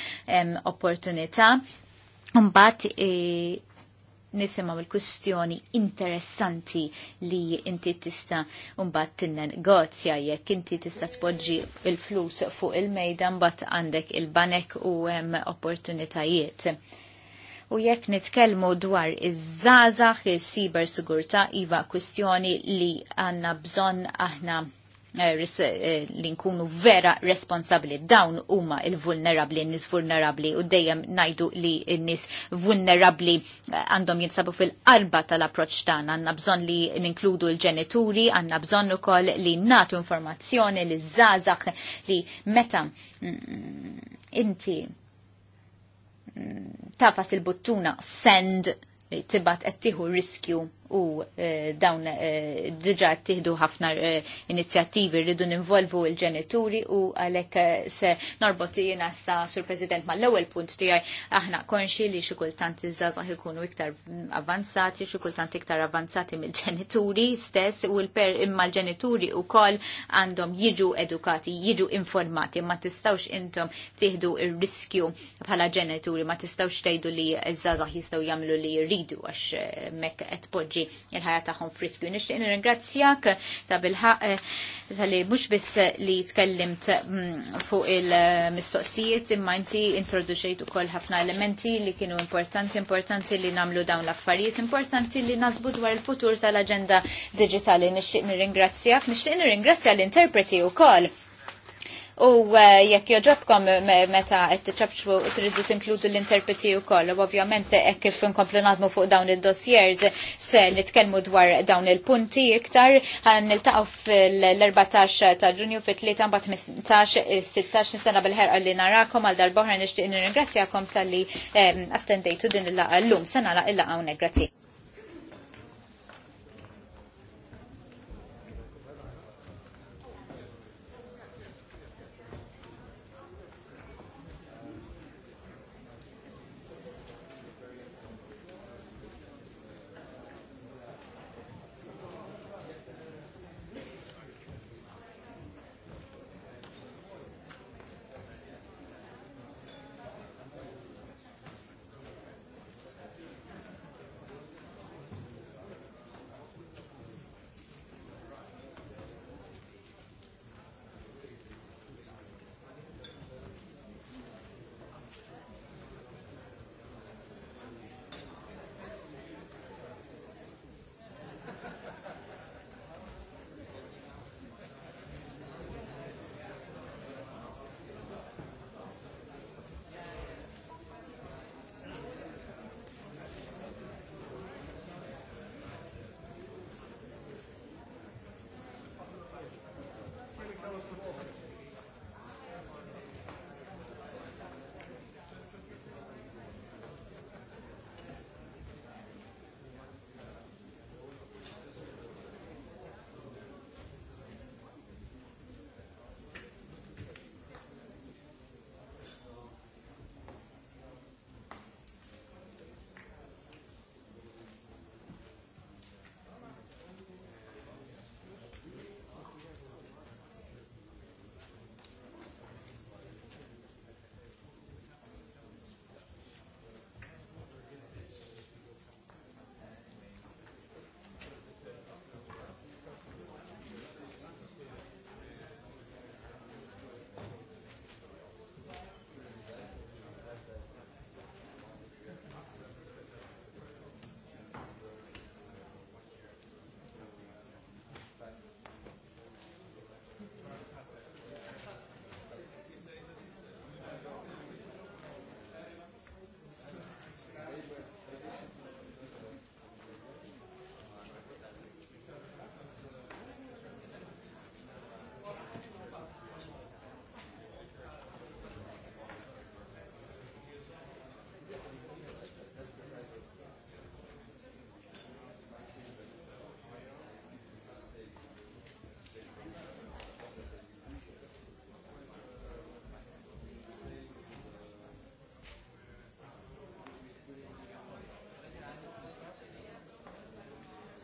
Opportunità Mbagħad e, nisimgħu il kustjoni interessanti li inti tista mbagħad tinnegozja jekk inti tista tpoġġi il-flus fuq il-mejda mbagħad għandek il-banek u hemm opportunitajiet U jekk nitkellmu dwar iż żgħażagħ is-siber sigurtà iva kwistjoni li għandna bżonn aħna eh, eh, li nkunu vera responsabli. Dawn huma il-vulnerabli, n-nis vulnerabli u dejjem najdu li n-nis vulnerabli eh, għandhom jinsabu fil-qarba tal-approċ tagħna. Għandna bżonn li ninkludu l-ġenituri, għandna bżonn ukoll li natu informazzjoni li zazax, li meta mm, mm, inti tapas il-buttuna send li tibat qed tieħu riskju u eh, dawn eh, diġa tieħdu ħafna eh, inizjattivi rridu ninvolvu il-ġenituri u għalhekk se norbot jina sa sur President mal-ewwel punt tiegħi aħna konxi li xi kultant iż-żgħażagħ ikunu iktar avanzati, xi kultant iktar avanzati mill-ġenituri stess u l-per imma l-ġenituri wkoll għandhom jiġu edukati, jiġu informati, ma tistawx intom tieħdu il riskju bħala ġenituri, ma tistawx tgħidu li iż-żgħażagħ jistgħu jagħmlu li jridu għax mekk qed jitpoġġi il-ħajja tagħhom friskju. Nixtieq nirringrazzjak ta' bilħaq eh, tal-li mhux biss li tkellimt mm, fuq il-mistoqsijiet imma inti introduċejt ukoll ħafna elementi li kienu importanti, importanti li namlu dawn l-affarijiet, importanti li nazbu dwar il-futur tal-aġenda digitali. Nixtieq nirringrazzjak, nixtieq nirringrazzja l-interpreti wkoll u eh, jekk joġobkom eh, meta qed tiċċabċu tridu tinkludu l-interpreti wkoll. Ovvjament hekk eh, kif inkomplu naħdmu fuq dawn id-dossiers se nitkellmu dwar dawn il-punti iktar ħan niltaqgħu fil-14 ta' Ġunju fit-3 mbagħad 15-16 nistana bil-ħerqa li narakom għal darba oħra nixtieq nirringrazzjakom tal-li attendejtu din il-laqgħa llum. Se nagħlaq il-laqgħa hawnhekk grazzi.